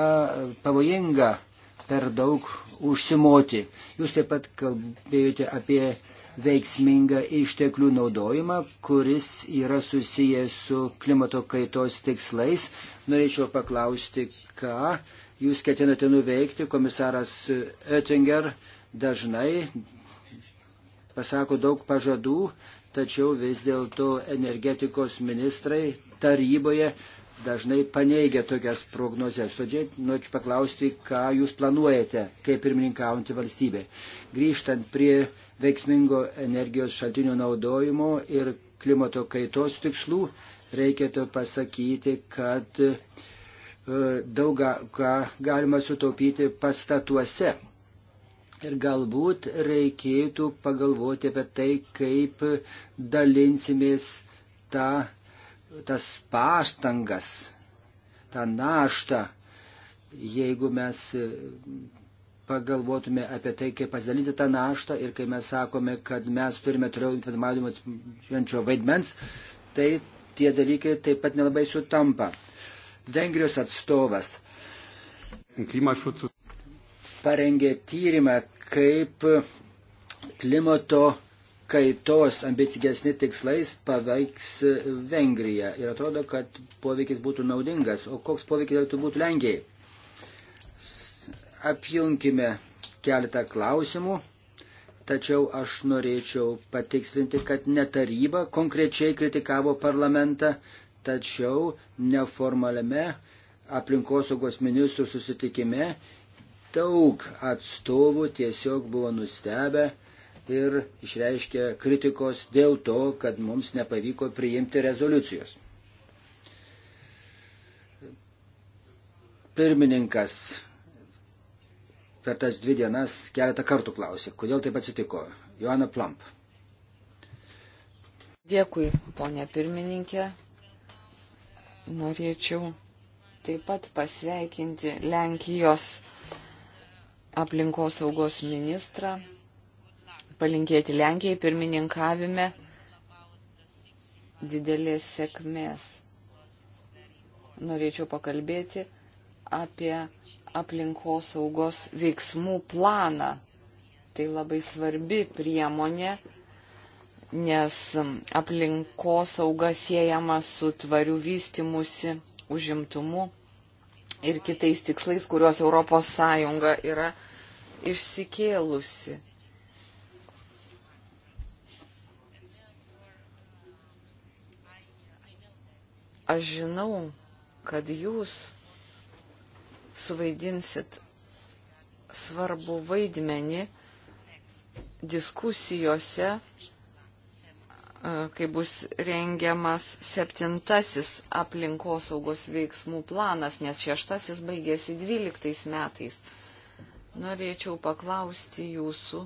pavojinga per daug užsimoti. Jūs taip pat kalbėjote apie veiksmingą išteklių naudojimą, kuris yra susijęs su klimato kaitos tikslais. Norėčiau paklausti, ką jūs ketinate nuveikti. Komisaras Oettinger dažnai pasako daug pažadų, tačiau vis dėlto energetikos ministrai taryboje dažnai paneigia tokias prognozes. Todėl noriu paklausti, ką jūs planuojate kaip pirmininkaujantį valstybę. Grįžtant prie veiksmingo energijos šaltinių naudojimo ir klimato kaitos tikslų, reikėtų pasakyti, kad e, daug ką galima sutaupyti pastatuose. Ir galbūt reikėtų pagalvoti apie tai, kaip dalinsimės tą tas paštangas, tą naštą, jeigu mes e, pagalvotume apie tai, kaip pasidalinti tą naštą ir kai mes sakome, kad mes turime toliau informavimo švenčio vaidmens, tai tie dalykai taip pat nelabai sutampa. Vengrijos atstovas parengė tyrimą, kaip klimato kaitos ambicingesni tikslais paveiks e, Vengriją. Ir atrodo, kad poveikis būtų naudingas. O koks poveikis galėtų būti Lenkijai? Apjunkime keletą klausimų, tačiau aš norėčiau patikslinti, kad ne taryba konkrečiai kritikavo parlamentą, tačiau neformaliame aplinkosaugos ministrų susitikime daug atstovų tiesiog buvo nustebę ir išreiškė kritikos dėl to, kad mums nepavyko priimti rezoliucijos. Pirmininkas per tas dvi dienas keletą kartų klausė, kodėl taip atsitiko. Joana Plump. Dėkui, ponė pirmininkė. Norėčiau taip pat pasveikinti Lenkijos aplinkosaugos ministrą palinkėti Lenkijai pirmininkavime didelės sėkmės. Norėčiau pakalbėti apie aplinkos saugos veiksmų planą. Tai labai svarbi priemonė, nes aplinkos sauga siejama su tvariu vystimusi, užimtumu ir kitais tikslais, kuriuos ES yra išsikėlusi Aš žinau, kad jūs suvaidinsit svarbu vaidmenį diskusijose, kai bus rengiamas septintasis aplinkosaugos veiksmų planas, nes šeštasis baigėsi dvyliktais metais. Norėčiau paklausti jūsų,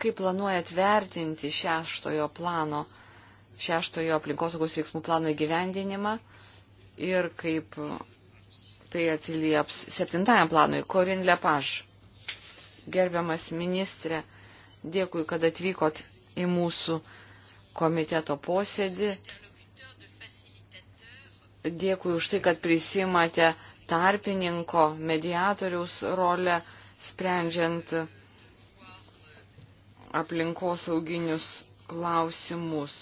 kaip planuojat vertinti šeštojo plano šeštojo aplinkosaugos veiksmų plano įgyvendinimą ir kaip tai atsilieps septintajam planui. Korin Lepaž, gerbiamas ministrė, dėkui, kad atvykot į mūsų komiteto posėdį. Dėkui už tai, kad prisimate tarpininko, mediatoriaus rolę, sprendžiant aplinkosauginius klausimus.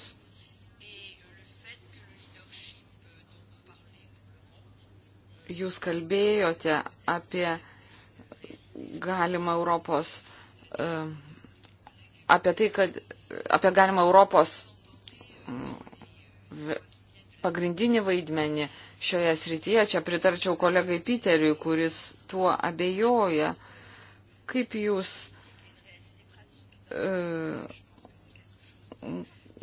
jūs kalbėjote apie galimą Europos, e, apie tai, kad apie galimą Europos mm, pagrindinį vaidmenį šioje srityje. Čia pritarčiau kolegai Piteriui, kuris tuo abejoja. Kaip jūs e,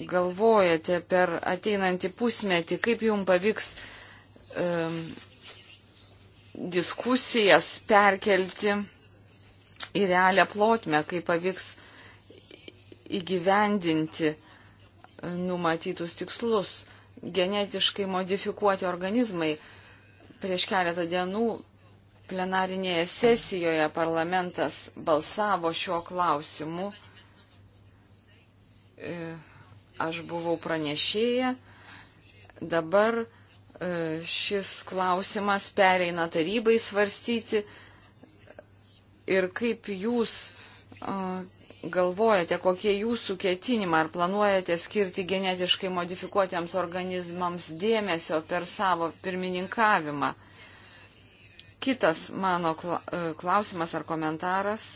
galvojate per ateinantį pusmetį, kaip jums pavyks e, diskusijas perkelti į realią plotmę, kaip pavyks įgyvendinti numatytus tikslus. Genetiškai modifikuoti organizmai. Prieš keletą dienų plenarinėje sesijoje parlamentas balsavo šiuo klausimu. E, aš buvau pranešėję. Dabar E, šis klausimas pereina tarybai svarstyti ir kaip jūs e, galvojate, kokie jūsų ketinimai, ar planuojate skirti genetiškai modifikuotiems organizmams dėmesio per savo pirmininkavimą. Kitas mano e, klausimas ar komentaras,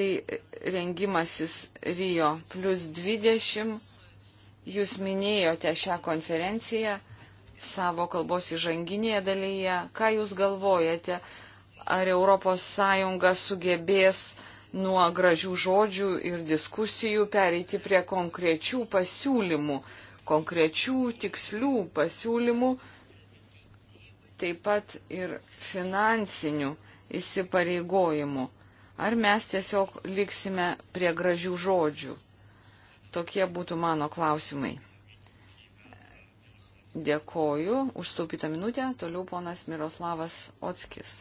tai rengimasis Rio plus 20. Jūs minėjote šią konferenciją savo kalbos įžanginėje dalyje. Ką Jūs galvojate, ar ES sugebės nuo gražių žodžių ir diskusijų pereiti prie konkrečių pasiūlymų, konkrečių tikslių pasiūlymų, taip pat ir finansinių įsipareigojimų? Ar mes tiesiog liksime prie gražių žodžių? Tokie būtų mano klausimai. Dėkoju už sutaupytą minutę. Toliau ponas Miroslavas Otskis.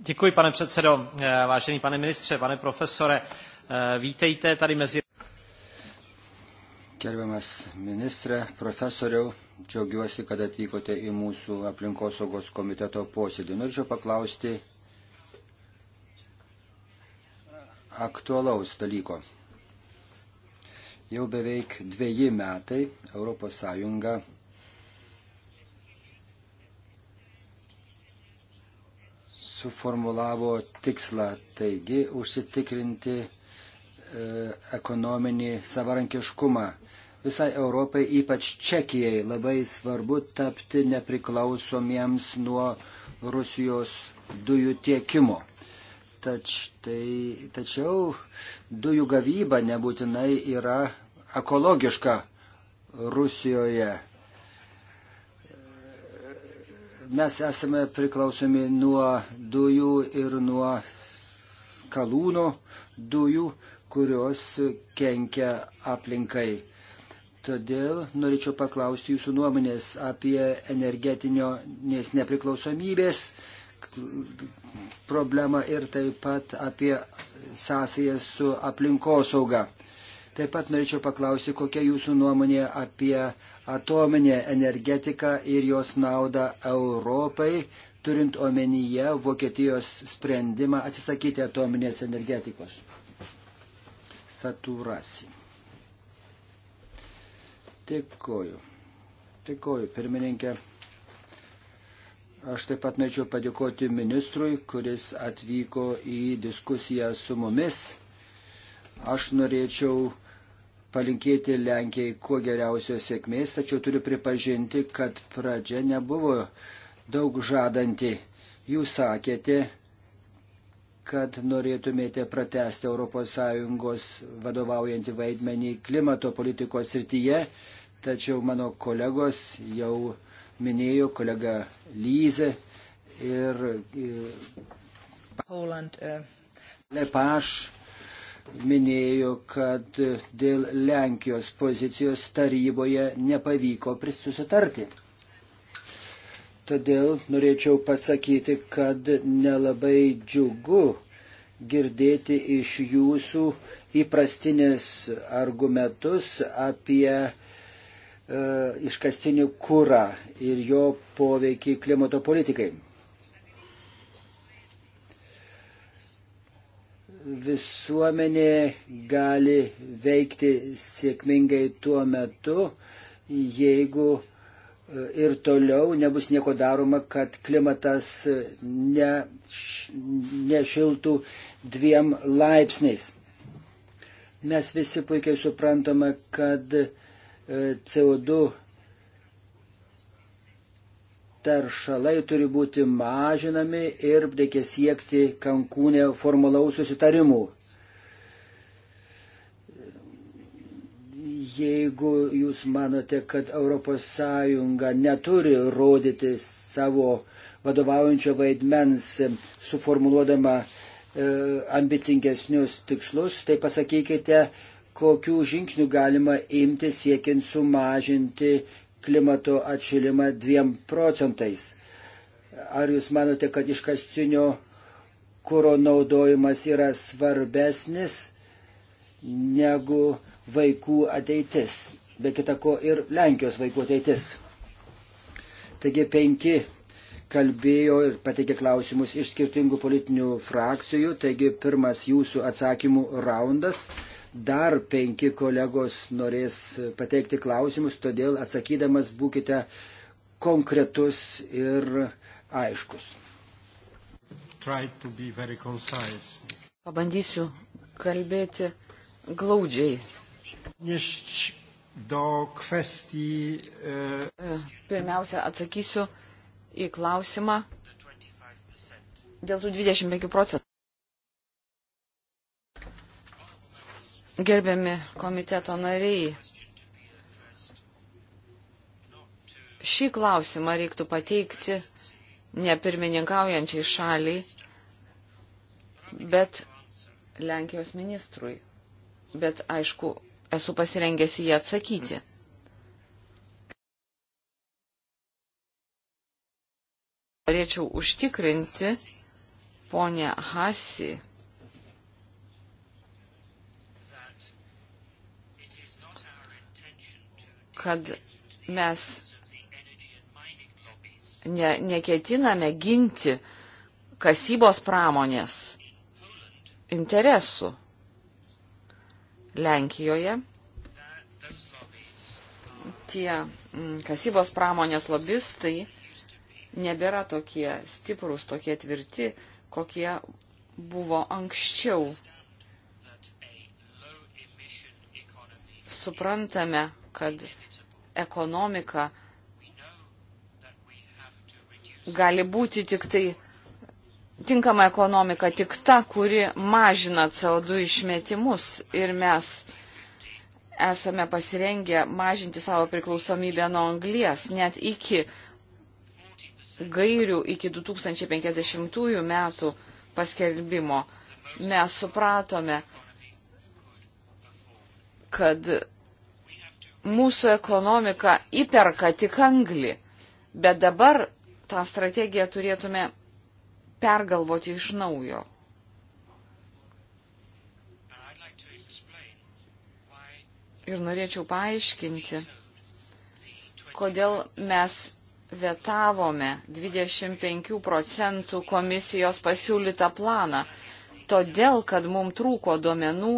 Děkuji, pane předsedo, eh, vážený pane ministře, pane profesore. Eh, vítejte tady mezi. Gerbiamas ministrė, profesoriau, džiaugiuosi, kad atvykote į mūsų aplinkosaugos komiteto posėdį. Norėčiau paklausti aktualaus dalyko. Jau beveik dviejai metai ES suformulavo tikslą, taigi užsitikrinti e, ekonominį savarankiškumą. Visai Europai, ypač Čekijai, labai svarbu tapti nepriklausomiems nuo Rusijos dujų tiekimo. Tač, tai, tačiau dujų gavyba nebūtinai yra ekologiška Rusijoje. Mes esame priklausomi nuo dujų ir nuo kalūno dujų, kurios kenkia aplinkai. Todėl norėčiau paklausti jūsų nuomonės apie energetinio nes nepriklausomybės problemą ir taip pat apie sąsajas su aplinkosauga. Taip pat norėčiau paklausti, kokia jūsų nuomonė apie atominę energetiką ir jos naudą Europai, turint omenyje Vokietijos sprendimą atsisakyti atominės energetikos. Saturasi. Dėkoju. Dėkoju, pirmininkė. Aš taip pat norėčiau padėkoti ministrui, kuris atvyko į diskusiją su mumis. Aš norėčiau palinkėti Lenkijai kuo geriausios sėkmės, tačiau turiu pripažinti, kad pradžia nebuvo daug žadanti. Jūs sakėte, kad norėtumėte pratesti ES vadovaujantį vaidmenį klimato politikos srityje, tačiau mano kolegos jau minėjo kolega Lyze ir Poland, uh... Lepaš minėjo, kad dėl Lenkijos pozicijos taryboje nepavyko prisusitarti. Todėl norėčiau pasakyti, kad nelabai džiugu girdėti iš jūsų įprastinės argumentus apie e, iškastinį kūrą ir jo poveikį klimato politikai. visuomenė gali veikti sėkmingai tuo metu, jeigu e, ir toliau nebus nieko daroma, kad klimatas ne, nešiltų dviem laipsniais. Mes visi puikiai suprantame, kad e, CO2 taršalai turi būti mažinami ir reikia siekti kankūnė formalaus susitarimų. Jeigu jūs manote, kad ES neturi rodyti savo vadovaujančio vaidmens suformuluodama e, ambicingesnius tikslus, tai pasakykite, kokių žingsnių galima imti siekiant sumažinti klimato atšilimą 2 procentais. Ar jūs manote, kad iškastinio kūro naudojimas yra svarbesnis negu vaikų ateitis, be kitako ir Lenkijos vaikų ateitis? Taigi penki kalbėjo ir pateikė klausimus iš skirtingų politinių frakcijų, taigi pirmas jūsų atsakymų raundas. Dar penki kolegos norės pateikti klausimus, todėl atsakydamas būkite konkretus ir aiškus. Pabandysiu kalbėti glaudžiai. E, e, pirmiausia, atsakysiu į klausimą dėl tų 25 procentų. Gerbiami komiteto nariai, šį klausimą reiktų pateikti ne pirmininkaujančiai šaliai, bet Lenkijos ministrui. Bet aišku, esu pasirengęs į jį atsakyti. Norėčiau užtikrinti, ponė Hasi, kad mes ne, neketiname ginti kasybos pramonės interesų Lenkijoje. Tie mm, kasybos pramonės lobistai nebėra tokie stiprūs, tokie tvirti, kokie buvo anksčiau. Suprantame, kad ekonomika gali būti tik tai tinkama ekonomika, tik ta, kuri mažina CO2 išmetimus ir mes esame pasirengę mažinti savo priklausomybę nuo anglies net iki gairių, iki 2050 metų paskelbimo. Mes supratome, kad mūsų ekonomika įperka tik anglį, bet dabar tą strategiją turėtume pergalvoti iš naujo. Ir norėčiau paaiškinti, kodėl mes vetavome 25 procentų komisijos pasiūlytą planą. Todėl, kad mums trūko duomenų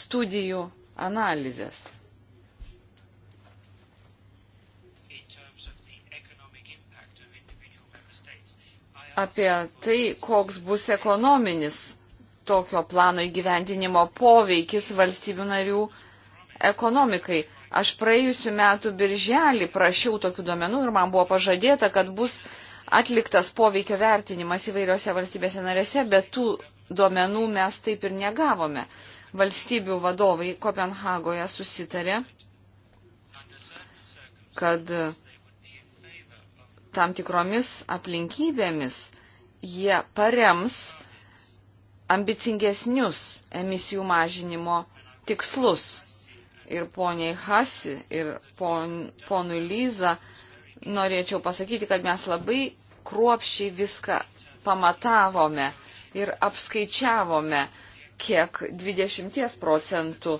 studijų analizės. apie tai, koks bus ekonominis tokio plano įgyvendinimo poveikis valstybių narių ekonomikai. Aš praėjusiu metu birželį prašiau tokių duomenų ir man buvo pažadėta, kad bus atliktas poveikio vertinimas įvairiose valstybėse narėse, bet tų duomenų mes taip ir negavome. Valstybių vadovai Kopenhagoje susitarė, kad tam tikromis aplinkybėmis jie parems ambicingesnius emisijų mažinimo tikslus. Ir poniai Hasi, ir pon, ponui Lyza norėčiau pasakyti, kad mes labai kruopšiai viską pamatavome ir apskaičiavome, kiek 20 procentų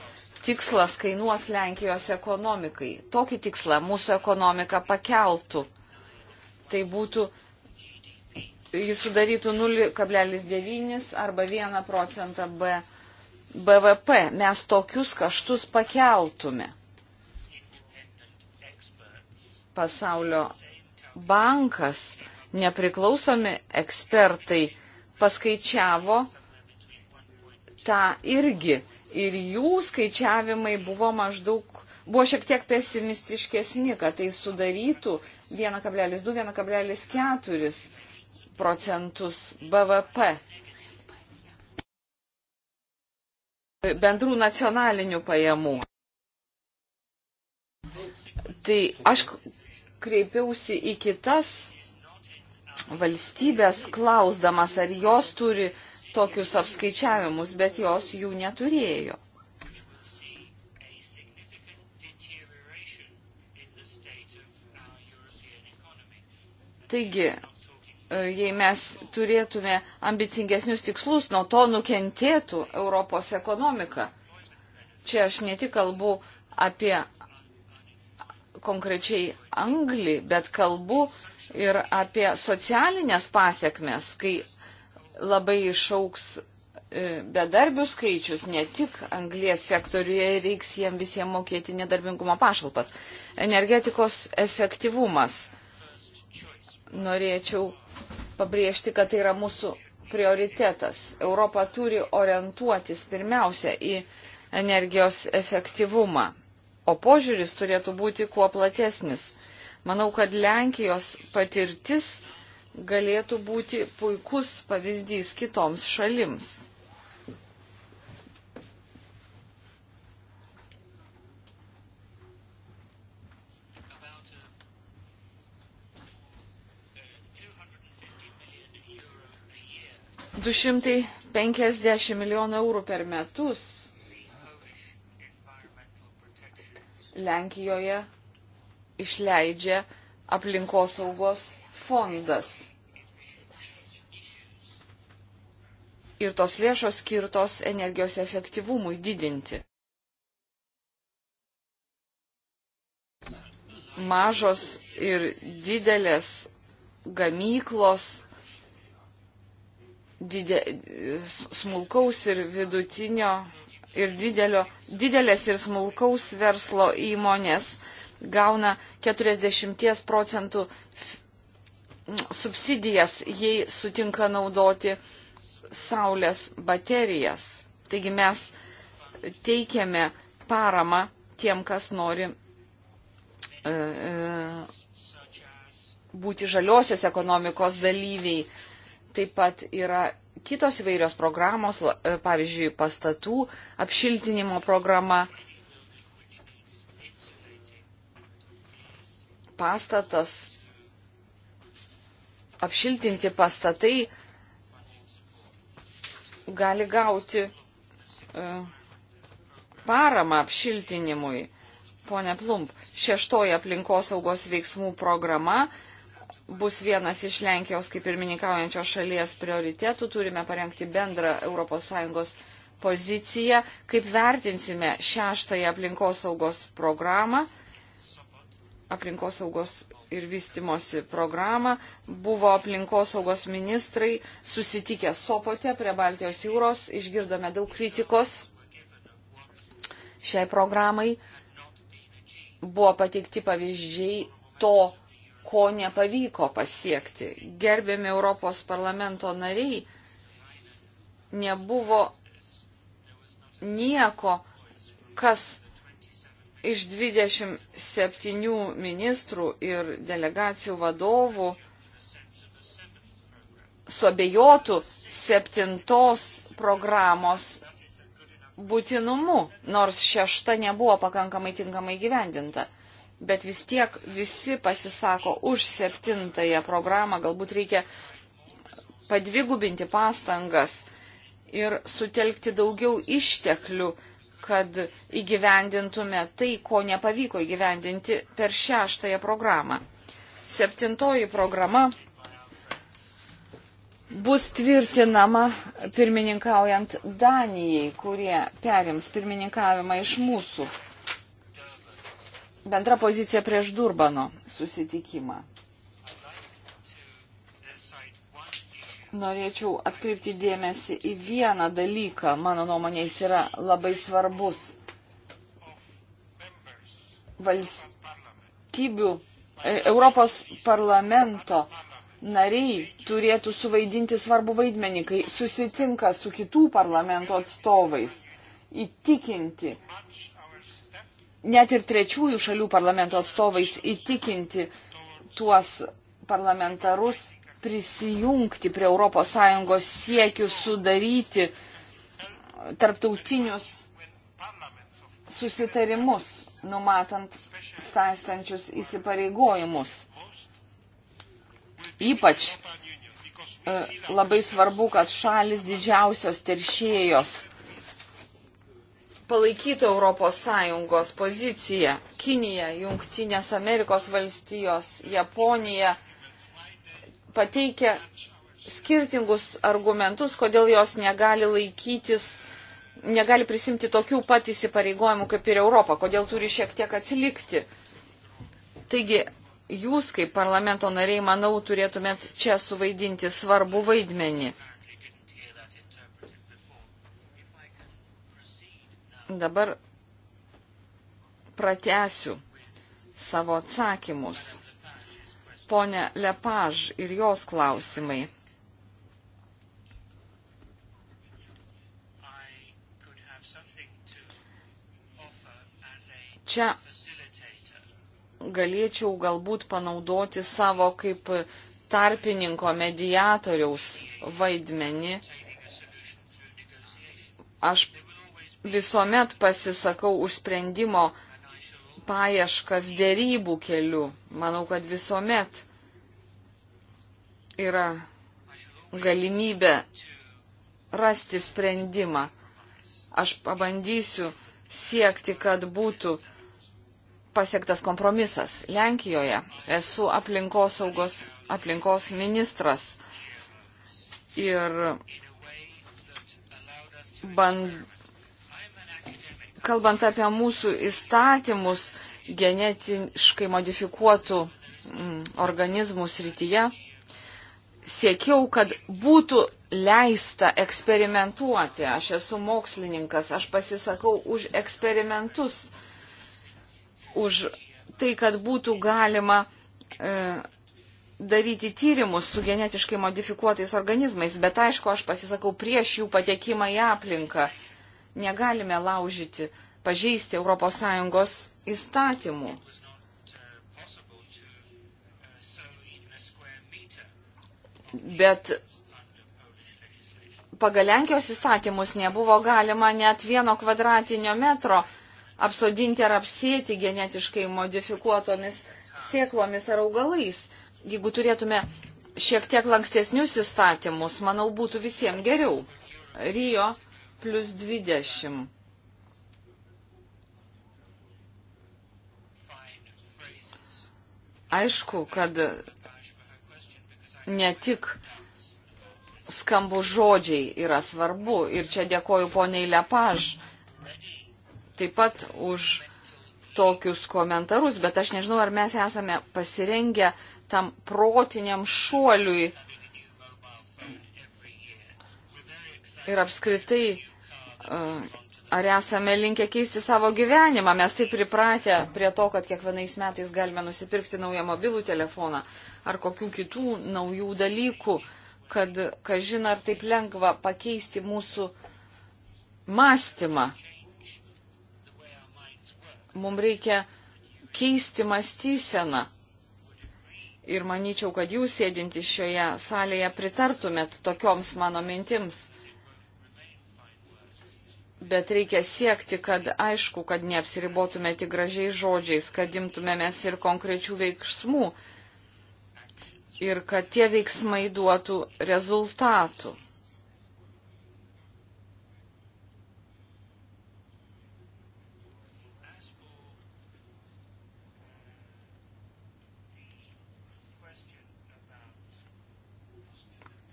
tikslas kainuos Lenkijos ekonomikai. Tokį tikslą mūsų ekonomika pakeltų tai būtų, jis sudarytų 0,9 arba 1 procentą B, BVP. Mes tokius kaštus pakeltume. Pasaulio bankas, nepriklausomi ekspertai paskaičiavo tą irgi. Ir jų skaičiavimai buvo maždaug buvo šiek tiek pesimistiškesni, kad tai sudarytų 1,2-1,4 procentus BVP bendrų nacionalinių pajamų. Tai aš kreipiausi į kitas valstybės, klausdamas, ar jos turi tokius apskaičiavimus, bet jos jų neturėjo. Taigi, e, jei mes turėtume ambicingesnius tikslus, nuo to nukentėtų Europos ekonomika. Čia aš ne tik kalbu apie konkrečiai Anglį, bet kalbu ir apie socialinės pasiekmes, kai labai išauks e, bedarbių skaičius, ne tik anglės sektoriuje reiks jiem visiems mokėti nedarbingumo pašalpas. Energetikos efektyvumas norėčiau pabrėžti, kad tai yra mūsų prioritetas. Europa turi orientuotis pirmiausia į energijos efektyvumą, o požiūris turėtų būti kuo platesnis. Manau, kad Lenkijos patirtis galėtų būti puikus pavyzdys kitoms šalims. 250 milijonų eurų per metus Lenkijoje išleidžia aplinkosaugos fondas. Ir tos lėšos skirtos energijos efektyvumui didinti. Mažos ir didelės gamyklos didė, smulkaus ir vidutinio ir didelio, didelės ir smulkaus verslo įmonės gauna 40 procentų subsidijas, jei sutinka naudoti saulės baterijas. Taigi mes teikiame paramą tiem, kas nori e, e, būti žaliosios ekonomikos dalyviai Taip pat yra kitos įvairios programos, e, pavyzdžiui, pastatų apšiltinimo programa. Pastatas, apšiltinti pastatai gali gauti e, paramą apšiltinimui. Pone Plump, šeštoji aplinkosaugos veiksmų programa bus vienas iš Lenkijos kaip pirmininkaujančios šalies prioritėtų. Turime parengti bendrą ES poziciją, kaip vertinsime šeštąją aplinkosaugos programą. Aplinkosaugos ir vystimosi programą buvo aplinkosaugos ministrai susitikę Sopote prie Baltijos jūros, išgirdome daug kritikos šiai programai. Buvo pateikti pavyzdžiai to, ko nepavyko pasiekti. Gerbiami Europos parlamento nariai, nebuvo nieko, kas iš 27 ministrų ir delegacijų vadovų suabejotų septintos programos būtinumu, nors šešta nebuvo pakankamai tinkamai gyvendinta bet vis tiek visi pasisako už septintąją programą, galbūt reikia padvigubinti pastangas ir sutelkti daugiau išteklių, kad įgyvendintume tai, ko nepavyko įgyvendinti per šeštąją programą. Septintoji programa bus tvirtinama pirmininkaujant Danijai, kurie perims pirmininkavimą iš mūsų bendra pozicija prieš Durbano susitikimą. Norėčiau atkreipti dėmesį į vieną dalyką, mano nuomonė, jis yra labai svarbus. Valstybių, e, Europos parlamento nariai turėtų suvaidinti svarbu vaidmenį, kai susitinka su kitų parlamento atstovais, įtikinti net ir trečiųjų šalių parlamento atstovais įtikinti tuos parlamentarus prisijungti prie ES siekių sudaryti tarptautinius susitarimus, numatant sąstančius įsipareigojimus. Ypač e, labai svarbu, kad šalis didžiausios teršėjos palaikytų ES poziciją. Kinija, Junktinės Amerikos valstijos, Japonija pateikia skirtingus argumentus, kodėl jos negali laikytis, negali prisimti tokių pat įsipareigojimų kaip ir Europą, kodėl turi šiek tiek atsilikti. Taigi, jūs kaip parlamento nariai, manau, turėtumėt čia suvaidinti svarbų vaidmenį. Dabar pratęsiu savo atsakymus. Pone Lepaž ir jos klausimai. Čia galėčiau galbūt panaudoti savo kaip tarpininko mediatoriaus vaidmenį. Aš visuomet pasisakau už sprendimo paieškas dėrybų keliu. Manau, kad visuomet yra galimybė rasti sprendimą. Aš pabandysiu siekti, kad būtų pasiektas kompromisas. Lenkijoje esu aplinkosaugos aplinkos ministras ir band, kalbant apie mūsų įstatymus genetiškai modifikuotų mm, organizmų srityje, siekiau, kad būtų leista eksperimentuoti. Aš esu mokslininkas, aš pasisakau už eksperimentus, už tai, kad būtų galima e, daryti tyrimus su genetiškai modifikuotais organizmais, bet aišku, aš pasisakau prieš jų patekimą į aplinką. E, negalime laužyti, pažeisti ES įstatymų. Bet pagal Lenkijos įstatymus nebuvo galima net vieno kvadratinio metro apsodinti ar apsėti genetiškai modifikuotomis sėklomis ar augalais. Jeigu turėtume šiek tiek lankstesnius įstatymus, manau, būtų visiems geriau. Rijo plus 20. Aišku, kad ne tik skambu žodžiai yra svarbu ir čia dėkoju poniai Lepaž taip pat už tokius komentarus, bet aš nežinau, ar mes esame pasirengę tam protiniam šuoliui ir apskritai ar esame linkę keisti savo gyvenimą. Mes taip pripratę prie to, kad kiekvienais metais galime nusipirkti naują mobilų telefoną ar kokių kitų naujų dalykų, kad, kažin, ar taip lengva pakeisti mūsų mąstymą. Mums reikia keisti mąstyseną. Ir manyčiau, kad jūs sėdinti šioje salėje pritartumėt tokioms mano mintims. Bet reikia siekti, kad aišku, kad neapsiribotume tik gražiais žodžiais, kad imtumėmės ir konkrečių veiksmų ir kad tie veiksmai duotų rezultatų.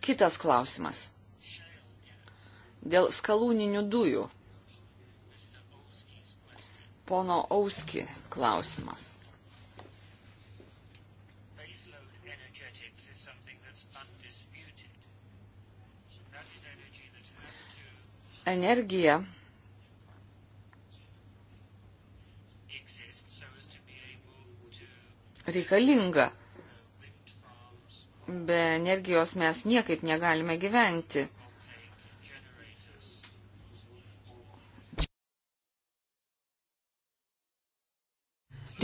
Kitas klausimas dėl skalūninių dujų. Pono Auski klausimas. Energija reikalinga. Be energijos mes niekaip negalime gyventi.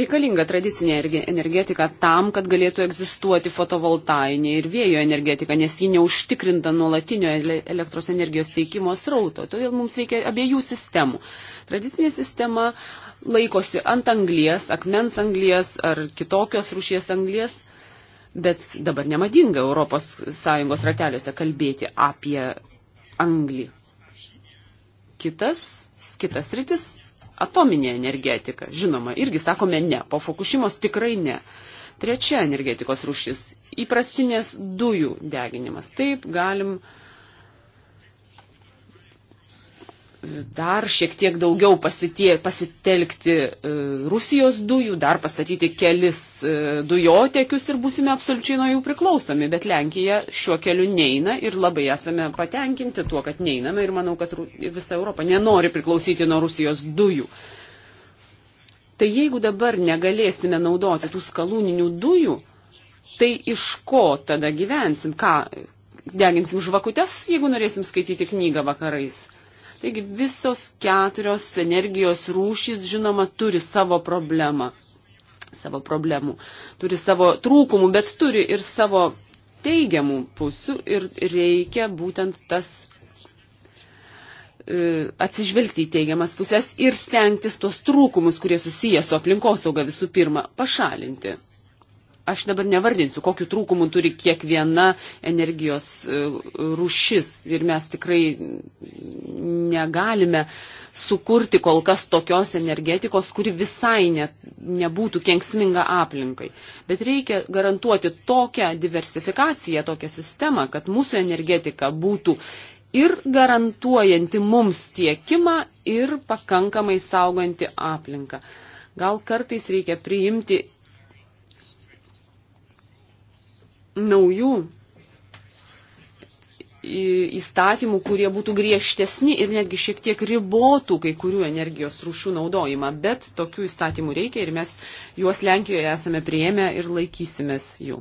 reikalinga tradicinė energetika tam, kad galėtų egzistuoti fotovoltainė ir vėjo energetika, nes ji neužtikrinta nuolatinio elektros energijos teikimo srauto. Todėl mums reikia abiejų sistemų. Tradicinė sistema laikosi ant anglies, akmens anglies ar kitokios rušies anglies. Bet dabar nemadinga ES rateliuose kalbėti apie anglį. Kitas, kitas rytis atominė energetika. Žinoma, irgi sakome ne, po Fukushimos tikrai ne. Trečia energetikos rūšis - įprastinės dujų deginimas. Taip galim uh, dar šiek tiek daugiau pasitie, pasitelkti e, Rusijos dujų, dar pastatyti kelis e, dujotekius ir būsime absoliučiai nuo jų priklausomi. Bet Lenkija šiuo keliu neina ir labai esame patenkinti tuo, kad neiname ir manau, kad visa Europa nenori priklausyti nuo Rusijos dujų. Tai jeigu dabar negalėsime naudoti tų skalūninių dujų, tai iš ko tada gyvensim, ką deginsim žvakutes, jeigu norėsim skaityti knygą vakarais? Taigi visos keturios energijos rūšys, žinoma, turi savo problemą, savo problemų, turi savo trūkumų, bet turi ir savo teigiamų pusių ir reikia būtent tas e, atsižvelgti į teigiamas pusės ir stengtis tos trūkumus, kurie susiję su aplinkosauga visų pirma, pašalinti aš dabar nevardinsiu, kokiu trūkumu turi kiekviena energijos e, rušis ir mes tikrai negalime sukurti kol kas tokios energetikos, kuri visai ne, nebūtų kenksminga aplinkai. Bet reikia garantuoti tokią diversifikaciją, tokią sistemą, kad mūsų energetika būtų ir garantuojanti mums tiekimą ir pakankamai sauganti aplinką. Gal kartais reikia priimti naujų įstatymų, kurie būtų griežtesni ir netgi šiek tiek ribotų kai kurių energijos rūšių naudojimą, bet tokių įstatymų reikia ir mes juos Lenkijoje esame prieėmę ir laikysimės jų.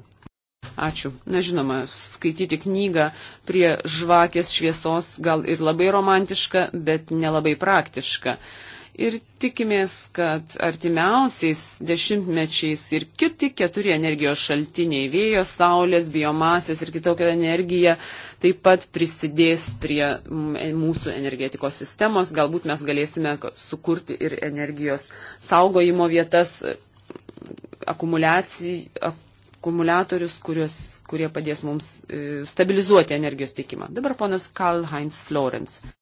Ačiū. Na žinoma, skaityti knygą prie žvakės šviesos gal ir labai romantiška, bet nelabai praktiška. Uh, ir tikimės, kad artimiausiais dešimtmečiais ir kiti keturi energijos šaltiniai - vėjo, saulės, biomasės ir kitokia energija - taip pat prisidės prie e, mūsų energetikos sistemos. Galbūt mes galėsime sukurti ir energijos saugojimo vietas, akumuliatorius, kurios, kurie padės mums e, stabilizuoti energijos tiekimą. Dabar ponas Karl Heinz Florence.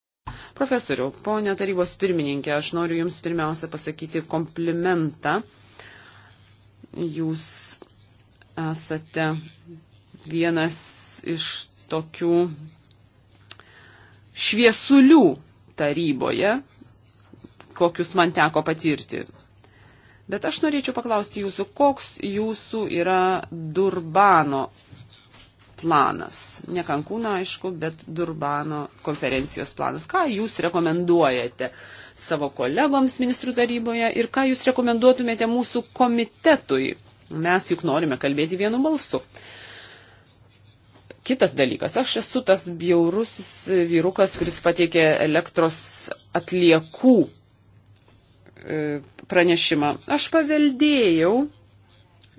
Profesoriu, ponė tarybos pirmininkė, aš noriu Jums pirmiausia pasakyti komplimentą. Jūs esate vienas iš tokių šviesulių taryboje, kokius man teko patirti. Bet aš norėčiau paklausti jūsų, koks jūsų yra Durbano planas. Ne Kankūno, aišku, bet Durbano konferencijos planas. Ką jūs rekomenduojate savo kolegoms ministrų taryboje ir ką jūs rekomenduotumėte mūsų komitetui? Mes juk norime kalbėti vienu balsu. Kitas dalykas, aš esu tas bjaurus vyrukas, kuris pateikė elektros atliekų e, pranešimą. Aš paveldėjau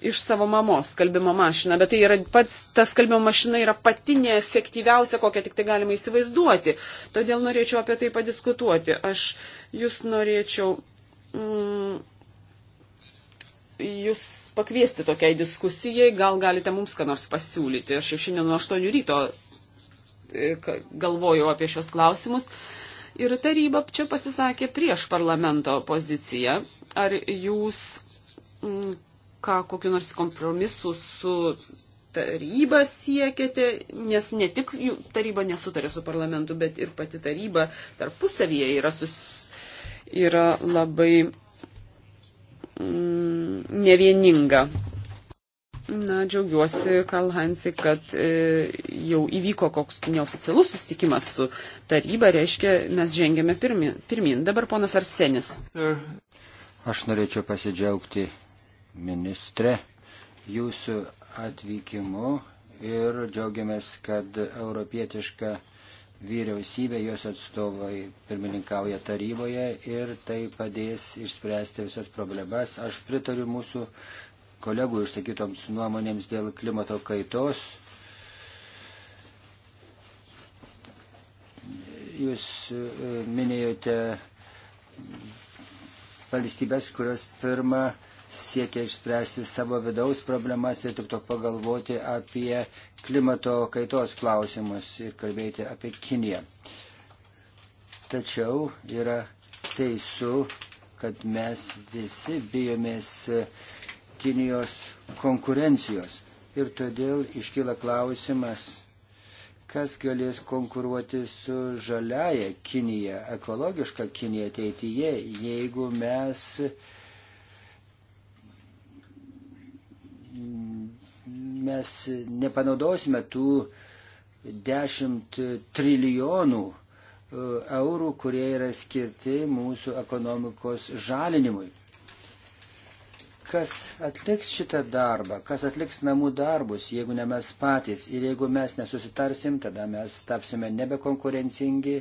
iš savo mamos skalbimo mašiną, bet tai yra pats, ta skalbimo mašina yra pati neefektyviausia, kokią tik tai galima įsivaizduoti. Todėl norėčiau apie tai padiskutuoti. Aš jūs norėčiau. Mm, Jūs pakviesti tokiai diskusijai, gal galite mums ką nors pasiūlyti. Aš jau šiandien nuo 8 ryto e, galvojau apie šios klausimus. Ir taryba čia pasisakė prieš parlamento poziciją. Ar jūs mm, ką kokiu nors kompromisu su taryba siekėte, nes ne tik taryba nesutarė su parlamentu, bet ir pati taryba tarpusavyje yra, sus, yra labai mm, nevieninga. Na, džiaugiuosi, Karl Hansi, kad e, jau įvyko koks neoficialus sustikimas su taryba, reiškia, mes žengėme pirmin. pirmin. Dabar ponas Arsenis. Aš norėčiau pasidžiaugti ministre, jūsų atvykimu ir džiaugiamės, kad europietiška vyriausybė, jos atstovai pirmininkauja taryboje ir tai padės išspręsti visas problemas. Aš pritariu mūsų kolegų išsakytoms nuomonėms dėl klimato kaitos. Jūs e, minėjote valstybės, kurios pirmą siekia išspręsti savo vidaus problemas ir tik to pagalvoti apie klimato kaitos klausimus ir kalbėti apie Kiniją. Tačiau yra teisų, kad mes visi bijomės Kinijos konkurencijos. Ir todėl iškyla klausimas, kas galės konkuruoti su žaliaja Kinija, ekologiška Kinija ateityje, jeigu mes uh, mes nepanaudosime tų 10 trilijonų e, eurų, kurie yra skirti mūsų ekonomikos žalinimui. Kas atliks šitą darbą, kas atliks namų darbus, jeigu ne mes patys ir jeigu mes nesusitarsim, tada mes tapsime nebekonkurencingi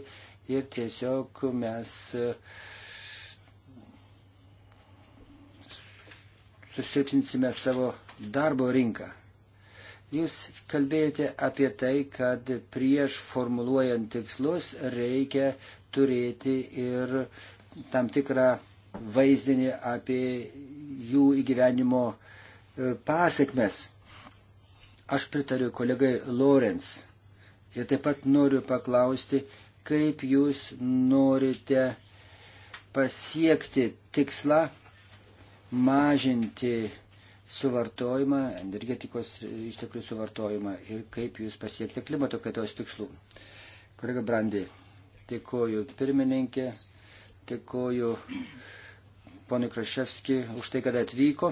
ir tiesiog mes e, susilpsinsime savo darbo rinką. Jūs kalbėjote apie tai, kad prieš formuluojant tikslus reikia turėti ir tam tikrą vaizdinį apie jų įgyvenimo e, pasiekmes. Aš pritariu kolegai Lorenz ir taip pat noriu paklausti, kaip jūs norite pasiekti tikslą mažinti suvartojimą, energetikos išteklių suvartojimą ir kaip jūs pasiekti klimato kaitos tikslų. Kolega Brandai, dėkoju pirmininkė, dėkoju ponui Kraševski už tai, kad atvyko.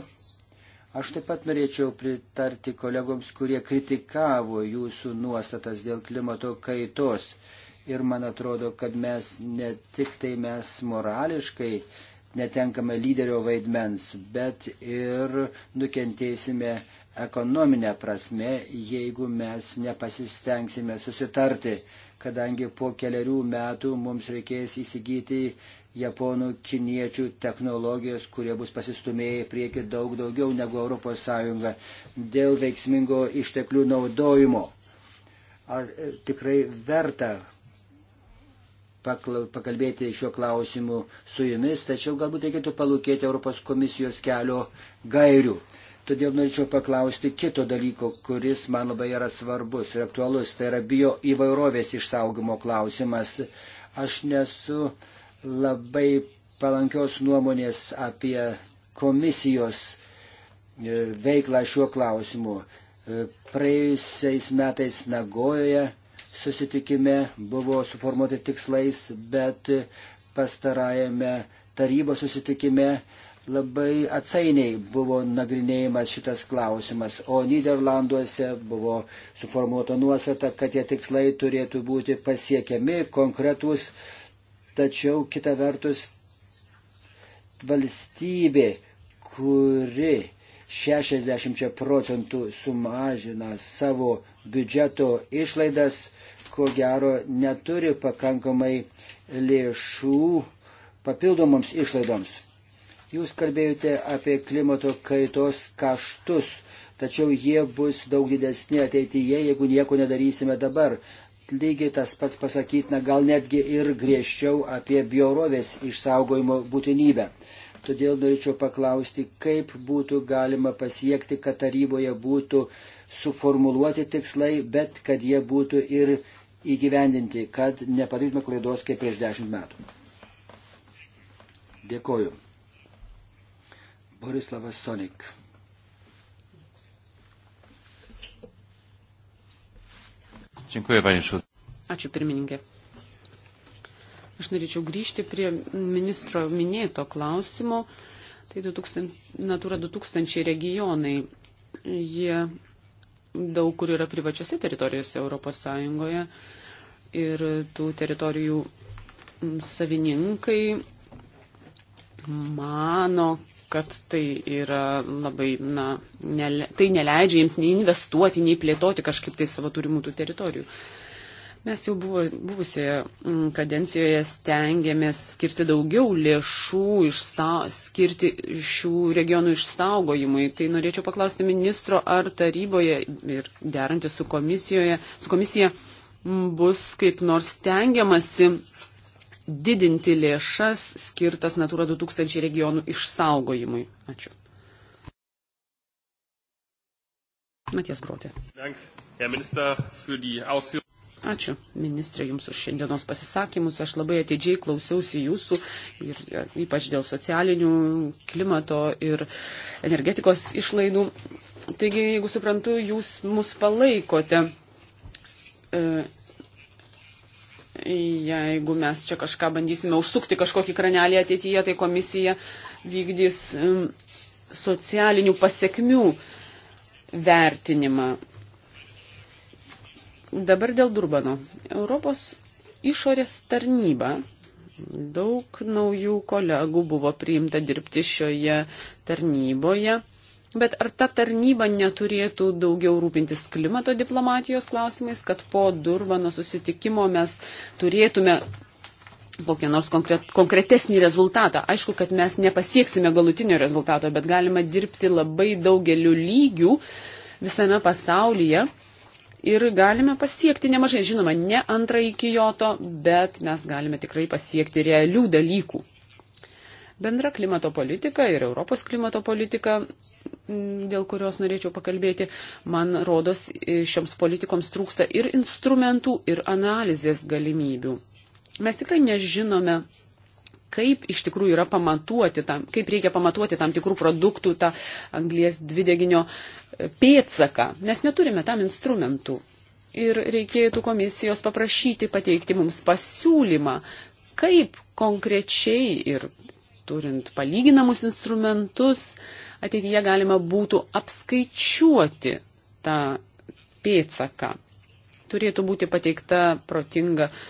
Aš taip pat norėčiau pritarti kolegoms, kurie kritikavo jūsų nuostatas dėl klimato kaitos. Ir man atrodo, kad mes ne tik tai mes morališkai netenkame lyderio vaidmens, bet ir nukentėsime ekonominę prasme, jeigu mes nepasistengsime susitarti, kadangi po keliarių metų mums reikės įsigyti japonų, kiniečių technologijos, kurie bus pasistumėję prieki daug daugiau negu ES dėl veiksmingo išteklių naudojimo. Ar e, tikrai verta pakalbėti šiuo klausimu su jumis, tačiau galbūt reikėtų palūkėti Europos komisijos kelio gairių. Todėl norėčiau paklausti kito dalyko, kuris man labai yra svarbus ir aktualus, tai yra bio įvairovės išsaugimo klausimas. Aš nesu labai palankios nuomonės apie komisijos e, veiklą šiuo klausimu. E, praėjusiais metais Nagojoje susitikime buvo suformuoti tikslais, bet pastarajame tarybos susitikime labai atsainiai buvo nagrinėjimas šitas klausimas, o Niderlanduose buvo suformuota nuostata, kad tie tikslai turėtų būti pasiekiami, konkretūs, tačiau kita vertus valstybė, kuri 60 procentų sumažina savo biudžeto išlaidas, ko gero neturi pakankamai lėšų papildomoms išlaidoms. Jūs kalbėjote apie klimato kaitos kaštus, tačiau jie bus daug didesni ateityje, jeigu nieko nedarysime dabar. Lygiai tas pats pasakytina gal netgi ir griežčiau apie biorovės išsaugojimo būtinybę. Todėl norėčiau paklausti, kaip būtų galima pasiekti, kad taryboje būtų suformuluoti tikslai, bet kad jie būtų ir įgyvendinti, kad nepadarytume klaidos kaip prieš dešimt metų. Dėkoju. Borislavas Sonik. Dziękuję, panie Ačiū pirmininkė. Aš norėčiau grįžti prie ministro minėto klausimo. Tai 2000, Natura 2000 regionai. Jie daug kur yra privačiose teritorijose Europos Sąjungoje ir tų teritorijų savininkai mano, kad tai yra labai, na, nele, tai neleidžia jiems nei investuoti, nei plėtoti kažkaip tai savo turimų tų teritorijų. Uh, Mes jau buvo, buvusioje mm, kadencijoje stengiamės skirti daugiau lėšų išsa, skirti šių regionų išsaugojimui. Tai norėčiau paklausti ministro, ar taryboje ir derantys su, su komisija bus kaip nors stengiamasi didinti lėšas skirtas Natura 2000 regionų išsaugojimui. Ačiū. Matijas Grotė. Dank, Herr Minister, für die Ausführungen. Ačiū, ministrė, Jums už šiandienos pasisakymus. Aš labai atidžiai klausiausi Jūsų ir e, ypač dėl socialinių, klimato ir energetikos išlaidų. Taigi, jeigu suprantu, Jūs mus palaikote. E, jeigu mes čia kažką bandysime užsukti kažkokį kranelį ateityje, tai komisija vykdys socialinių pasiekmių vertinimą. Dabar dėl Durbano. Europos išorės tarnyba. Daug naujų kolegų buvo priimta dirbti šioje tarnyboje. Bet ar ta tarnyba neturėtų daugiau rūpintis klimato diplomatijos klausimais, kad po Durbano susitikimo mes turėtume kokią nors konkret, konkretesnį rezultatą. Aišku, kad mes nepasieksime galutinio rezultato, bet galima dirbti labai daugeliu lygių visame pasaulyje, ir galime pasiekti nemažai, žinoma, ne antrąjį Kyoto, bet mes galime tikrai pasiekti realių dalykų. Bendra klimato politika ir Europos klimato politika, mm, dėl kurios norėčiau pakalbėti, man rodos, e, šioms politikoms trūksta ir instrumentų, ir analizės galimybių. Mes tikrai nežinome, kaip iš tikrųjų yra pamatuoti, tam, kaip reikia pamatuoti tam tikrų produktų tą anglies dvideginio e, pėtsaką. Mes neturime tam instrumentų. Ir reikėtų komisijos paprašyti pateikti mums pasiūlymą, kaip konkrečiai ir turint palyginamus instrumentus, ateityje galima būtų apskaičiuoti tą pėtsaką. Turėtų būti pateikta protinga uh,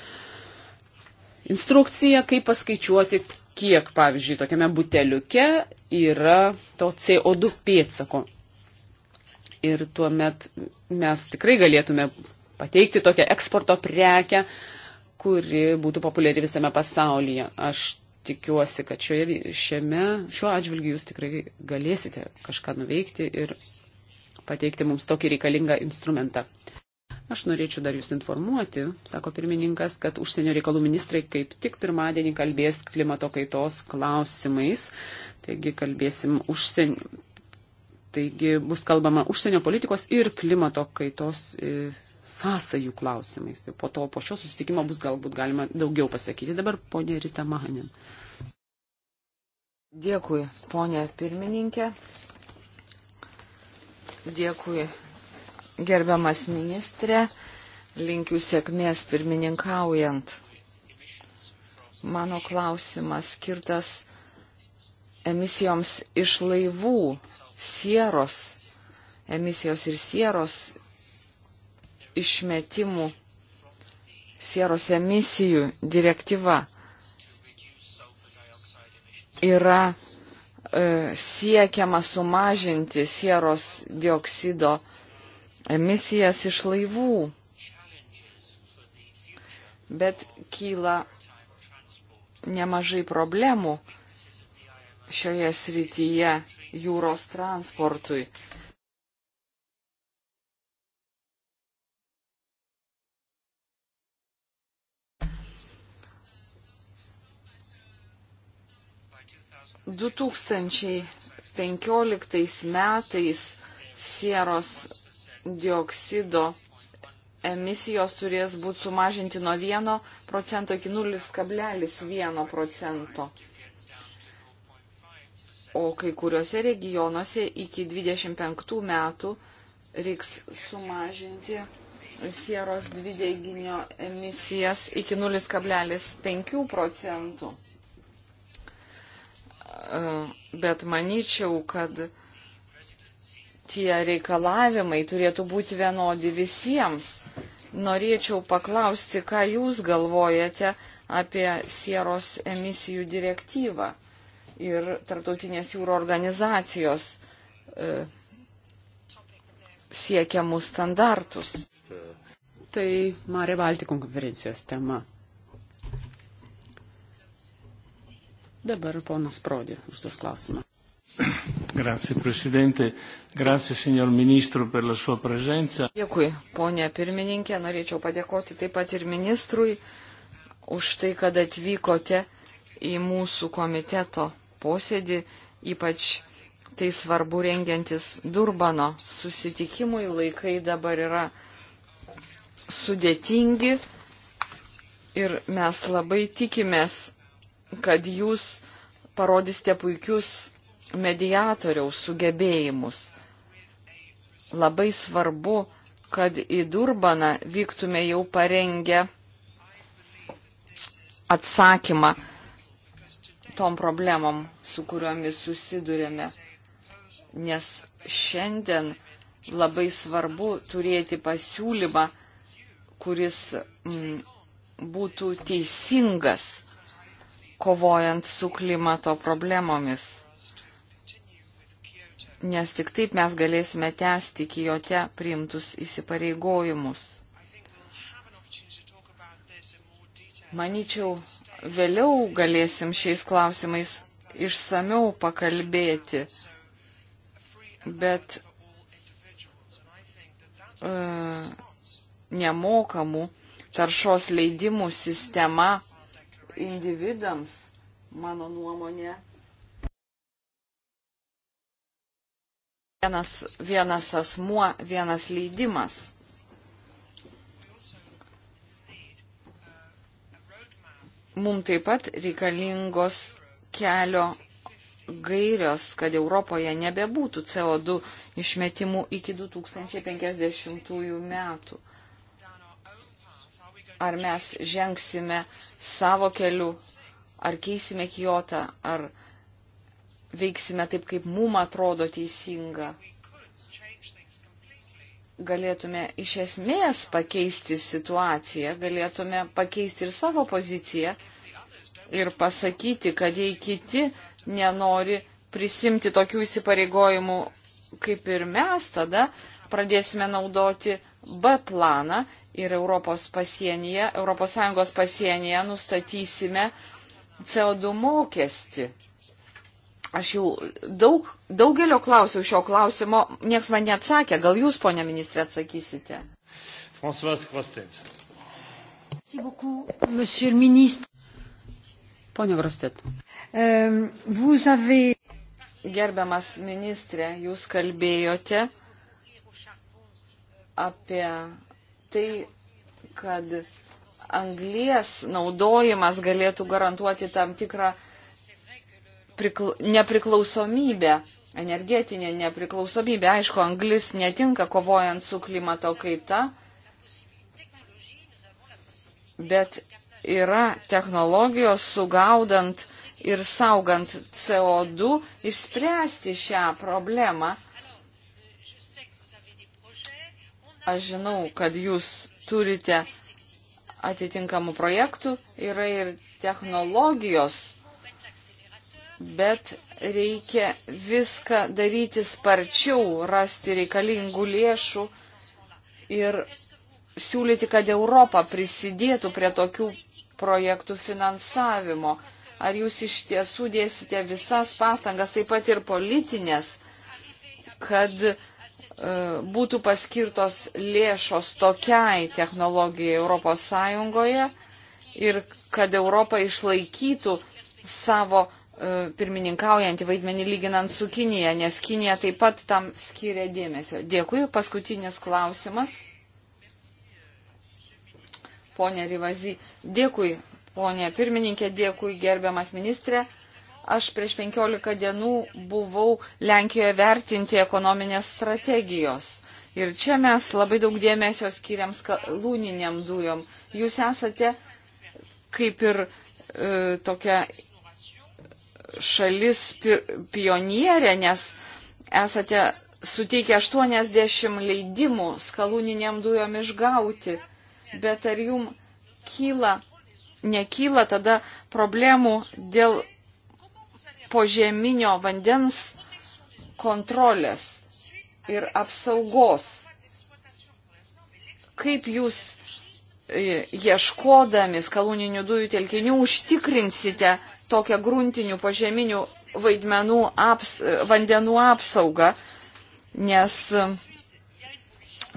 instrukciją, kaip paskaičiuoti, kiek, pavyzdžiui, tokiame buteliuke yra to CO2 pėtsako. Ir tuomet mes tikrai galėtume pateikti tokią eksporto prekę, kuri būtų populiari visame pasaulyje. Aš tikiuosi, kad šioje, šiame, šiuo atžvilgiu jūs tikrai galėsite kažką nuveikti ir pateikti mums tokį reikalingą instrumentą. Aš norėčiau dar jūs informuoti, sako pirmininkas, kad užsienio reikalų ministrai kaip tik pirmadienį kalbės klimato kaitos klausimais. Taigi kalbėsim užsienio. Taigi bus kalbama užsienio politikos ir klimato kaitos e, sąsajų klausimais. Tai po to, po šio susitikimo bus galbūt galima daugiau pasakyti. Dabar ponė Rita Mahanin. Dėkui, ponė pirmininkė. Dėkui Gerbiamas ministrė, linkiu sėkmės pirmininkaujant. Mano klausimas skirtas emisijoms iš laivų, sieros, emisijos ir sieros išmetimų, sieros emisijų direktyva yra e, siekiama sumažinti sieros dioksido emisijų emisijas iš laivų. Bet kyla nemažai problemų šioje srityje jūros transportui. Du tūkstančiai penkioliktais metais Sieros dioksido emisijos turės būti sumažinti nuo 1 procento iki 0,1 procento. O kai kuriuose regionuose iki 25 metų reiks sumažinti sieros dvideginio emisijas iki 0,5 procentų. E, bet manyčiau, kad tie reikalavimai turėtų būti vienodi visiems. Norėčiau paklausti, ką Jūs galvojate apie sieros emisijų direktyvą ir Tartautinės jūro organizacijos e, siekiamus standartus. Tai Marė Baltikų konferencijos tema. Dabar ponas Prodė užduos klausimą. Grazie Presidente, grazie signor Ministro per la sua presenza. Dėkui, ponė pirmininkė, norėčiau padėkoti taip pat ir ministrui už tai, kad atvykote į mūsų komiteto posėdį, ypač tai svarbu rengiantis Durbano susitikimui, laikai dabar yra sudėtingi ir mes labai tikimės, kad jūs parodysite puikius mediatoriaus sugebėjimus. Labai svarbu, kad į Durbaną vyktume jau parengę atsakymą tom problemom, su kuriomis susidurėme. Nes šiandien labai svarbu turėti pasiūlymą, kuris m, mm, būtų teisingas, kovojant su klimato problemomis nes tik taip mes galėsime tęsti Kijote priimtus įsipareigojimus. Maničiau, vėliau galėsim šiais klausimais išsameu pakalbėti, bet e, nemokamų taršos leidimų sistema individams, mano nuomonė, vienas, vienas asmuo, vienas leidimas. Mums taip pat reikalingos kelio gairios, kad Europoje nebebūtų CO2 išmetimų iki 2050 metų. Ar mes žengsime savo keliu, ar keisime Kijotą, ar veiksime taip, kaip mum atrodo teisinga. Galėtume iš esmės pakeisti situaciją, galėtume pakeisti ir savo poziciją ir pasakyti, kad jei kiti nenori prisimti tokių įsipareigojimų kaip ir mes, tada pradėsime naudoti B planą ir Europos pasienyje, ES pasienyje nustatysime CO2 mokestį. Aš jau daug, daugelio klausiau šio klausimo, nieks man neatsakė, gal jūs, ponia ministrė, atsakysite. François Grostet. Merci beaucoup, monsieur le ministre. Pone Grostet. Um, vous avez... Gerbiamas ministrė, jūs kalbėjote apie tai, kad anglies naudojimas galėtų garantuoti tam tikrą prikla... nepriklausomybę, energetinę nepriklausomybę. Aišku, anglis netinka kovojant su klimato kaita, bet yra technologijos sugaudant ir saugant CO2 išspręsti šią problemą. Aš žinau, kad jūs turite atitinkamų projektų, yra ir technologijos bet reikia viską daryti sparčiau, rasti reikalingų lėšų ir siūlyti, kad Europa prisidėtų prie tokių projektų finansavimo. Ar jūs iš tiesų dėsite visas pastangas, taip pat ir politinės, kad e, būtų paskirtos lėšos tokiai technologijai Europos Sąjungoje ir kad Europa išlaikytų savo E, pirmininkaujantį vaidmenį lyginant su Kinija, nes Kinija taip pat tam skiria dėmesio. Dėkui. Paskutinis klausimas. Pone Rivazy, dėkui, ponė pirmininkė, dėkui, gerbiamas ministrė. Aš prieš 15 dienų buvau Lenkijoje vertinti ekonominės strategijos. Ir čia mes labai daug dėmesio skiriam lūniniam dujom. Jūs esate kaip ir e, tokia šalis pionierė, nes esate suteikę 80 leidimų skaluniniam dujom išgauti, bet ar jum kyla, nekyla tada problemų dėl požeminio vandens kontrolės ir apsaugos? Kaip jūs e, ieškodami skaluninių dujų telkinių užtikrinsite tokią gruntinių požeminių vaidmenų aps, vandenų apsaugą, nes e,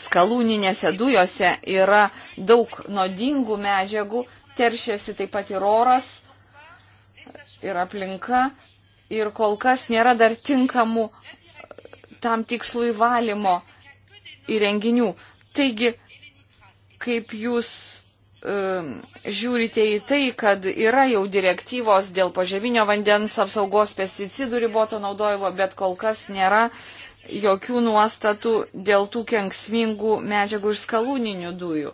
skalūninėse dujose yra daug nuodingų medžiagų, teršiasi taip pat ir oras, ir aplinka, ir kol kas nėra dar tinkamų e, tam tikslui valymo įrenginių. Taigi, kaip jūs Um, žiūrite į tai, kad yra jau direktyvos dėl požeminio vandens apsaugos pesticidų riboto naudojimo, bet kol kas nėra jokių nuostatų dėl tų kenksmingų medžiagų iš skalūninių dujų.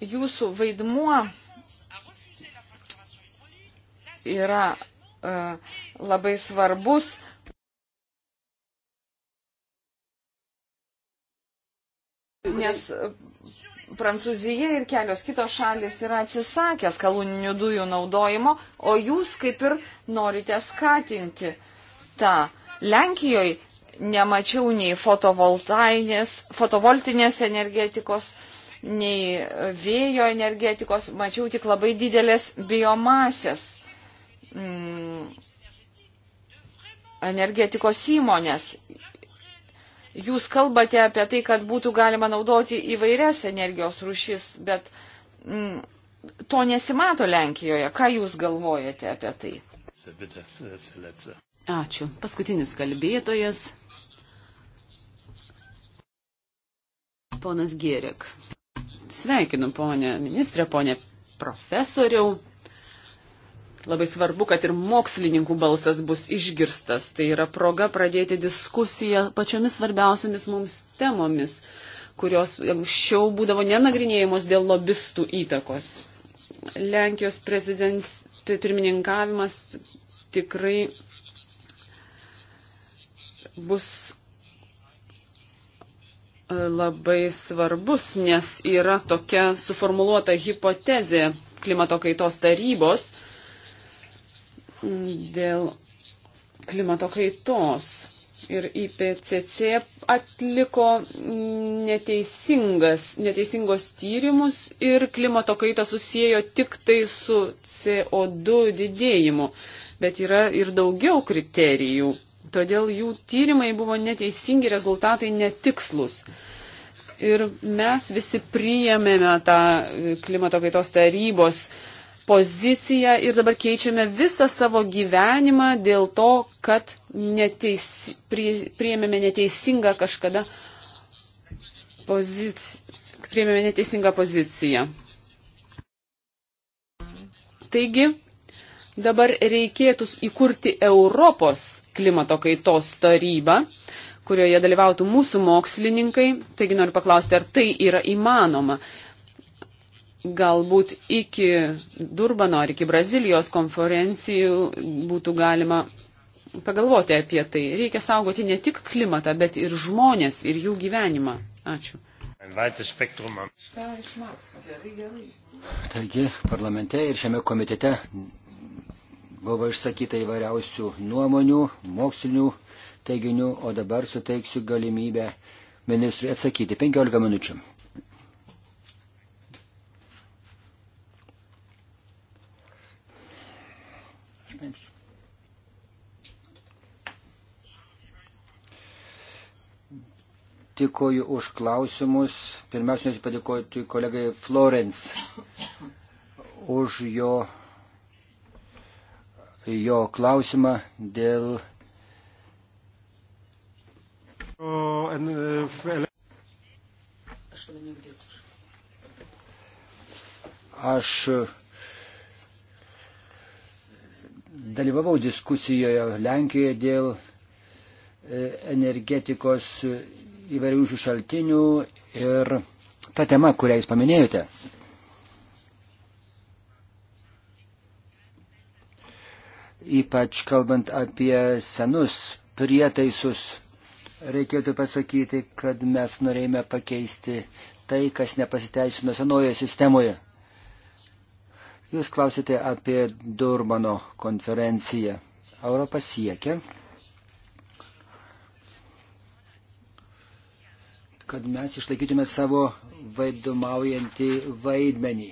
Jūsų vaidmuo yra uh, labai svarbus, Nes e, Prancūzija ir kelios kitos šalis yra atsisakę skaluninių dujų naudojimo, o jūs kaip ir norite skatinti tą. Lenkijoje nemačiau nei fotovoltinės energetikos, nei vėjo energetikos, mačiau tik labai didelės biomasės mm, energetikos įmonės. Jūs kalbate apie tai, kad būtų galima naudoti įvairias energijos rušis, bet mm, to nesimato Lenkijoje. Ką Jūs galvojate apie tai? Ačiū. Paskutinis kalbėtojas. Ponas Gėrik. Sveikinu, ponė ministrė, ponė profesoriau. Labai svarbu, kad ir mokslininkų balsas bus išgirstas. Tai yra proga pradėti diskusiją pačiomis svarbiausiamis mums temomis, kurios anksčiau būdavo nenagrinėjimos dėl lobistų įtakos. Lenkijos pirmininkavimas tikrai bus e, labai svarbus, nes yra tokia suformuoluota hipotezė klimato kaitos tarybos, dėl klimato kaitos. Ir IPCC atliko neteisingos tyrimus ir klimato kaitą susijęjo tik tai su CO2 didėjimu. Bet yra ir daugiau kriterijų. Todėl jų tyrimai buvo neteisingi, rezultatai netikslus. Ir mes visi priėmėme tą klimato kaitos tarybos uh, poziciją ir dabar keičiame visą savo gyvenimą dėl to, kad neteis, prie, priėmėme neteisingą kažkada poziciją. Priėmėme neteisingą poziciją. Taigi, dabar reikėtų įkurti Europos klimato kaitos tarybą, kurioje dalyvautų mūsų mokslininkai. Taigi noriu paklausti, ar tai yra įmanoma galbūt iki Durbano ar iki Brazilijos konferencijų būtų galima pagalvoti apie tai. Reikia saugoti ne tik klimatą, bet ir žmonės, ir jų gyvenimą. Ačiū. Taigi, parlamente ir šiame komitete buvo išsakyta įvairiausių nuomonių, mokslinių teiginių, o dabar suteiksiu galimybę ministrui atsakyti 15 minučių. Dėkoju už klausimus. Pirmiausia, noriu padėkoti kolegai Florence už jo, jo klausimą dėl. Aš dalyvavau diskusijoje Lenkijoje dėl e, energetikos įvairių šių šaltinių ir ta tema, kurią jūs paminėjote. Ypač kalbant apie senus prietaisus, reikėtų pasakyti, kad mes norėjome pakeisti tai, kas nepasiteisino senojoje sistemoje. Jūs klausėte apie Durmano konferenciją. Europa siekia kad mes išlaikytume savo vaidumaujantį vaidmenį.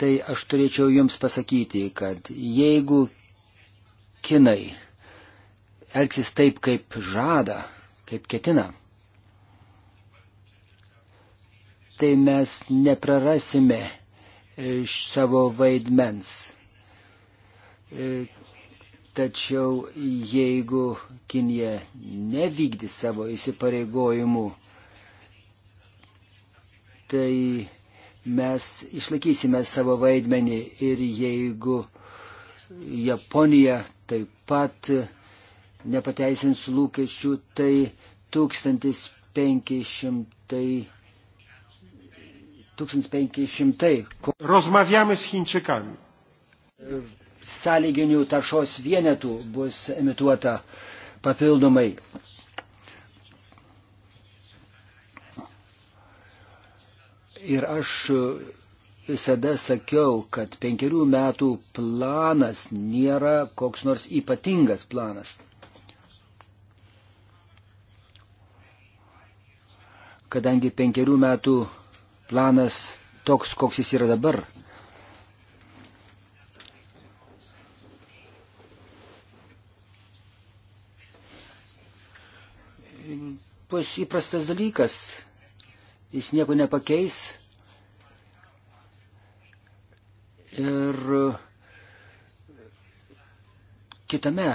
Tai aš turėčiau Jums pasakyti, kad jeigu kinai elgsis taip, kaip žada, kaip ketina, tai mes neprarasime iš e, savo vaidmens. E, Tačiau jeigu Kinija nevykdys savo įsipareigojimų, tai mes išlaikysime savo vaidmenį ir jeigu Japonija taip pat nepateisins lūkesčių, tai 1500. 1500. Rozmawiamy z Chińczykami sąlyginių taršos vienetų bus emituota papildomai. Ir aš visada sakiau, kad penkerių metų planas nėra koks nors ypatingas planas. Kadangi penkerių metų planas toks, koks jis yra dabar, tapus įprastas dalykas. Jis nieko nepakeis. Ir kitame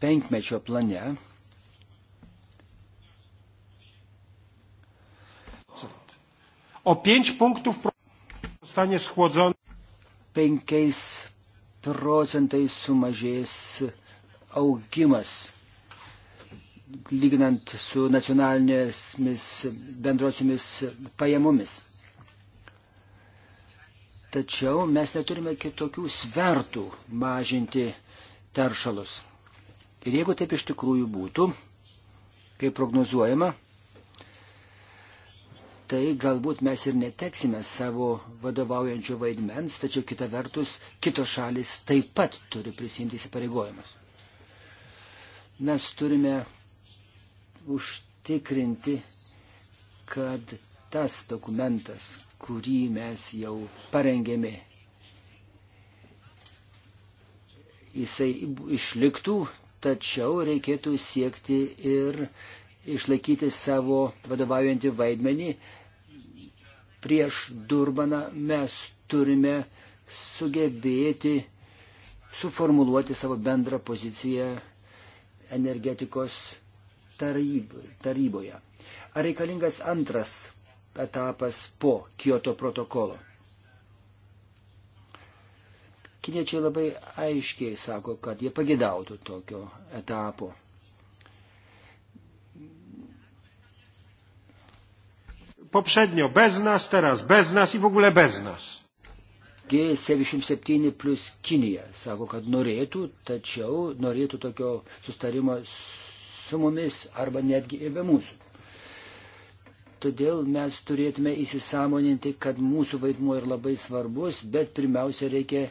penkmečio plane o 5 punktów zostanie schłodzony. 5 procentais sumažės augimas lyginant su nacionalinėmis bendrosiomis pajamomis. Tačiau mes neturime kitokių svertų mažinti teršalus. Ir jeigu taip iš tikrųjų būtų, kaip prognozuojama, tai galbūt mes ir neteksime savo vadovaujančio vaidmens, tačiau kita vertus, kitos šalis taip pat turi prisimti įsipareigojimus. Mes turime užtikrinti, kad tas dokumentas, kurį mes jau parengėme, jisai išliktų, tačiau reikėtų siekti ir išlaikyti savo vadovaujantį vaidmenį. Prieš Durbaną mes turime sugebėti suformuluoti savo bendrą poziciją energetikos taryb, taryboje. Ar reikalingas antras etapas po Kyoto protokolo? Kiniečiai labai aiškiai sako, kad jie pagėdautų tokio etapo. poprzednio bez nas, teraz bez nas i w ogóle bez nas. G77 plus Kinija sako, kad norėtų, tačiau norėtų tokio sustarimo su mumis arba netgi ir be mūsų. Todėl mes turėtume įsisamoninti, kad mūsų vaidmuo yra labai svarbus, bet pirmiausia reikia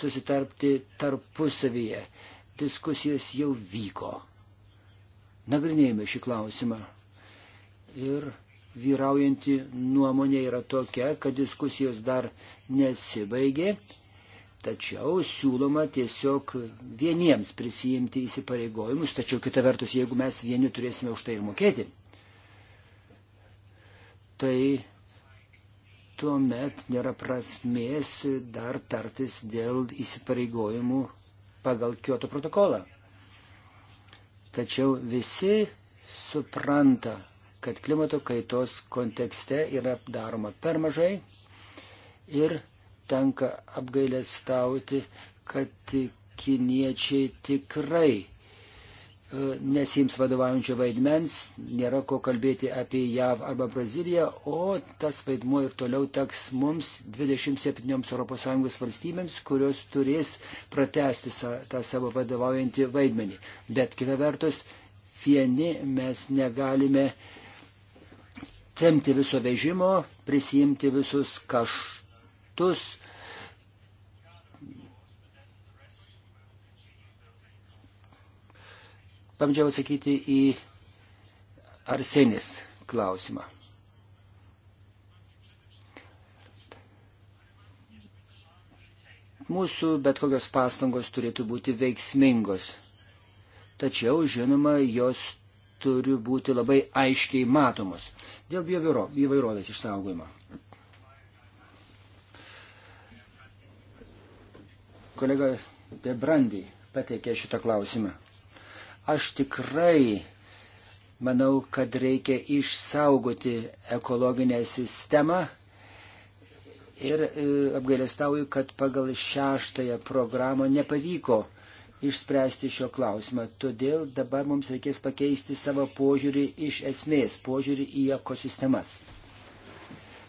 susitarpti tarpusavyje. Diskusijas jau vyko. Nagrinėjame šį klausimą. Ir vyraujanti nuomonė yra tokia, kad diskusijos dar nesibaigė Tačiau siūloma tiesiog vieniems prisijimti įsipareigojimus, tačiau kita vertus, jeigu mes vieni turėsime už tai ir mokėti, tai tuomet nėra prasmės dar tartis dėl įsipareigojimų pagal Kyoto protokolą. Tačiau visi supranta, kad klimato kaitos kontekste yra daroma per mažai ir tenka apgailestauti, kad kiniečiai tikrai e, nesims vadovaujančio vaidmens, nėra ko kalbėti apie JAV arba Braziliją, o tas vaidmuo ir toliau teks mums 27 ES valstybėms, kurios turės pratesti sa, tą savo vadovaujantį vaidmenį. Bet kita vertus, vieni mes negalime temti viso vežimo, prisijimti visus kaš, metus Pamdžiau atsakyti į Arsenis klausimą. Mūsų bet kokios pastangos turėtų būti veiksmingos. Tačiau, žinoma, jos turi būti labai aiškiai matomos dėl įvairovės išsaugojimo. kolega Debrandį pateikė šitą klausimą. Aš tikrai manau, kad reikia išsaugoti ekologinę sistemą ir e, apgailestauju, kad pagal šeštąją programą nepavyko išspręsti šio klausimą. Todėl dabar mums reikės pakeisti savo požiūrį iš esmės, požiūrį į ekosistemas.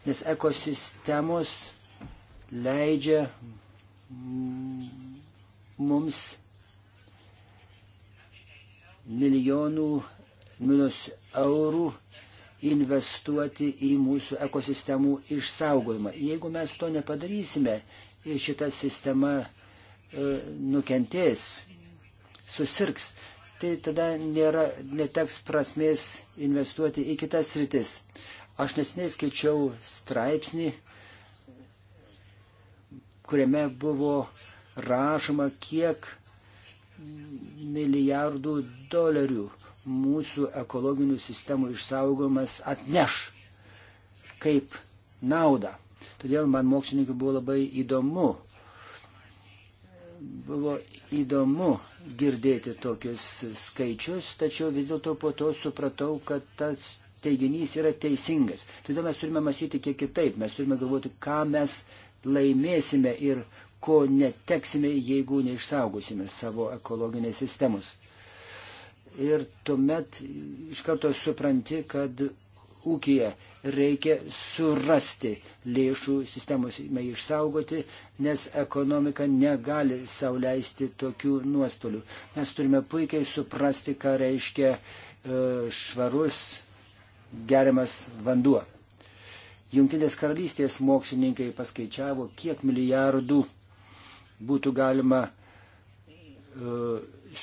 Nes ekosistemos leidžia mums milijonų minus eurų investuoti į mūsų ekosistemų išsaugojimą. Jeigu mes to nepadarysime, šita sistema e, nukentės, susirgs, tai tada nėra, neteks prasmės investuoti į kitas rytis. Aš nesiniai skaičiau straipsnį kuriame buvo rašoma, kiek milijardų dolerių mūsų ekologinių sistemų išsaugomas atneš kaip naudą. Todėl man mokslininkai buvo labai įdomu. Buvo įdomu girdėti tokius skaičius, tačiau vis dėlto po to supratau, kad tas teiginys yra teisingas. Todėl mes turime mąstyti kiek kitaip, mes turime galvoti, ką mes laimėsime ir ko neteksime, jeigu neišsaugosime savo ekologinės sistemos. Ir tuomet iš karto supranti, kad ūkija reikia surasti lėšų sistemos išsaugoti, nes ekonomika negali sauliaisti tokių nuostolių. Mes turime puikiai suprasti, ką reiškia e, švarus geriamas vanduo. Junktinės karalystės mokslininkai paskaičiavo, kiek milijardų būtų galima uh,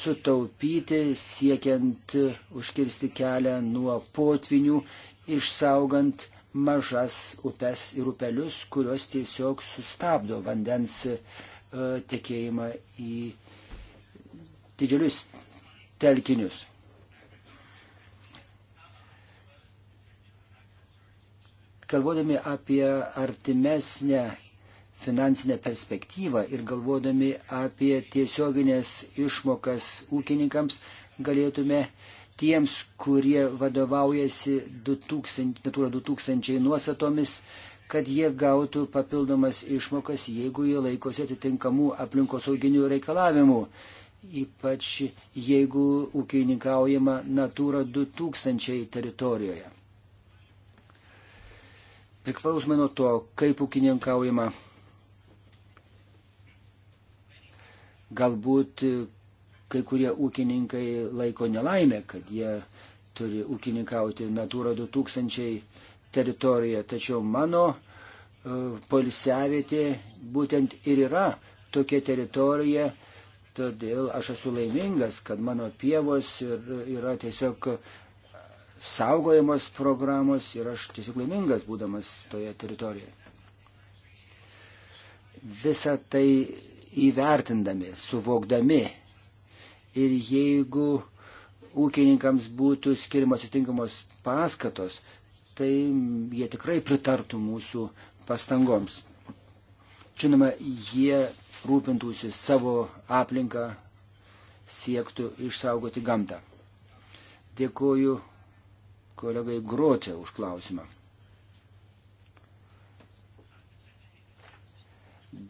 sutaupyti, siekiant užkirsti kelią nuo potvinių, išsaugant mažas upes ir upelius, kurios tiesiog sustabdo vandens uh, tekėjimą į didžiulius telkinius. Galvodami apie artimesnę finansinę perspektyvą ir galvodami apie tiesioginės išmokas ūkininkams, galėtume tiems, kurie vadovaujasi 2000, Natura 2000 nuostatomis, kad jie gautų papildomas išmokas, jeigu jie laikosi atitinkamų aplinkosauginių reikalavimų. Ypač jeigu ūkininkaujama Natura 2000 teritorijoje priklausomai nuo to, kaip ūkininkaujama. Galbūt kai kurie ūkininkai laiko nelaimę, kad jie turi ūkininkauti Natūra 2000 teritoriją, tačiau mano e, polisiavėtė būtent ir yra tokia teritorija, todėl aš esu laimingas, kad mano pievos ir, yra tiesiog saugojamos programos ir aš tiesiog laimingas būdamas toje teritorijoje. Visą tai įvertindami, suvokdami ir jeigu ūkininkams būtų skirimas atitinkamos paskatos, tai jie tikrai pritartų mūsų pastangoms. Žinoma, jie rūpintųsi savo aplinką, siektų išsaugoti gamtą. Dėkuoju kolegai Grotė už klausimą.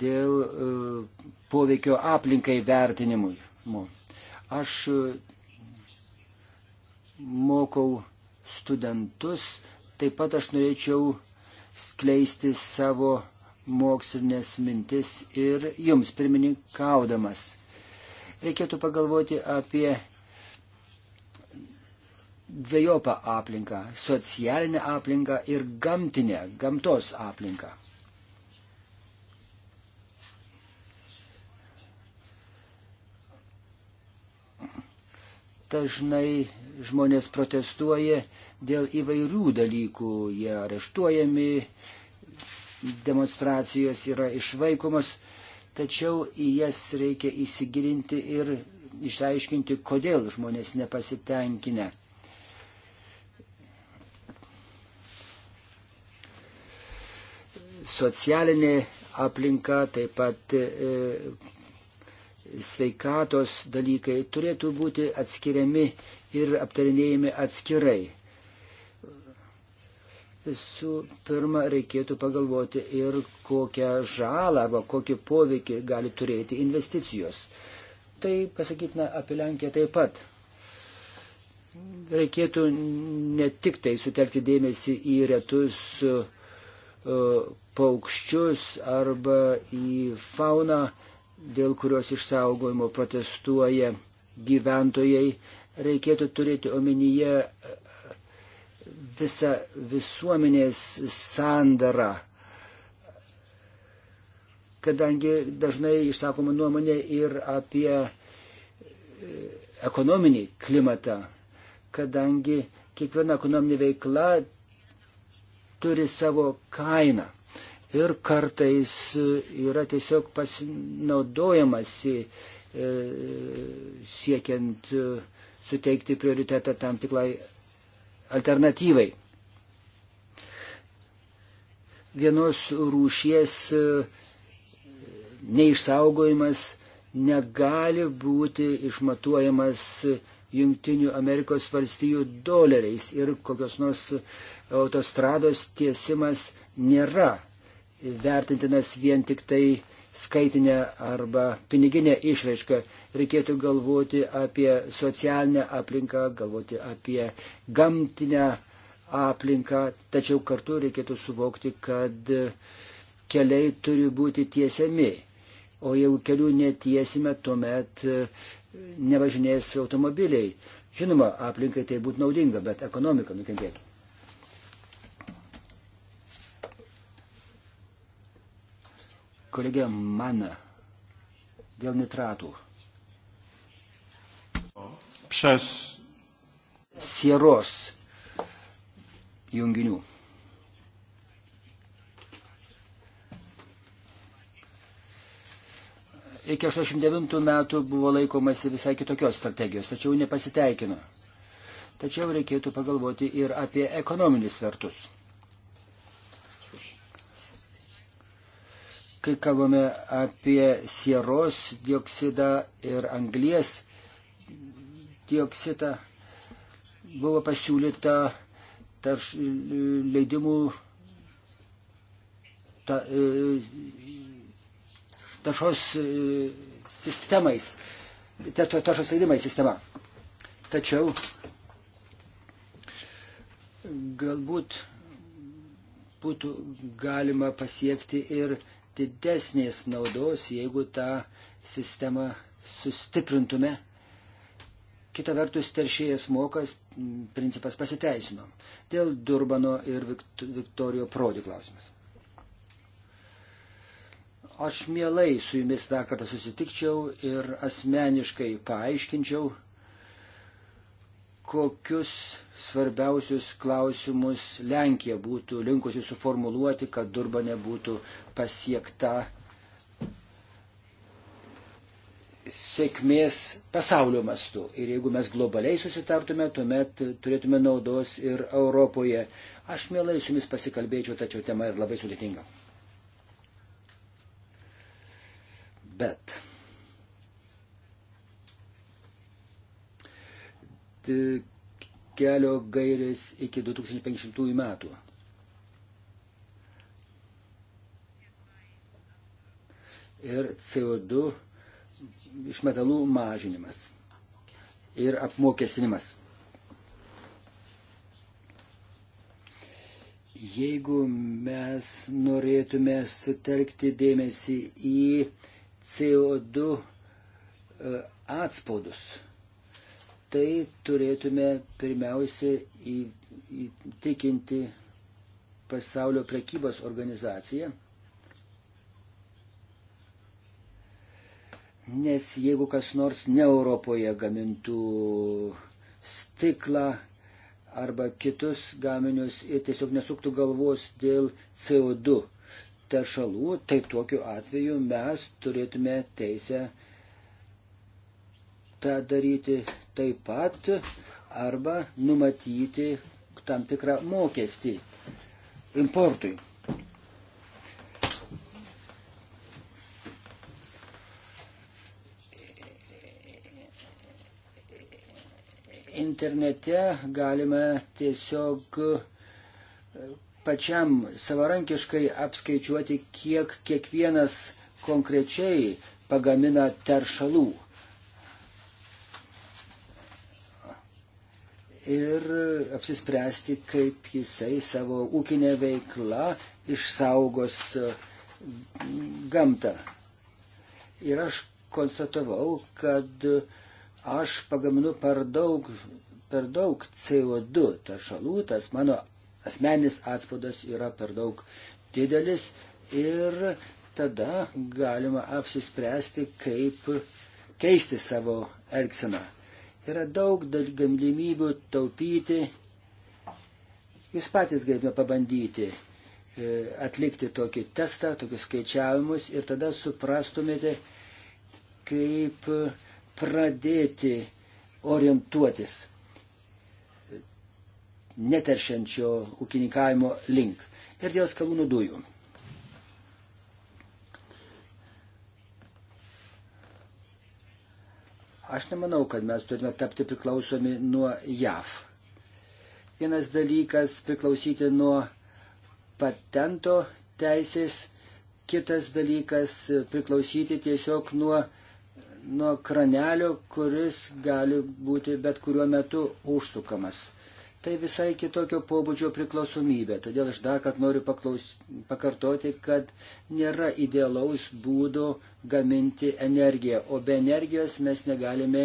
Dėl uh, poveikio aplinkai vertinimui. Aš e, mokau studentus, taip pat aš norėčiau skleisti savo mokslinės mintis ir jums pirmininkaudamas. Reikėtų pagalvoti apie dviejopą aplinką - socialinę aplinką ir gamtinę, gamtos aplinką. Dažnai žmonės protestuoja dėl įvairių dalykų. Jie areštuojami, demonstracijos yra išvaikomas, tačiau į jas reikia įsigilinti ir išaiškinti, kodėl žmonės nepasitenkinę. socialinė aplinka, taip pat e, sveikatos dalykai turėtų būti atskiriami ir aptarinėjami atskirai. Visų pirma, reikėtų pagalvoti ir kokią žalą arba kokį poveikį gali turėti investicijos. Tai pasakytina apie Lenkiją taip pat. Reikėtų ne tik tai sutelkti dėmesį į retus uh, E, paukščius arba į fauną, dėl kurios išsaugojimo protestuoja gyventojai, reikėtų turėti omenyje e, visą visuomenės sandarą. Kadangi dažnai išsakoma nuomonė ir apie e, ekonominį klimatą, kadangi kiekviena ekonominė veikla turi savo kainą. Ir kartais yra tiesiog pasinaudojamasi e, siekiant e, suteikti prioritetą tam tiklai alternatyvai. Vienos rūšies e, neišsaugojimas negali būti išmatuojamas Junktinių Amerikos valstijų doleriais ir kokios nors autostrados tiesimas nėra vertintinas vien tik tai skaitinę arba piniginę išraišką. Reikėtų galvoti apie socialinę aplinką, galvoti apie gamtinę aplinką, tačiau kartu reikėtų suvokti, kad keliai turi būti tiesiami. O jeigu kelių netiesime, tuomet e, nevažinės automobiliai. Žinoma, aplinkai tai būtų naudinga, bet ekonomika nukentėtų. Kolegė Mana, dėl nitratų. Przez. Sieros junginių. Iki 89 metų buvo laikomasi visai kitokios strategijos, tačiau nepasiteikino. Tačiau reikėtų pagalvoti ir apie ekonominius svertus. kai kalbame apie sieros dioksidą ir anglies dioksidą, buvo pasiūlyta tarš, leidimų ta, e, taršos e, sistemais, taršos leidimai sistema. Tačiau galbūt būtų galima pasiekti ir didesnės naudos, jeigu tą sistemą sustiprintume. Kita vertus, teršėjas mokas principas pasiteisino. Dėl Durbano ir Viktorijo Prodi klausimas. Aš mielai su jumis dar kartą susitikčiau ir asmeniškai paaiškinčiau, kokius svarbiausius klausimus Lenkija būtų linkusi suformuluoti, kad Durbane būtų pasiekta sėkmės pasaulio mastu. Ir jeigu mes globaliai susitartume, tuomet turėtume naudos ir Europoje. Aš mielai su jumis pasikalbėčiau, tačiau tema ir labai sudėtinga. Bet kelio gairės iki 2050 metų. Ir CO2 iš metalų mažinimas ir apmokestinimas. Jeigu mes norėtume sutelkti dėmesį į CO2 e, atspaudus, tai turėtume pirmiausia įtikinti pasaulio prekybos organizaciją. Nes jeigu kas nors ne Europoje gamintų stiklą arba kitus gaminius ir tiesiog nesuktų galvos dėl CO2 teršalų, tai tokiu atveju mes turėtume teisę uh, tą daryti taip pat arba numatyti tam tikrą mokestį importui. internete galime tiesiog pačiam savarankiškai apskaičiuoti, kiek kiekvienas konkrečiai pagamina teršalų. ir apsispręsti, kaip jisai savo ūkinę veiklą išsaugos mm, gamtą. Ir aš konstatavau, kad aš pagaminu per daug, per daug CO2 taršalų, tas mano asmeninis atspaudas yra per daug didelis ir tada galima apsispręsti, kaip keisti savo elgseną. Yra daug galimybių taupyti. Jūs patys galime pabandyti e, atlikti tokį testą, tokius skaičiavimus ir tada suprastumėte, kaip pradėti orientuotis neteršiančio ūkininkavimo link. Ir dėl skalūnų dujų. Aš nemanau, kad mes turime tapti priklausomi nuo JAV. Vienas dalykas priklausyti nuo patento teisės, kitas dalykas priklausyti tiesiog nuo, nuo kranelio, kuris gali būti bet kuriuo metu užsukamas tai visai kitokio pobūdžio priklausomybė. Todėl aš dar kad noriu paklaus, pakartoti, kad nėra idealaus būdo gaminti energiją, o be energijos mes negalime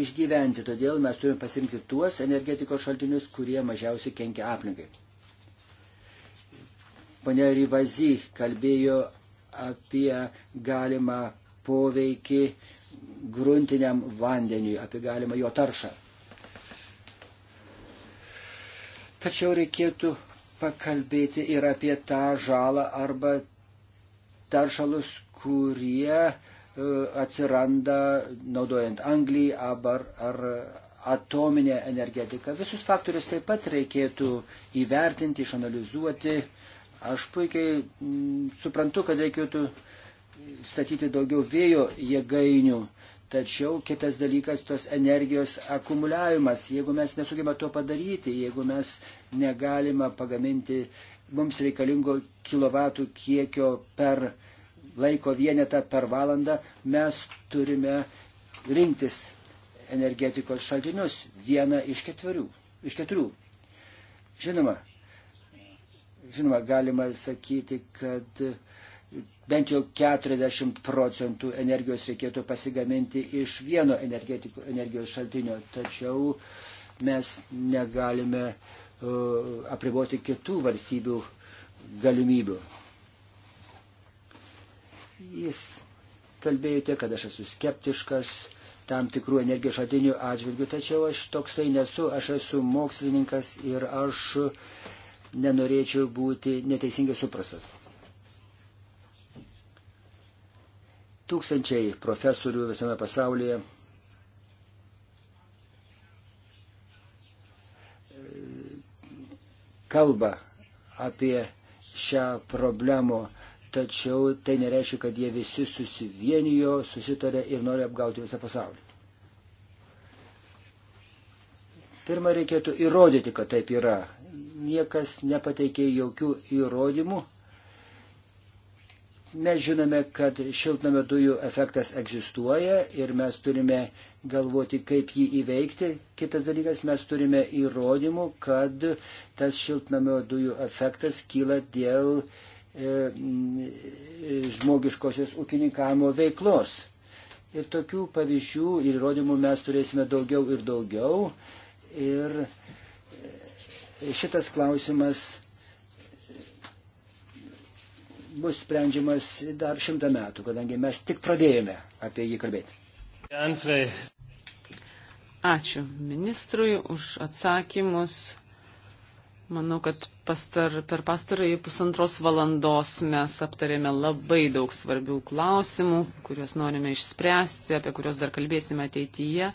išgyventi. Todėl mes turime pasirinkti tuos energetikos šaltinius, kurie mažiausiai kenkia aplinkai. Pane Rivazy kalbėjo apie galimą poveikį gruntiniam vandeniui, apie galimą jo taršą. Tačiau reikėtų pakalbėti ir apie tą žalą arba taršalus, kurie e, atsiranda naudojant anglį ar, ar atominę energetiką. Visus faktorius taip pat reikėtų įvertinti, išanalizuoti. Aš puikiai m, mm, suprantu, kad reikėtų statyti daugiau vėjo jėgainių, Tačiau kitas dalykas tos energijos akumuliavimas. Jeigu mes nesugeba to padaryti, jeigu mes negalime pagaminti mums reikalingo kilovatų kiekio per laiko vienetą per valandą, mes turime rinktis energetikos šaltinius vieną iš ketverių. Iš keturių. Žinoma, žinoma, galima sakyti, kad bent jau 40 procentų energijos reikėtų pasigaminti iš vieno energijos šaltinio, tačiau mes negalime uh, apriboti kitų valstybių galimybių. Jis kalbėjote, kad aš esu skeptiškas tam tikrų energijos šaltinių atžvilgių, tačiau aš toksai nesu, aš esu mokslininkas ir aš nenorėčiau būti neteisingai suprastas. Tūkstančiai profesorių visame pasaulyje kalba apie šią problemą, tačiau tai nereiškia, kad jie visi susivienijo, susitarė ir nori apgauti visą pasaulį. Pirmą reikėtų įrodyti, kad taip yra. Niekas nepateikė jokių įrodymų Mes žinome, kad šiltnamio dujų efektas egzistuoja ir mes turime galvoti, kaip jį įveikti. Kitas dalykas, mes turime įrodymų, kad tas šiltnamio dujų efektas kyla dėl e, žmogiškosios ūkininkavimo veiklos. Ir tokių pavyzdžių ir įrodymų mes turėsime daugiau ir daugiau. Ir šitas klausimas bus sprendžiamas dar šimtą metų, kadangi mes tik pradėjome apie jį kalbėti. Ačiū ministrui už atsakymus. Manau, kad pastar, per pastarąjį pusantros valandos mes aptarėme labai daug svarbių klausimų, kuriuos norime išspręsti, apie kuriuos dar kalbėsime ateityje.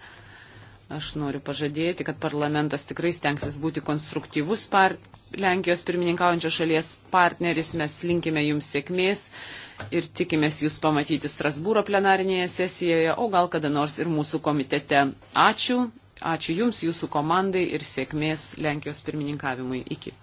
Aš noriu pažadėti, kad parlamentas tikrai stengsis būti konstruktyvus partneris Lenkijos pirmininkaujančios šalies partneris. Mes linkime jums sėkmės ir tikimės jūs pamatyti Strasbūro plenarinėje sesijoje, o gal kada nors ir mūsų komitete. Ačiū, ačiū jums, jūsų komandai ir sėkmės Lenkijos pirmininkavimui. Iki.